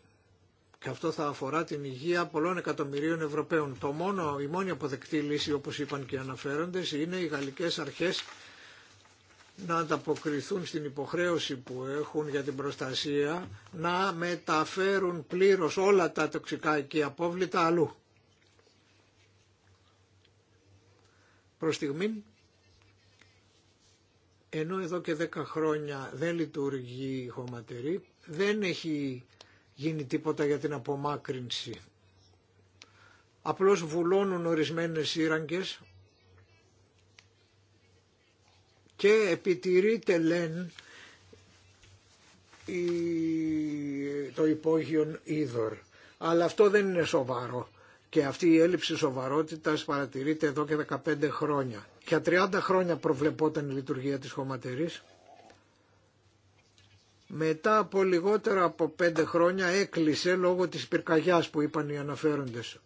και αυτό θα αφορά την υγεία πολλών εκατομμυρίων Ευρωπαίων. Το μόνο, η μόνη αποδεκτή λύση όπως είπαν και οι αναφέροντες είναι οι γαλλικές αρχές να ανταποκριθούν στην υποχρέωση που έχουν για την προστασία να μεταφέρουν πλήρως όλα τα τοξικά εκεί απόβλητα αλλού. Προς στιγμή, ενώ εδώ και 10 χρόνια δεν λειτουργεί η χωματερή, δεν έχει γίνει τίποτα για την απομάκρυνση. Απλώς βουλώνουν ορισμένες σύραγγες και επιτηρείται λένε το υπόγειον είδωρ. Αλλά αυτό δεν είναι σοβαρό και αυτή η έλλειψη σοβαρότητας παρατηρείται εδώ και 15 χρόνια. Για 30 χρόνια προβλεπόταν η λειτουργία της χωματερής μετά από λιγότερα από πέντε χρόνια έκλεισε λόγω της πυρκαγιάς που είπαν οι αναφέροντες.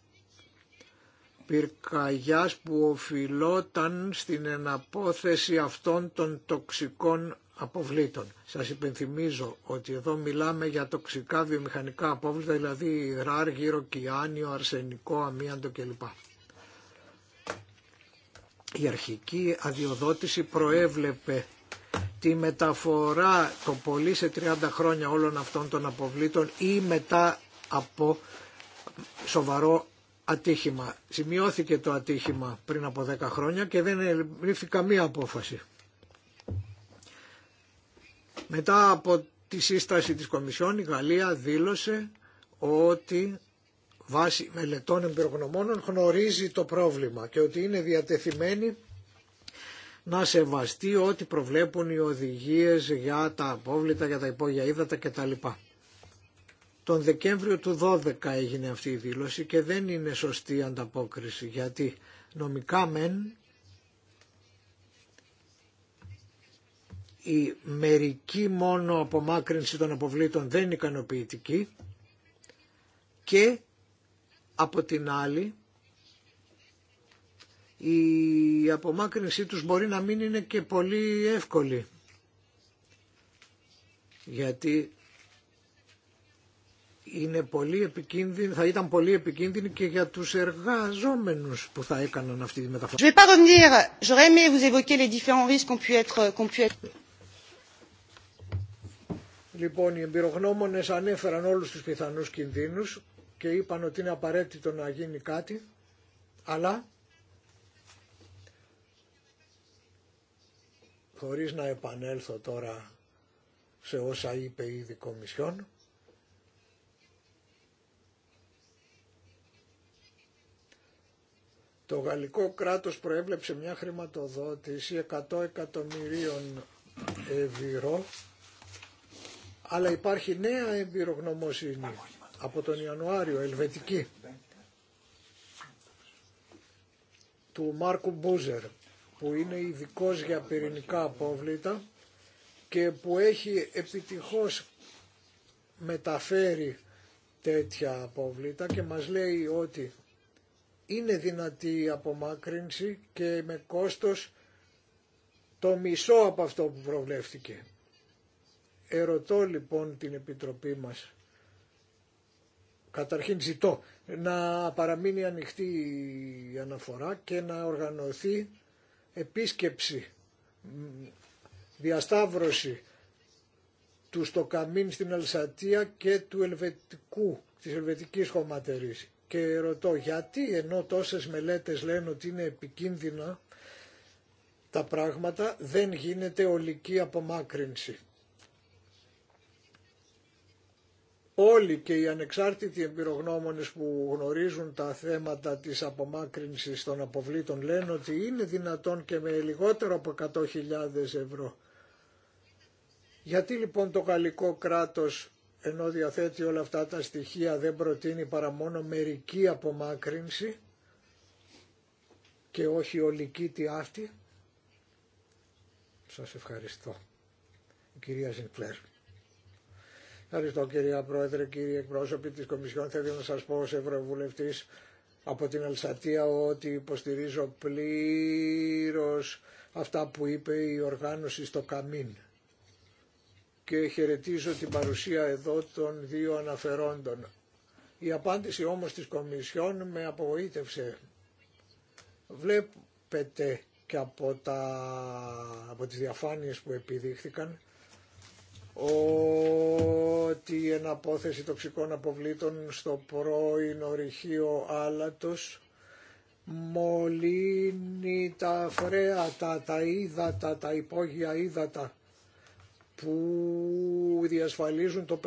Πυρκαγιάς που οφειλόταν στην εναπόθεση αυτών των τοξικών αποβλήτων. Σας υπενθυμίζω ότι εδώ μιλάμε για τοξικά βιομηχανικά απόβλητα, δηλαδή ράργυρο, κιάνιο, αρσενικό, αμίαντο κλπ. Η αρχική αδειοδότηση προέβλεπε τη μεταφορά το πολύ σε 30 χρόνια όλων αυτών των αποβλήτων ή μετά από σοβαρό ατύχημα. Σημειώθηκε το ατύχημα πριν από 10 χρόνια και δεν λήφθη καμία απόφαση. Μετά από τη σύσταση της Κομισιόν η Γαλλία δήλωσε ότι βάσει μελετών εμπειρογνωμόνων γνωρίζει το πρόβλημα και ότι είναι διατεθειμένη να σεβαστεί ό,τι προβλέπουν οι οδηγίες για τα απόβλητα, για τα υπόγεια ύδατα κτλ. Τον Δεκέμβριο του 12 έγινε αυτή η δήλωση και δεν είναι σωστή ανταπόκριση γιατί νομικά μεν η μερική μόνο απομάκρυνση των αποβλήτων δεν είναι ικανοποιητική και από την άλλη η απομάκρυνσή τους μπορεί να μην είναι και πολύ εύκολη. Γιατί είναι πολύ επικίνδυνη, θα ήταν πολύ επικίνδυνη και για τους εργαζόμενους που θα έκαναν αυτή τη μεταφορά. Je vais revenir, j'aurais vous évoquer les différents risques qu'on qu'on Λοιπόν, οι εμπειρογνώμονες ανέφεραν όλους τους πιθανούς κινδύνους και είπαν ότι είναι απαραίτητο να γίνει κάτι, αλλά χωρίς να επανέλθω τώρα σε όσα είπε ήδη Κομισιόν, Το γαλλικό κράτος προέβλεψε μια χρηματοδότηση 100 εκατομμυρίων ευρώ, αλλά υπάρχει νέα εμπειρογνωμοσύνη από τον Ιανουάριο, ελβετική, του Μάρκου Μπούζερ, που είναι ειδικό για πυρηνικά απόβλητα και που έχει επιτυχώς μεταφέρει τέτοια απόβλητα και μας λέει ότι είναι δυνατή η απομάκρυνση και με κόστος το μισό από αυτό που προβλέφθηκε. Ερωτώ λοιπόν την Επιτροπή μας, καταρχήν ζητώ, να παραμείνει ανοιχτή η αναφορά και να οργανωθεί επίσκεψη, διασταύρωση του Στοκαμίν στην Αλσατία και του Ελβετικού, της Ελβετικής χωματερής. Και ρωτώ γιατί ενώ τόσες μελέτες λένε ότι είναι επικίνδυνα τα πράγματα δεν γίνεται ολική απομάκρυνση. όλοι και οι ανεξάρτητοι εμπειρογνώμονες που γνωρίζουν τα θέματα της απομάκρυνσης των αποβλήτων λένε ότι είναι δυνατόν και με λιγότερο από 100.000 ευρώ. Γιατί λοιπόν το γαλλικό κράτος ενώ διαθέτει όλα αυτά τα στοιχεία δεν προτείνει παρά μόνο μερική απομάκρυνση και όχι ολική τη αυτή. Σας ευχαριστώ. κυρία Ευχαριστώ κυρία Πρόεδρε, κύριε εκπρόσωποι της Κομισιόν. Θέλω να σας πω ως Ευρωβουλευτής από την Αλσατία ότι υποστηρίζω πλήρως αυτά που είπε η οργάνωση στο Καμίν και χαιρετίζω την παρουσία εδώ των δύο αναφερόντων. Η απάντηση όμως της Κομισιόν με απογοήτευσε. Βλέπετε και από, τα, από τις διαφάνειες που επιδείχθηκαν ότι η εναπόθεση τοξικών αποβλήτων στο πρώην ορυχείο άλατος μολύνει τα φρέατα, τα ύδατα, τα υπόγεια ύδατα που διασφαλίζουν το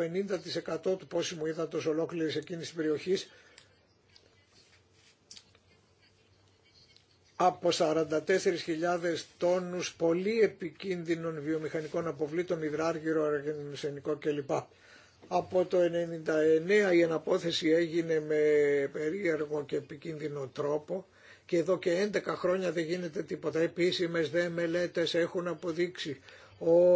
50% του πόσιμου ύδατος ολόκληρης εκείνης της περιοχής από 44.000 τόνους πολύ επικίνδυνων βιομηχανικών αποβλήτων, υδράργυρο, αργενισενικό κλπ. Από το 1999 η αναπόθεση έγινε με περίεργο και επικίνδυνο τρόπο και εδώ και 11 χρόνια δεν γίνεται τίποτα. Επίσημες δε μελέτες έχουν αποδείξει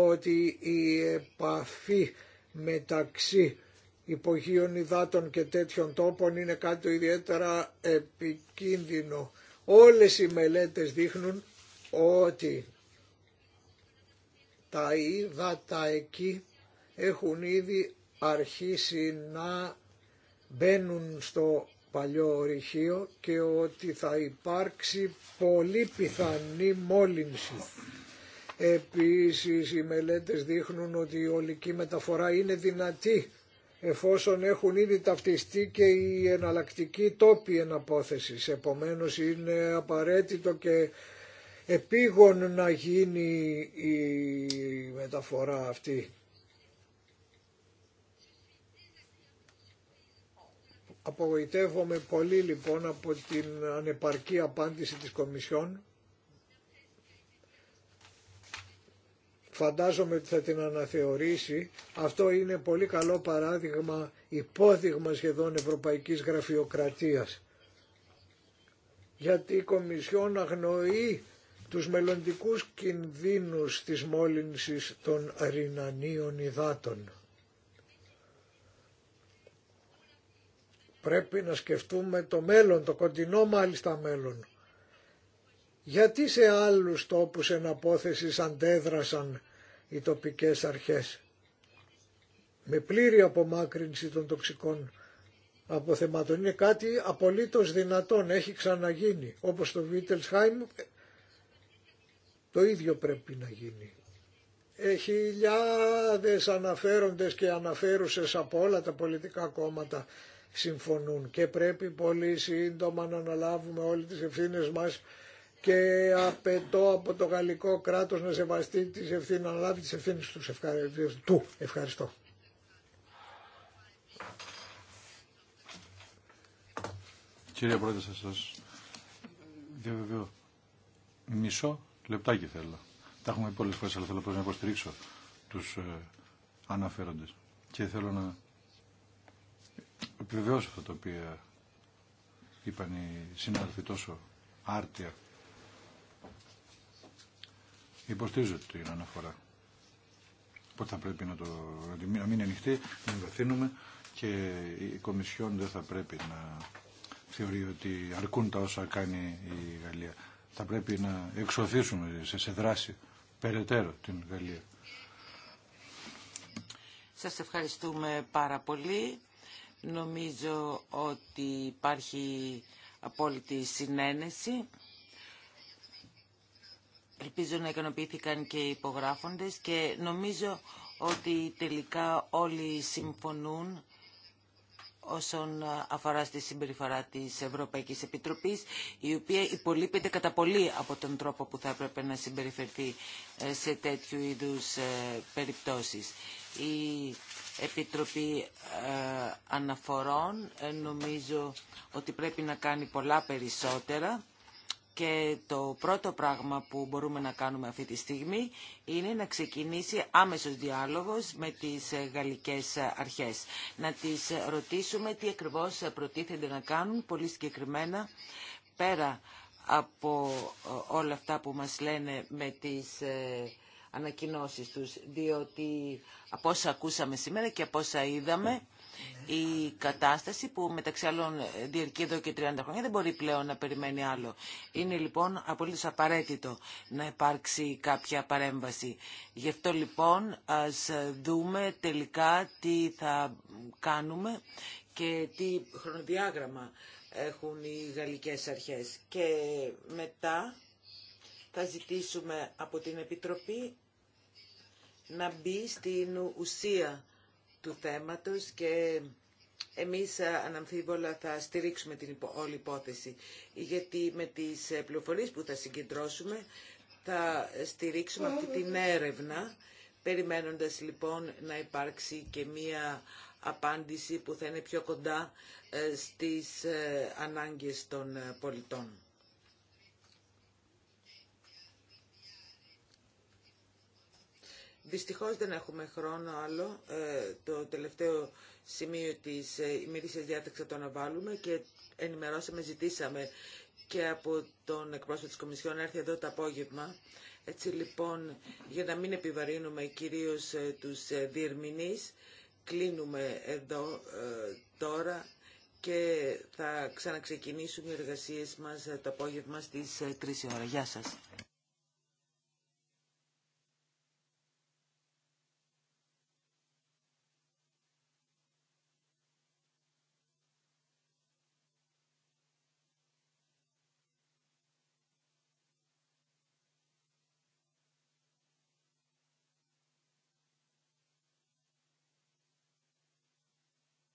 ότι η επαφή μεταξύ υπογείων υδάτων και τέτοιων τόπων είναι κάτι ιδιαίτερα επικίνδυνο Όλες οι μελέτες δείχνουν ότι τα ύδατα εκεί έχουν ήδη αρχίσει να μπαίνουν στο παλιό ορυχείο και ότι θα υπάρξει πολύ πιθανή μόλυνση. Επίσης οι μελέτες δείχνουν ότι η ολική μεταφορά είναι δυνατή εφόσον έχουν ήδη ταυτιστεί και οι εναλλακτικοί τόποι εναπόθεσης. Επομένως είναι απαραίτητο και επίγον να γίνει η μεταφορά αυτή. Απογοητεύομαι πολύ λοιπόν από την ανεπαρκή απάντηση της Κομισιόν φαντάζομαι ότι θα την αναθεωρήσει. Αυτό είναι πολύ καλό παράδειγμα, υπόδειγμα σχεδόν ευρωπαϊκής γραφειοκρατίας. Γιατί η Κομισιόν αγνοεί τους μελλοντικούς κινδύνους της μόλυνσης των ρινανίων υδάτων. Πρέπει να σκεφτούμε το μέλλον, το κοντινό μάλιστα μέλλον. Γιατί σε άλλους τόπους εναπόθεσης αντέδρασαν οι τοπικές αρχές με πλήρη απομάκρυνση των τοξικών αποθεμάτων. Είναι κάτι απολύτως δυνατόν, έχει ξαναγίνει. Όπως το Βίτελσχάιμ το ίδιο πρέπει να γίνει. Έχει χιλιάδες αναφέροντες και αναφέρουσες από όλα τα πολιτικά κόμματα συμφωνούν και πρέπει πολύ σύντομα να αναλάβουμε όλες τις ευθύνες μας και απαιτώ από το γαλλικό κράτος να σεβαστεί τις ευθύνες, να λάβει τις ευθύνες τους ευχαριστώ, του. Ευχαριστώ. Κύριε Πρόεδρε, σας, σας διαβεβαιώ. Μισό λεπτάκι θέλω. Τα έχουμε πει πολλές φορές, αλλά θέλω να υποστηρίξω τους ε, αναφέροντες. Και θέλω να επιβεβαιώσω αυτό το οποίο είπαν οι συνάδελφοι τόσο άρτια Υποστήριζω την αναφορά. Οπότε θα πρέπει να, το, να μην ανοιχτεί, να βαθύνουμε και η Κομισιόν δεν θα πρέπει να θεωρεί ότι αρκούν τα όσα κάνει η Γαλλία. Θα πρέπει να εξωθήσουμε σε, σε δράση περαιτέρω την Γαλλία. Σας ευχαριστούμε πάρα πολύ. Νομίζω ότι υπάρχει απόλυτη συνένεση. Ελπίζω να ικανοποιήθηκαν και οι υπογράφοντες και νομίζω ότι τελικά όλοι συμφωνούν όσον αφορά στη συμπεριφορά της Ευρωπαϊκής Επιτροπής, η οποία υπολείπεται κατά πολύ από τον τρόπο που θα έπρεπε να συμπεριφερθεί ε, σε τέτοιου είδους ε, περιπτώσεις. Η Επιτροπή ε, Αναφορών νομίζω ότι πρέπει να κάνει πολλά περισσότερα και το πρώτο πράγμα που μπορούμε να κάνουμε αυτή τη στιγμή είναι να ξεκινήσει άμεσος διάλογος με τις ε, γαλλικές ε, αρχές. Να τις ε, ρωτήσουμε τι ακριβώς προτίθενται να κάνουν πολύ συγκεκριμένα πέρα από όλα αυτά που μας λένε με τις ανακοινώσεις τους, διότι από όσα ακούσαμε σήμερα και από όσα είδαμε, η κατάσταση που μεταξύ άλλων διαρκεί εδώ και 30 χρόνια δεν μπορεί πλέον να περιμένει άλλο. Είναι λοιπόν απολύτως απαραίτητο να υπάρξει κάποια παρέμβαση. Γι' αυτό λοιπόν ας δούμε τελικά τι θα κάνουμε και τι χρονοδιάγραμμα έχουν οι γαλλικές αρχές. Και μετά θα ζητήσουμε από την Επιτροπή να μπει στην ουσία του θέματος και εμείς αναμφίβολα θα στηρίξουμε την όλη υπόθεση γιατί με τις πληροφορίες που θα συγκεντρώσουμε θα στηρίξουμε αυτή την έρευνα περιμένοντας λοιπόν να υπάρξει και μία απάντηση που θα είναι πιο κοντά ε, στις ε, ανάγκες των ε, πολιτών. Δυστυχώς δεν έχουμε χρόνο άλλο. Ε, το τελευταίο σημείο της ε, διάταξη διάταξης θα το αναβάλουμε και ενημερώσαμε, ζητήσαμε και από τον εκπρόσωπο της Κομισιόν έρθει εδώ το απόγευμα. Έτσι λοιπόν, για να μην επιβαρύνουμε κυρίως ε, τους ε, διερμηνείς, κλείνουμε εδώ τώρα και θα ξαναξεκινήσουμε οι εργασίες μας το απόγευμα στις 3 ώρα. Γεια σας.